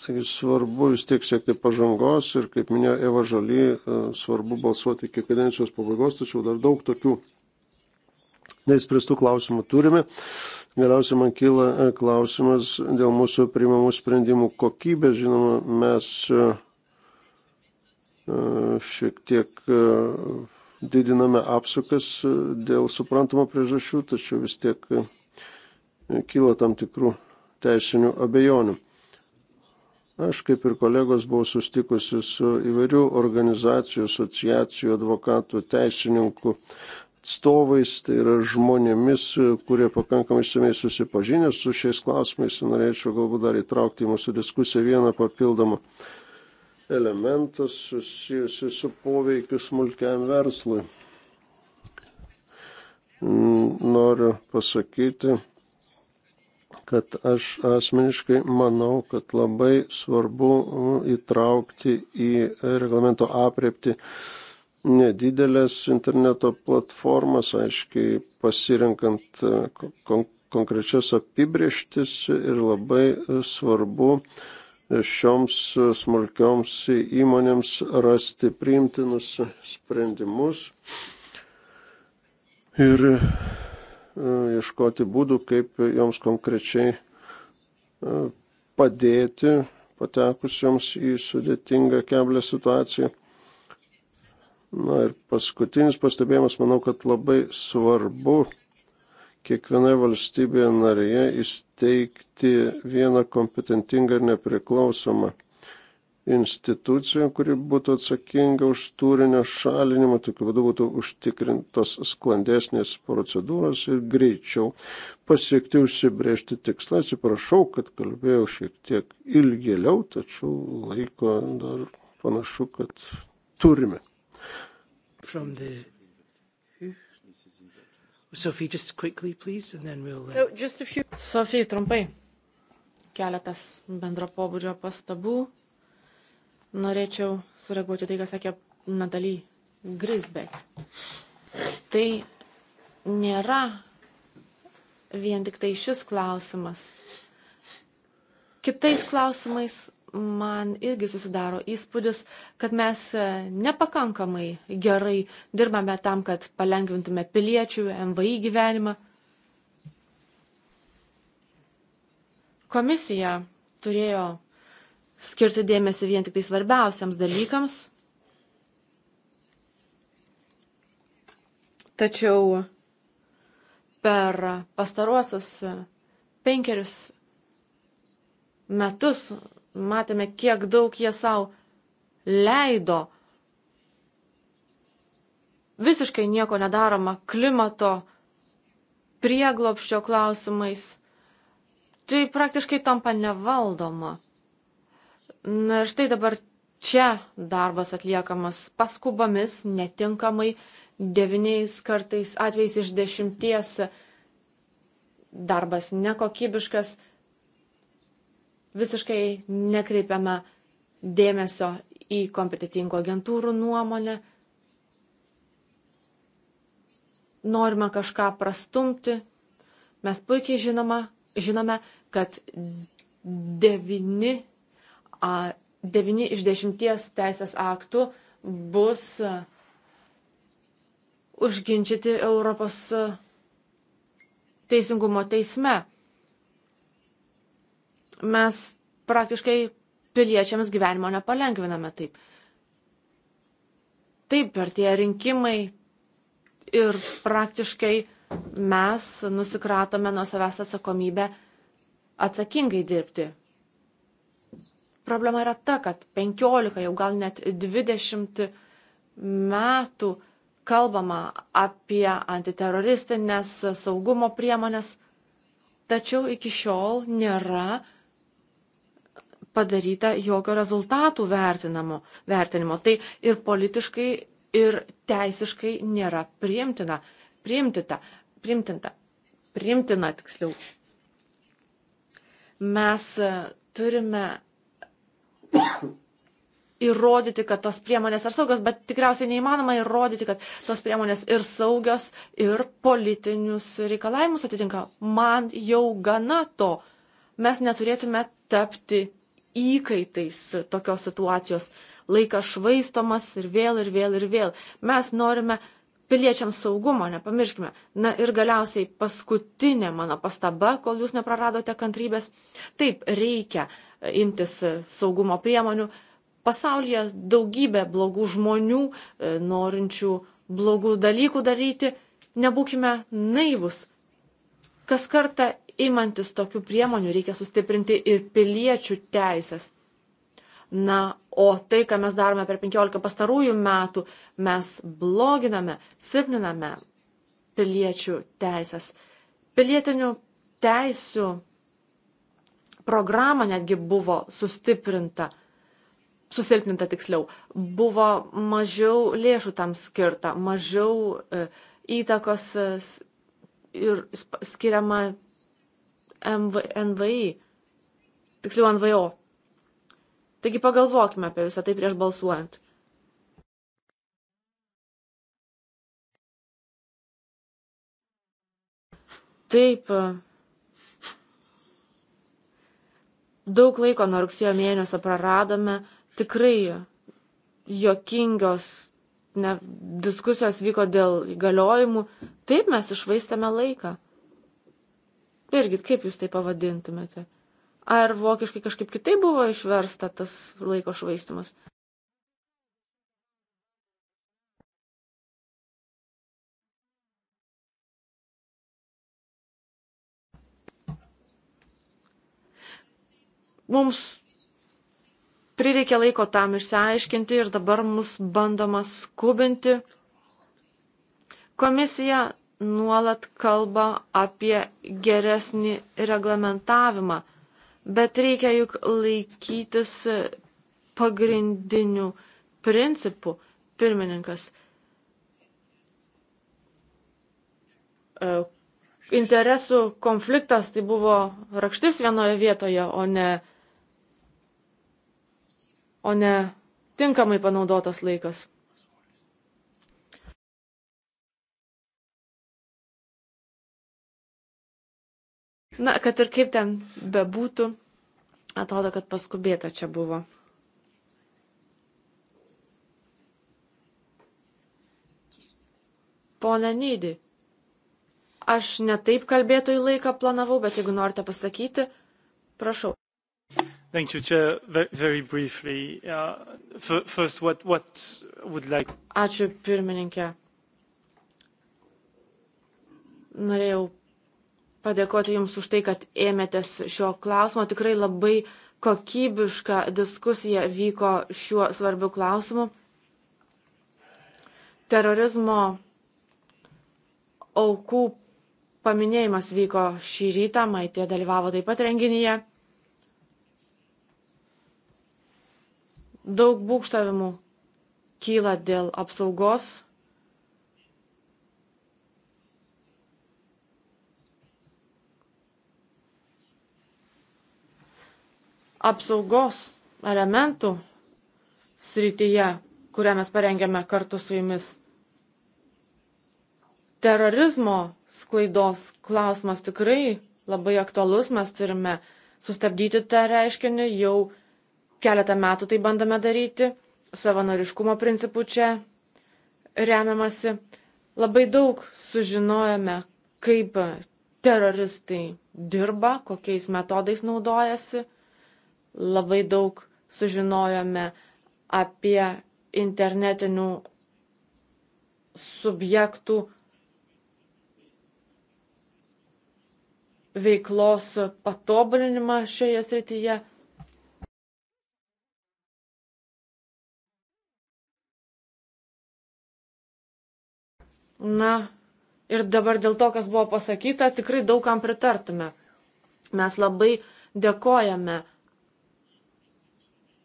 Taigi svarbu vis tiek siekti pažangos ir, kaip minėjo Eva Žaly, e, svarbu balsuoti iki kadencijos pabaigos, tačiau dar daug tokių neįspręstų klausimų turime. Galiausiai man kyla e, klausimas dėl mūsų priimamų sprendimų kokybės. Žinoma, mes e, šiek tiek didiname apsukas dėl suprantamo priežasčių, tačiau vis tiek kyla tam tikrų teisinių abejonių. Aš, kaip ir kolegos, buvau sustikusi su įvairių organizacijų, asociacijų, advokatų, teisininkų atstovais, tai yra žmonėmis, kurie pakankamai išsamei susipažinę su šiais klausimais. Norėčiau galbūt dar įtraukti į mūsų diskusiją vieną papildomą elementą susijusi su poveikiu smulkiam verslui. Noriu pasakyti, kad aš asmeniškai manau, kad labai svarbu įtraukti į reglamento apriepti nedidelės interneto platformas, aiškiai pasirinkant e, konkrečias apibrieštis ir labai e, svarbu e, šioms smulkioms įmonėms rasti priimtinus sprendimus. Ir E, ieškoti būdų, kaip joms konkrečiai e, padėti patekusiems į sudėtingą keblę situaciją. Na ir paskutinis pastebėjimas, manau, kad labai svarbu kiekvienoje valstybėje narėje įsteigti vieną kompetentingą ir nepriklausomą institucija, kuri būtų atsakinga už turinio šalinimą, tokiu būdu būtų užtikrintos sklandesnės procedūros ir greičiau pasiekti užsibriežti tikslą. Atsiprašau, kad kalbėjau šiek tiek ilgėliau, tačiau laiko dar panašu, kad turime. Sophie, just quickly, please, and then we'll. Uh, no, just a few. Sophie, trumpai. Keletas bendro pobūdžio pastabų. Norėčiau sureaguoti tai, ką sakė Natalie Grisbeck. Tai nėra vien tik tai šis klausimas. Kitais klausimais man irgi susidaro įspūdis, kad mes e, nepakankamai gerai dirbame tam, kad palengvintume piliečių MVI gyvenimą. Komisija turėjo skirti dėmesį vien tik tai svarbiausiams dalykams. Tačiau per pastaruosius penkerius metus matėme, kiek daug jie savo leido visiškai nieko nedaroma klimato prieglopščio klausimais. Tai praktiškai tampa nevaldoma. Na štai dabar čia darbas atliekamas paskubomis, netinkamai, devyniais kartais atvejais iš dešimties darbas nekokybiškas, visiškai nekreipiame dėmesio į kompetitingų agentūrų nuomonę, norime kažką prastumti, mes puikiai žinoma, žinome, kad devyni 9 iš 10 teisės aktų bus e, užginčyti Europos e, teisingumo teisme. Mes praktiškai piliečiams gyvenimo nepalengviname taip. Taip, per tie rinkimai ir praktiškai mes nusikratome nuo savęs atsakomybę atsakingai dirbti problema yra ta, kad 15, jau gal net 20 metų kalbama apie antiteroristinės saugumo priemonės, tačiau iki šiol nėra padaryta jokio rezultatų vertinimo. Tai ir politiškai, ir teisiškai nėra priimtina. Priimtina. Priimtina. Priimtina tiksliau. Mes turime įrodyti, kad tos priemonės ar saugios, bet tikriausiai neįmanoma įrodyti, kad tos priemonės ir saugios, ir politinius reikalavimus atitinka. Man jau gana to. Mes neturėtume tapti įkaitais tokios situacijos. Laikas švaistomas ir vėl, ir vėl, ir vėl. Mes norime piliečiams saugumo, nepamirškime. Na ir galiausiai paskutinė mano pastaba, kol jūs nepraradote kantrybės. Taip, reikia imtis e, saugumo priemonių. Pasaulyje daugybė blogų žmonių, e, norinčių blogų dalykų daryti. Nebūkime naivus. Kas kartą imantis tokių priemonių reikia sustiprinti ir piliečių teisės. Na, o tai, ką mes darome per 15 pastarųjų metų, mes bloginame, silpniname piliečių teisės. Pilietinių teisų programa netgi buvo sustiprinta, susilpninta tiksliau, buvo mažiau lėšų tam skirta, mažiau e, įtakos e, ir skiriama MV, NVI, tiksliau NVO. Taigi pagalvokime apie visą tai prieš balsuojant. Taip, e, Daug laiko nuo rugsėjo mėnesio praradome, tikrai jokingios ne, diskusijos vyko dėl įgaliojimų, taip mes išvaistėme laiką. Irgi, kaip jūs tai pavadintumėte? Ar vokiškai kažkaip kitai buvo išversta tas laiko švaistimas? Mums prireikė laiko tam išsiaiškinti ir dabar mus bandoma skubinti. Komisija nuolat kalba apie geresnį reglamentavimą, bet reikia juk laikytis pagrindinių principų. Pirmininkas. E, interesų konfliktas tai buvo rakštis vienoje vietoje, o ne o ne tinkamai panaudotas laikas. Na, kad ir kaip ten bebūtų, atrodo, kad paskubėta čia buvo. Pone Neidį, aš ne taip kalbėtojų laiką planavau, bet jeigu norite pasakyti, prašau. Thank you, Chair. Very, very briefly. Uh, first, what, what would like... Ačiū, pirmininkė. Norėjau padėkoti Jums už tai, kad ėmėtės šio klausimo. Tikrai labai kokybiška diskusija vyko šiuo svarbiu klausimu. Terorizmo aukų paminėjimas vyko šį rytą, Maitė dalyvavo taip pat renginyje. Daug būkštavimų kyla dėl apsaugos. Apsaugos elementų srityje, kurią mes parengėme kartu su jumis. Terorizmo sklaidos klausimas tikrai labai aktualus, mes turime sustabdyti tą reiškinį, jau Keletą metų tai bandome daryti, savanoriškumo principų čia remiamasi. Labai daug sužinojame, kaip teroristai dirba, kokiais metodais naudojasi. Labai daug sužinojome apie internetinių subjektų veiklos patobulinimą šioje srityje. Na, ir dabar dėl to, kas buvo pasakyta, tikrai daugam pritartume. Mes labai dėkojame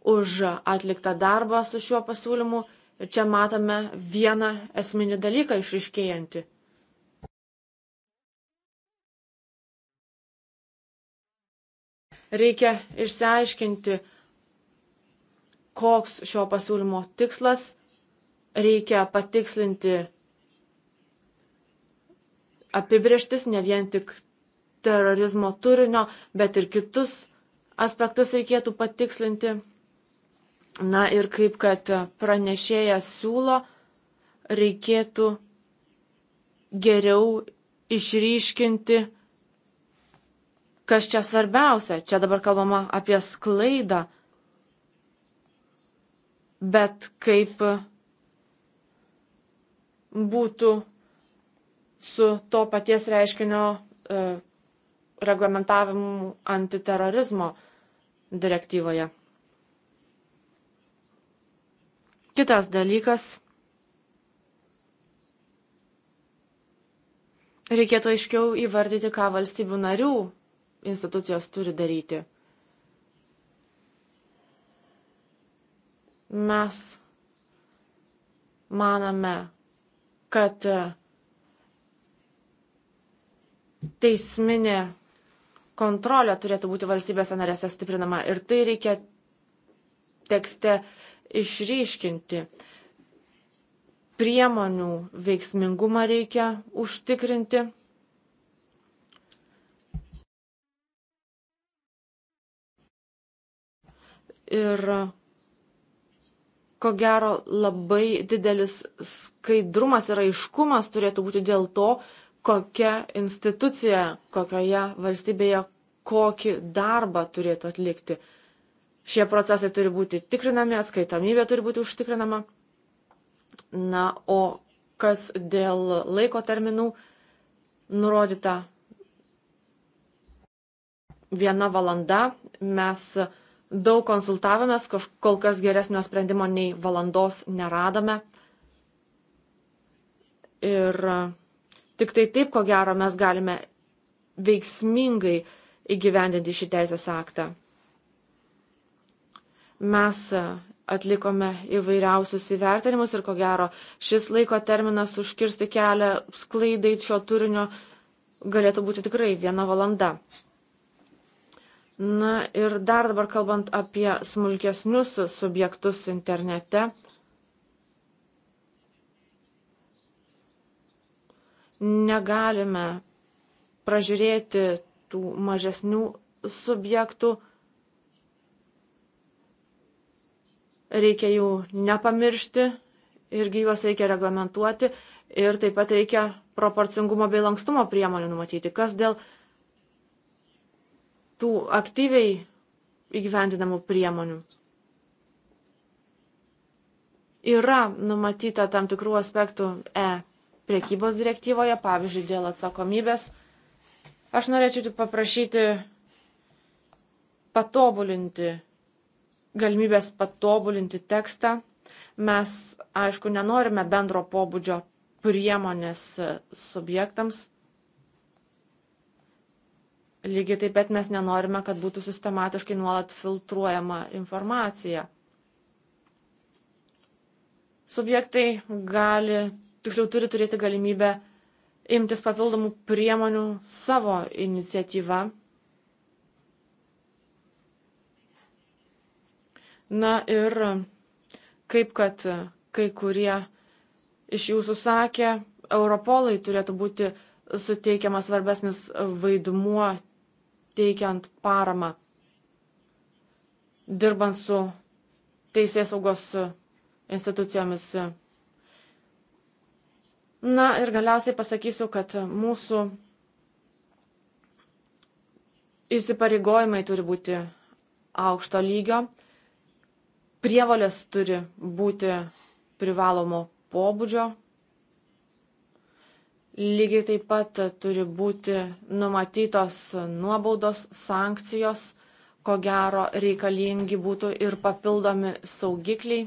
už atliktą darbą su šiuo pasiūlymu ir čia matome vieną esminį dalyką išriškėjantį. Reikia išsiaiškinti, koks šio pasiūlymo tikslas, reikia patikslinti apibrieštis, ne vien tik terorizmo turinio, bet ir kitus aspektus reikėtų patikslinti. Na ir kaip kad pranešėjas siūlo, reikėtų geriau išryškinti, kas čia svarbiausia. Čia dabar kalbama apie sklaidą, bet kaip būtų su to paties reiškinio e, reglamentavimu antiterorizmo direktyvoje. Kitas dalykas. Reikėtų aiškiau įvardyti, ką valstybių narių institucijos turi daryti. Mes maname, kad teisminė kontrolė turėtų būti valstybėse narėse stiprinama ir tai reikia tekste išryškinti. Priemonių veiksmingumą reikia užtikrinti. Ir ko gero labai didelis skaidrumas ir aiškumas turėtų būti dėl to, kokia institucija, kokioje valstybėje kokį darbą turėtų atlikti. Šie procesai turi būti tikrinami, atskaitomybė turi būti užtikrinama. Na, o kas dėl laiko terminų nurodyta viena valanda, mes daug konsultavomės, kol kas geresnio sprendimo nei valandos neradome. Ir Tik tai taip, ko gero, mes galime veiksmingai įgyvendinti šį teisės aktą. Mes e, atlikome įvairiausius įvertinimus ir ko gero šis laiko terminas užkirsti kelią sklaidai šio turinio galėtų būti tikrai viena valanda. Na ir dar dabar kalbant apie smulkesnius subjektus internete, negalime pražiūrėti tų mažesnių subjektų. Reikia jų nepamiršti irgi juos reikia reglamentuoti ir taip pat reikia proporcingumo bei lankstumo priemonių numatyti. Kas dėl tų aktyviai įgyvendinamų priemonių? Yra numatyta tam tikrų aspektų E priekybos direktyvoje, pavyzdžiui, dėl atsakomybės. Aš norėčiau tik paprašyti patobulinti, galimybės patobulinti tekstą. Mes, aišku, nenorime bendro pobūdžio priemonės subjektams. Lygiai taip pat mes nenorime, kad būtų sistematiškai nuolat filtruojama informacija. Subjektai gali tiksliau turi turėti galimybę imtis papildomų priemonių savo iniciatyvą. Na ir kaip kad kai kurie iš jūsų sakė, Europolai turėtų būti suteikiamas svarbesnis vaidmuo teikiant paramą, dirbant su teisės saugos institucijomis Na ir galiausiai pasakysiu, kad mūsų įsipareigojimai turi būti aukšto lygio, prievalės turi būti privalomo pobūdžio, Lygiai taip pat turi būti numatytos nuobaudos, sankcijos, ko gero reikalingi būtų ir papildomi saugikliai.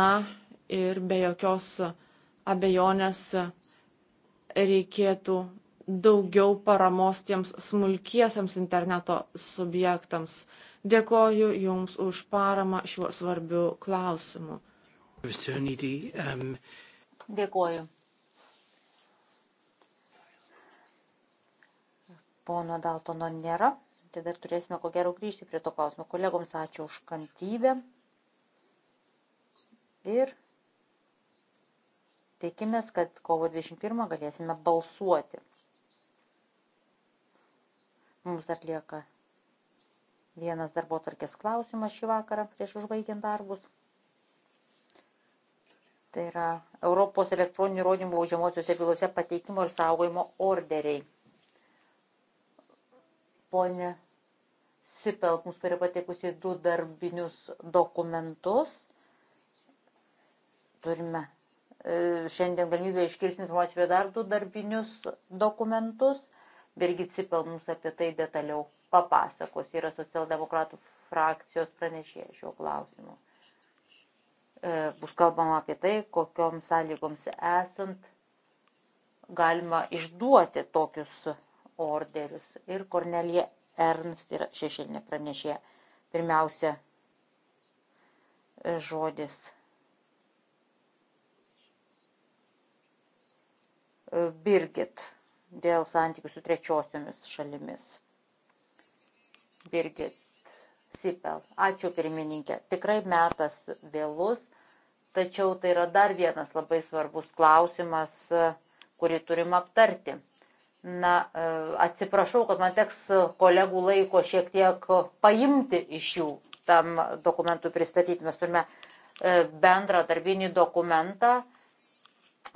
Na ir be jokios abejonės reikėtų daugiau paramos tiems smulkiesiams interneto subjektams. Dėkoju Jums už paramą šiuo svarbiu klausimu. Dėkoju. Pono Daltono nėra, tai dar turėsime ko gero grįžti prie to klausimo. Kolegoms ačiū už kantrybę ir Tikimės, kad kovo 21 galėsime balsuoti. Mums dar lieka vienas darbo tarkės klausimas šį vakarą prieš užbaigiant darbus. Tai yra Europos elektroninių įrodymų baudžiamosiuose bylose pateikimo ir saugojimo orderiai. Pone Sipel mums yra pateikusi du darbinius dokumentus. Turime E, šiandien galimybę iškirsti informaciją apie dar du darbinius dokumentus. Birgit Cipel mums apie tai detaliau papasakos, yra socialdemokratų frakcijos pranešėja šiuo klausimu. E, bus kalbama apie tai, kokioms sąlygoms esant galima išduoti tokius orderius. Ir Kornelija Ernst yra šešėlinė pranešėja. Pirmiausia, žodis E, Birgit dėl santykių su trečiosiomis šalimis. Birgit Sipel. Ačiū pirmininkė. Tikrai metas vėlus, tačiau tai yra dar vienas labai svarbus klausimas, e, kurį turim aptarti. Na, e, atsiprašau, kad man teks kolegų laiko šiek tiek paimti iš jų tam dokumentui pristatyti. Mes turime bendrą darbinį dokumentą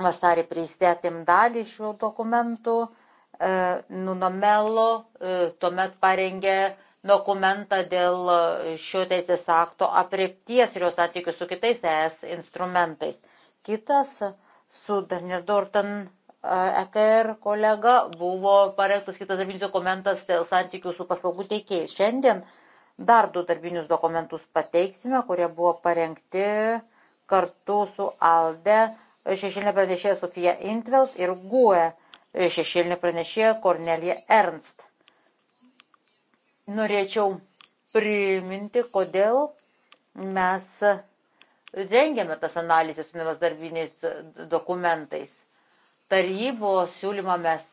vasarį pristatėm dalį šių dokumentų. E, Nunamelo e, tuomet parengė dokumentą dėl e, šio teisės akto apriepties ir jos santykių su kitais ES instrumentais. Kitas su Daniel Dorton EKR kolega buvo parengtas kitas darbinis dokumentas dėl santykių su paslaugų teikėjais. Šiandien dar du darbinius dokumentus pateiksime, kurie buvo parengti kartu su ALDE šešėlinė pranešėja Sofija Intveld ir GUE šešėlinė pranešėja Kornelija Ernst. Norėčiau priminti, kodėl mes rengiame tas analizės su nevas darbiniais dokumentais. Tarybos siūlymą mes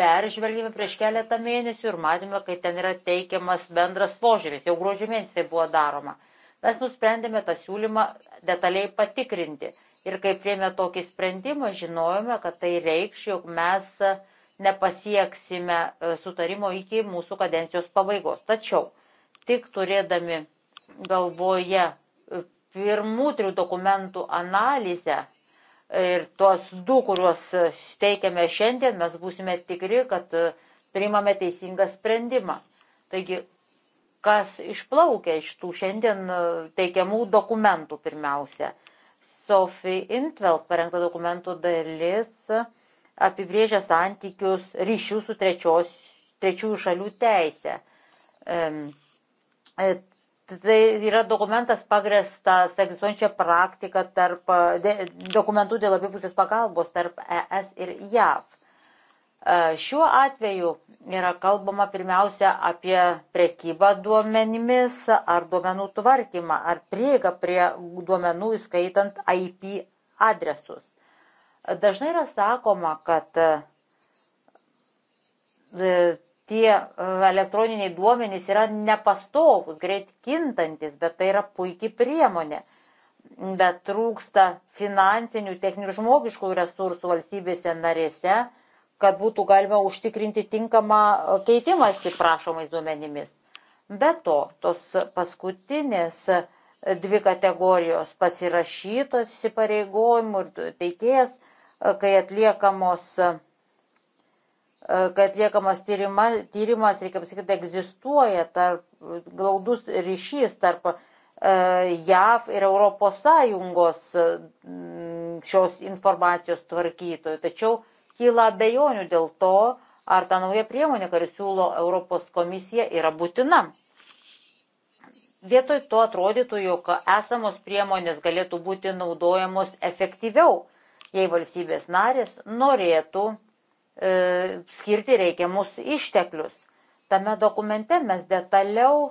peržvelgėme prieš keletą mėnesių ir matėme, kai ten yra teikiamas bendras požiūris. Jau gruodžio mėnesį tai buvo daroma. Mes nusprendėme tą siūlymą detaliai patikrinti Ir kai priemė tokį sprendimą, žinojome, kad tai reikš, jog mes e, nepasieksime e, sutarimo iki mūsų kadencijos pabaigos. Tačiau tik turėdami galvoje e, pirmų trijų dokumentų analizę ir tuos du, kuriuos teikiame šiandien, mes būsime tikri, kad priimame teisingą sprendimą. Taigi, kas išplaukia iš tų šiandien teikiamų dokumentų pirmiausia? Sophie Intveld parengto dokumento dalis apibrėžia santykius ryšių su trečios, trečiųjų šalių teisė. E, tai yra dokumentas pagrestas egzistuojančia praktika tarp de, dokumentų dėl abipusės pagalbos tarp ES ir JAV. E, šiuo atveju yra kalbama pirmiausia apie prekybą duomenimis ar duomenų tvarkymą ar prieigą prie duomenų įskaitant IP adresus. Dažnai yra sakoma, kad e, tie elektroniniai duomenys yra nepastovus, greit kintantis, bet tai yra puikiai priemonė. Bet trūksta finansinių, techninių, žmogiškų resursų valstybėse narėse kad būtų galima užtikrinti tinkamą keitimąsi prašomais duomenimis. Be to, tos paskutinės dvi kategorijos pasirašytos įsipareigojimų ir teikėjas, kai atliekamos kai atliekamas tyrima, tyrimas, reikia pasakyti, egzistuoja tarp, glaudus ryšys tarp e, JAV ir ES šios informacijos tvarkytojų. Tačiau kyla abejonių dėl to, ar ta nauja priemonė, kuri siūlo Europos komisija, yra būtina. Vietoj to atrodytų, jog esamos priemonės galėtų būti naudojamos efektyviau, jei valstybės narės norėtų e, skirti reikiamus išteklius. Tame dokumente mes detaliau e,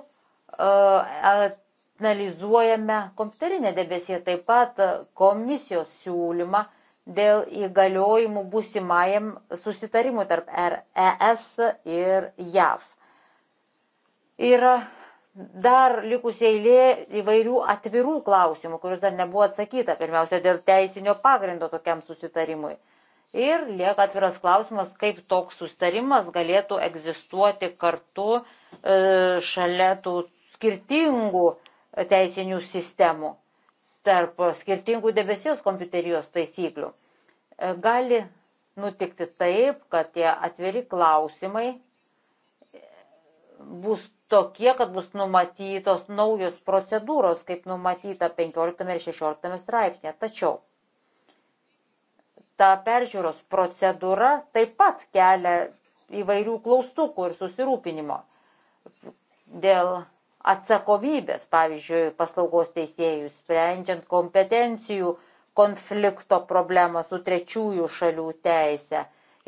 analizuojame kompiuterinę debesiją, taip pat komisijos siūlymą dėl įgaliojimų būsimajam susitarimui tarp ES ir JAV. Yra dar likusiai eilė įvairių atvirų klausimų, kuriuos dar nebuvo atsakyta, pirmiausia, dėl teisinio pagrindo tokiam susitarimui. Ir lieka atviras klausimas, kaip toks sustarimas galėtų egzistuoti kartu e, šalia tų skirtingų teisinių sistemų tarp skirtingų debesijos kompiuterijos taisyklių. E, gali nutikti taip, kad tie atviri klausimai e, bus tokie, kad bus numatytos naujos procedūros, kaip numatyta 15 ir 16 straipsnė. Tačiau ta peržiūros procedūra taip pat kelia įvairių klaustukų ir susirūpinimo dėl atsakomybės, pavyzdžiui, paslaugos teisėjų, sprendžiant kompetencijų konflikto problemą su trečiųjų šalių teise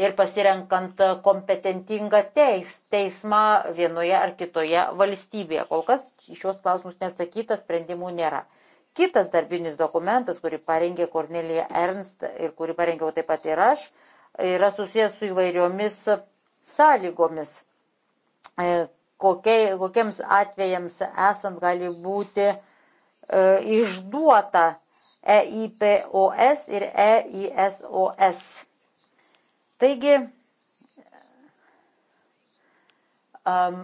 ir pasirenkant kompetentingą teis, teismą vienoje ar kitoje valstybėje. Kol kas šios klausimus neatsakytas, sprendimų nėra. Kitas darbinis dokumentas, kurį parengė Kornelija Ernst ir kurį parengiau taip pat ir aš, yra susijęs su įvairiomis sąlygomis e, kokie, kokiems atvejams esant gali būti e, išduota EIPOS ir EISOS. Taigi, um,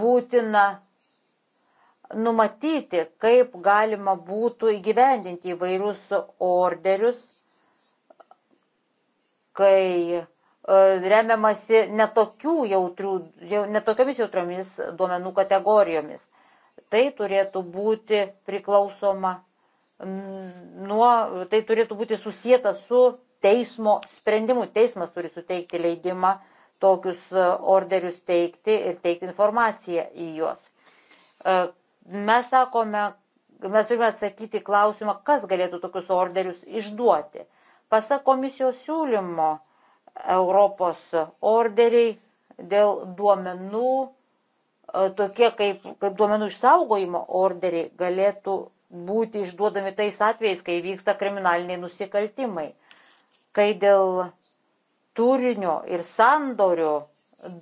būtina numatyti, kaip galima būtų įgyvendinti įvairius orderius, kai E, remiamasi netokių jautrių, netokiamis jautriomis duomenų kategorijomis. Tai turėtų būti priklausoma nuo, tai turėtų būti susijęta su teismo sprendimu. Teismas turi suteikti leidimą tokius e, orderius teikti ir teikti informaciją į juos. E, mes sakome, mes turime atsakyti klausimą, kas galėtų tokius orderius išduoti. Pasak komisijos siūlymo, Europos orderiai dėl duomenų, e, tokie kaip, kaip duomenų išsaugojimo orderiai galėtų būti išduodami tais atvejais, kai vyksta kriminaliniai nusikaltimai, kai dėl turinio ir sandorių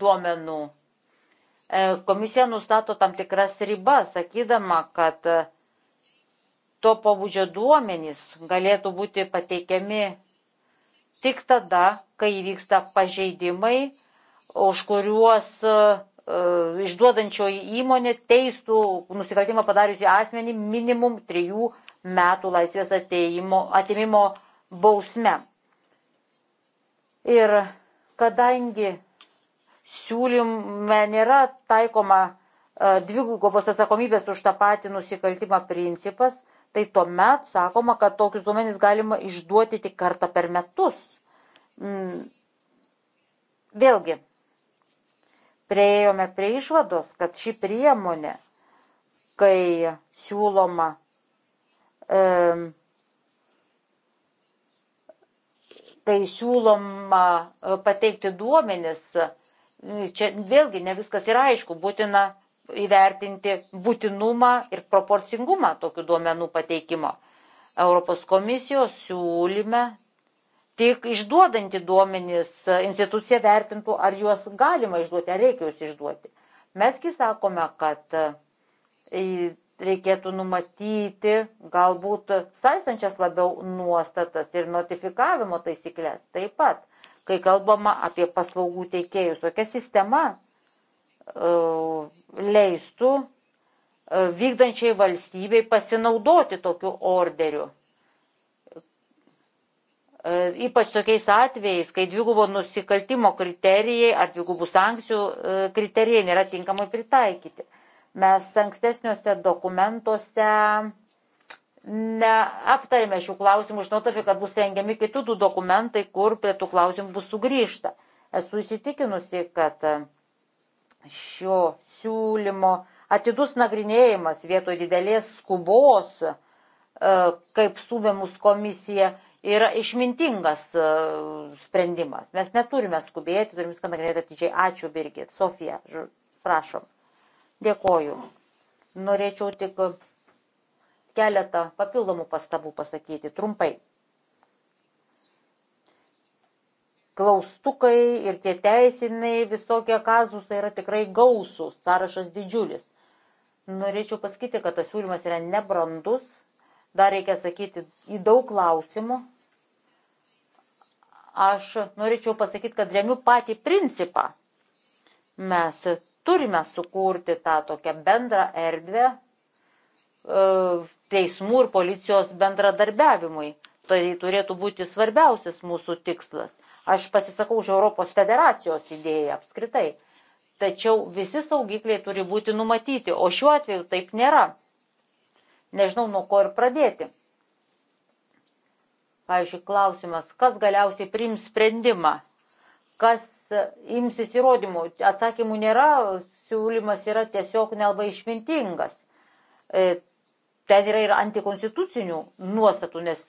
duomenų e, komisija nustato tam tikras ribas, sakydama, kad to pabudžio duomenys galėtų būti pateikiami tik tada, kai įvyksta pažeidimai, už kuriuos e, išduodančioji įmonė teistų nusikaltimą padariusi asmenį minimum trijų metų laisvės ateimo, atimimo bausme. Ir kadangi siūlyme nėra taikoma e, dvigubos atsakomybės už tą patį nusikaltimą principas, tai tuomet sakoma, kad tokius duomenys galima išduoti tik kartą per metus. Mm. Vėlgi, prieėjome prie išvados, kad ši priemonė, kai siūloma e, kai siūloma e, pateikti duomenis, čia vėlgi ne viskas yra aišku, būtina įvertinti būtinumą ir proporcingumą tokių duomenų pateikimo. Europos komisijos siūlyme tik išduodanti duomenys institucija vertintų, ar juos galima išduoti, ar reikia juos išduoti. Mesgi sakome, kad e, reikėtų numatyti galbūt saistančias labiau nuostatas ir notifikavimo taisyklės taip pat, kai kalbama apie paslaugų teikėjus. Tokia sistema E, leistų e, vykdančiai valstybei pasinaudoti tokiu orderiu. E, ypač tokiais atvejais, kai dvigubo nusikaltimo kriterijai ar dvigubų sankcijų kriterijai nėra tinkamai pritaikyti. Mes ankstesniuose dokumentuose neaptarėme šių klausimų, žinodami, kad bus rengiami kitų dokumentai, kur prie tų klausimų bus sugrįžta. Esu įsitikinusi, kad šio siūlymo atidus nagrinėjimas vietoj didelės skubos, e, kaip stūmė mūsų komisija, yra išmintingas e, sprendimas. Mes neturime skubėti, turime viską nagrinėti atidžiai. Ačiū, Birgit. Sofija, prašom. Dėkoju. Norėčiau tik keletą papildomų pastabų pasakyti trumpai. klaustukai ir tie teisiniai visokie kazusai yra tikrai gausūs, sąrašas didžiulis. Norėčiau pasakyti, kad tas siūlymas yra nebrandus, dar reikia sakyti į daug klausimų. Aš norėčiau pasakyti, kad remiu patį principą. Mes turime sukurti tą tokią bendrą erdvę e, teismų ir policijos bendradarbiavimui. Tai turėtų būti svarbiausias mūsų tikslas. Aš pasisakau už Europos federacijos idėją apskritai. Tačiau visi saugikliai turi būti numatyti, o šiuo atveju taip nėra. Nežinau, nuo ko ir pradėti. Pavyzdžiui, klausimas, kas galiausiai priims sprendimą, kas imsis įrodymų. Atsakymų nėra, siūlymas yra tiesiog nelabai išmintingas. E, ten yra ir antikonstitucinių nuostatų, nes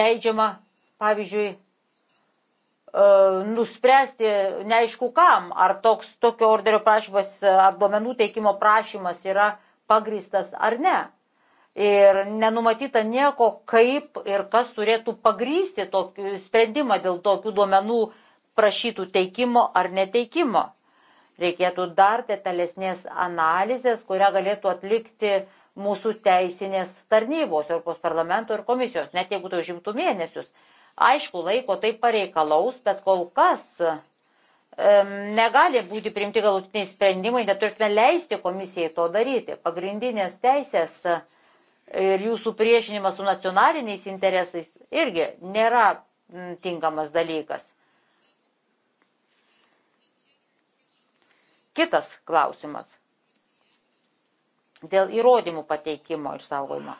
leidžiama pavyzdžiui, e, nuspręsti neaišku kam, ar toks tokio orderio prašymas, e, ar duomenų teikimo prašymas yra pagristas ar ne. Ir nenumatyta nieko, kaip ir kas turėtų pagrysti tokį sprendimą dėl tokių duomenų prašytų teikimo ar neteikimo. Reikėtų dar detalesnės analizės, kurią galėtų atlikti mūsų teisinės tarnybos, Europos parlamento ir komisijos, net jeigu tai užimtų mėnesius. Aišku, laiko tai pareikalaus, bet kol kas negali būti priimti galutiniai sprendimai, neturėtume leisti komisijai to daryti. Pagrindinės teisės e, ir jūsų priešinimas su nacionaliniais interesais irgi nėra tinkamas dalykas. Kitas klausimas. Dėl įrodymų pateikimo ir saugojimo.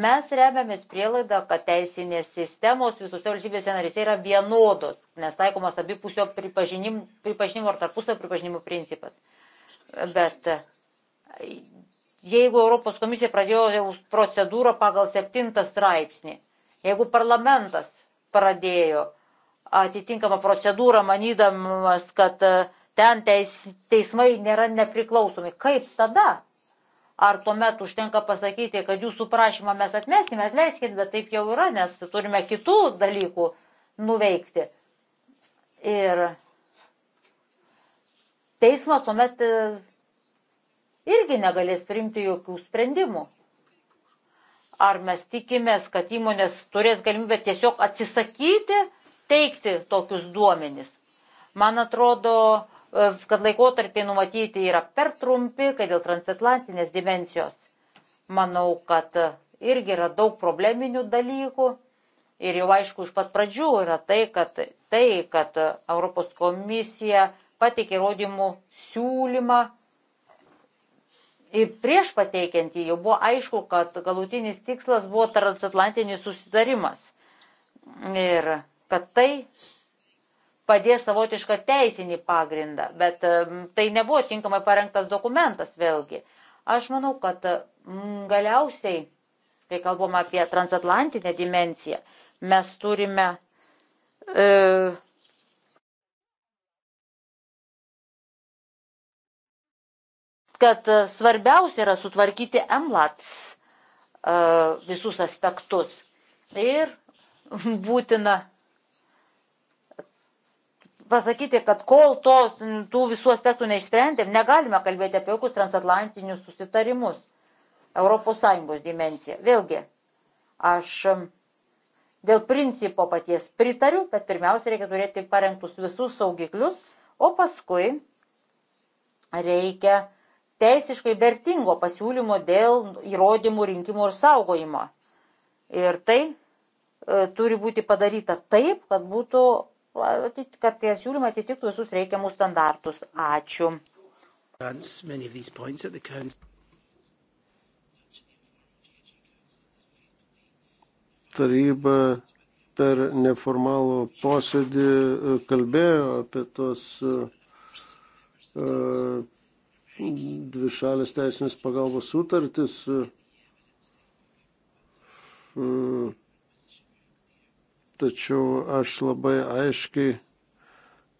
Mes remiamės prielaidą, kad teisinės sistemos visose valstybėse narise yra vienodos, nes taikomas abipusio pripažinimo, pripažinimo ar tarpusio pripažinimo principas. Bet jeigu Europos komisija pradėjo procedūrą pagal septintą straipsnį, jeigu parlamentas pradėjo atitinkamą procedūrą, manydamas, kad ten teis, teismai nėra nepriklausomi, kaip tada Ar tuomet užtenka pasakyti, kad jūsų prašymą mes atmesime, atleiskit, bet taip jau yra, nes turime kitų dalykų nuveikti. Ir teismas tuomet e, irgi negalės priimti jokių sprendimų. Ar mes tikimės, kad įmonės turės galimybę tiesiog atsisakyti teikti tokius duomenis? Man atrodo, E, kad laikotarpiai numatyti yra per trumpi, kai dėl transatlantinės dimensijos. Manau, kad irgi yra daug probleminių dalykų. Ir jau aišku, iš pat pradžių yra tai, kad, tai, kad Europos komisija pateikė įrodymų siūlymą. Ir prieš pateikiant jį jau buvo aišku, kad galutinis tikslas buvo transatlantinis susidarimas. Ir kad tai padės savotišką teisinį pagrindą, bet tai nebuvo tinkamai parengtas dokumentas vėlgi. Aš manau, kad galiausiai, kai kalbam apie transatlantinę dimenciją, mes turime e, kad svarbiausia yra sutvarkyti emlats e, visus aspektus ir būtina pasakyti, kad kol to, tų visų aspektų neišsprendėm, negalime kalbėti apie jokius transatlantinius susitarimus. ES dimencija. Vėlgi, aš dėl principo paties pritariu, bet pirmiausia reikia turėti parengtus visus saugiklius, o paskui reikia teisiškai vertingo pasiūlymo dėl įrodymų rinkimo ir saugojimo. Ir tai e, turi būti padaryta taip, kad būtų kad tie siūlymai atitiktų visus reikiamus standartus. Ačiū. Taryba per neformalų posėdį e, kalbėjo apie tos e, e, dvi šalės teisinės pagalbos sutartis. Mm tačiau aš labai aiškiai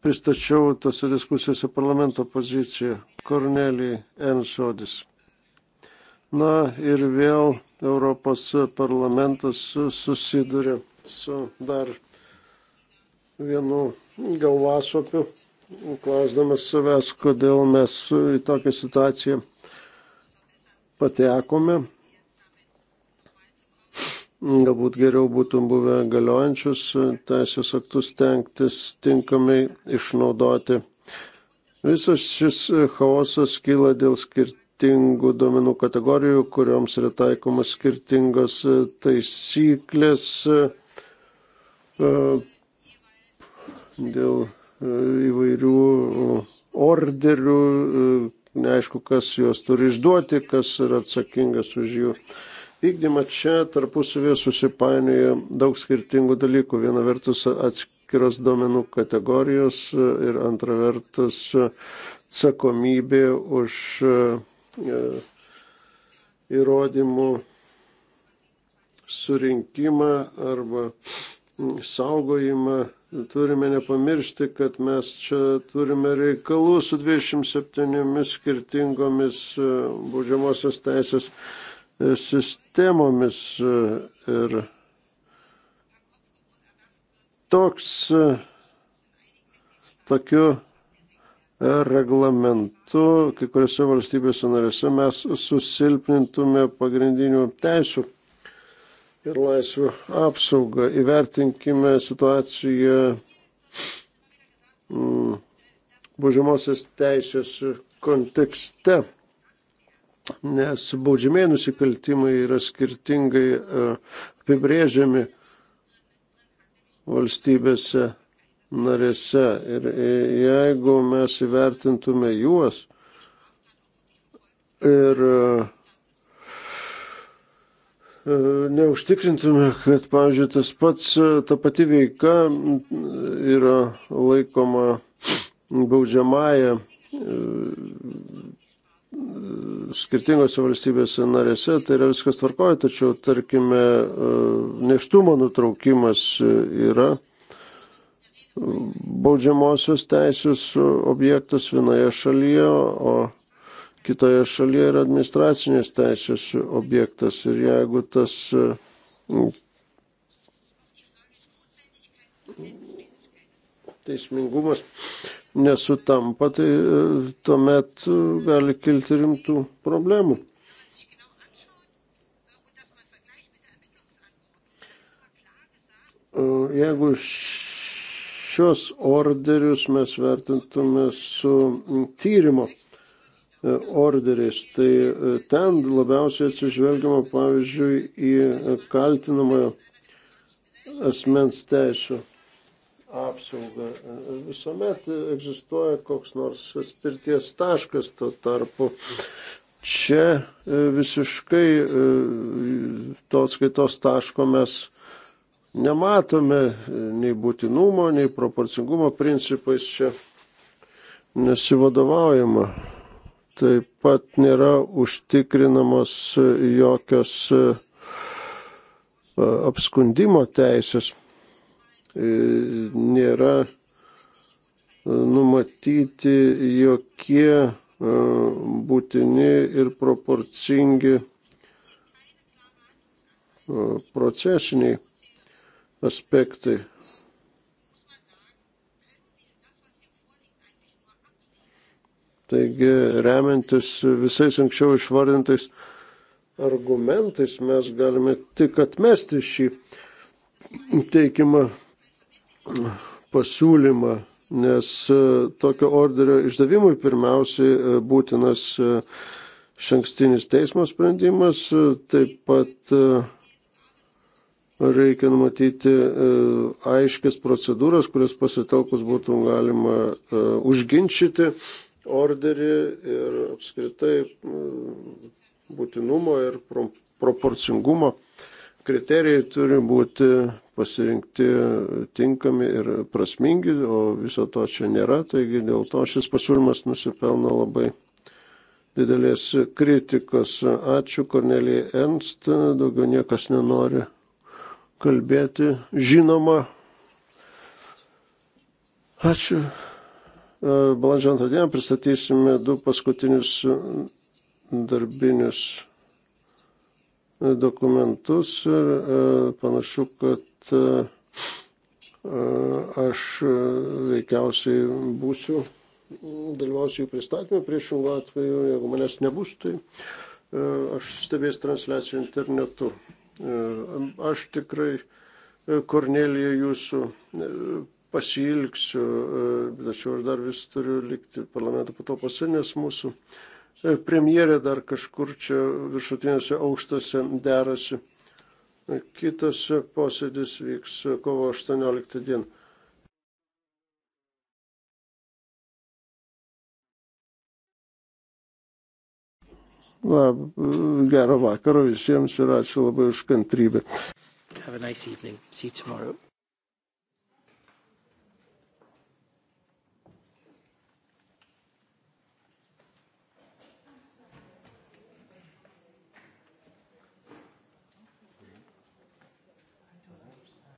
pristačiau tose diskusijose parlamento poziciją. Kornelijai Enšodis. Na ir vėl Europos parlamentas susiduria su dar vienu galvasopiu, klausdamas savęs, kodėl mes į tokią situaciją patekome galbūt geriau būtų buvę galiojančius teisės aktus tenktis tinkamai išnaudoti. Visas šis chaosas kyla dėl skirtingų duomenų kategorijų, kuriuoms yra taikomas skirtingos taisyklės dėl įvairių orderių, neaišku, kas juos turi išduoti, kas yra atsakingas už jų vykdymą čia tarpusavėje susipainioja daug skirtingų dalykų. Viena vertus atskiros duomenų kategorijos ir antra vertus atsakomybė už e, įrodymų surinkimą arba saugojimą. Turime nepamiršti, kad mes čia turime reikalų su 27 skirtingomis e, baudžiamosios teisės E, sistemomis e, ir toks e, tokiu reglamentu kai kuriuose valstybėse narėse mes susilpnintume pagrindinių teisų ir laisvių apsaugą. Įvertinkime situaciją mm, baudžiamosios teisės kontekste nes baudžiamiai nusikaltimai yra skirtingai e, apibrėžiami valstybėse narėse. Ir e, jeigu mes įvertintume juos ir e, neužtikrintume, kad, pavyzdžiui, tas pats, ta pati veika yra laikoma baudžiamąją skirtingose valstybėse narėse, tai yra viskas tvarkoja, tačiau, tarkime, e, neštumo nutraukimas yra baudžiamosios teisės objektas vienoje šalyje, o kitoje šalyje yra administracinės teisės objektas. Ir jeigu tas e, teismingumas nesutampa, tai e, tuomet e, gali kilti rimtų problemų. E, jeigu šios orderius mes vertintume su tyrimo orderiais, tai ten labiausiai atsižvelgiama, pavyzdžiui, į kaltinamojo asmens teisų apsaugą. Visuomet egzistuoja koks nors spirties taškas tuo tarpu. Čia e, visiškai e, to skaitos taško mes nematome e, nei būtinumo, nei proporcingumo principais čia nesivadovaujama. Taip pat nėra užtikrinamos jokios apskundimo teisės. E, nėra e, numatyti jokie e, būtini ir proporcingi procesiniai aspektai. Taigi, remiantis visais anksčiau išvardintais argumentais, mes galime tik atmesti šį teikimą pasiūlymą, nes e, tokio orderio išdavimui pirmiausiai e, būtinas e, šankstinis teismo sprendimas, taip pat reikia numatyti aiškis procedūras, kurias pasitelkus būtų galima užginčyti orderį ir apskritai būtinumo ir proporcingumo kriterijai turi būti pasirinkti tinkami ir prasmingi, o viso to čia nėra, taigi dėl to šis pasiūlymas nusipelno labai didelės kritikos. Ačiū Kornelijai Ernst, daugiau niekas nenori kalbėti. Žinoma, ačiū. E, balandžio antrą dieną pristatysime du paskutinius darbinius dokumentus ir e, panašu, kad e, e, aš veikiausiai būsiu, dalyvausiu jų pristatymę priešingų atveju, jeigu manęs nebus, tai aš stebėsiu transliaciją internetu. Aš tikrai, Kornelija, jūsų pasilgsiu, tačiau aš dar vis turiu likti parlamento patalpose, nes mūsų uh, premjerė dar kažkur čia viršutinėse aukštose derasi. Kitas posėdis vyks kovo 18 dieną. Na, gero vakaro visiems ir ačiū labai už kantrybę. Have a nice evening. See you tomorrow.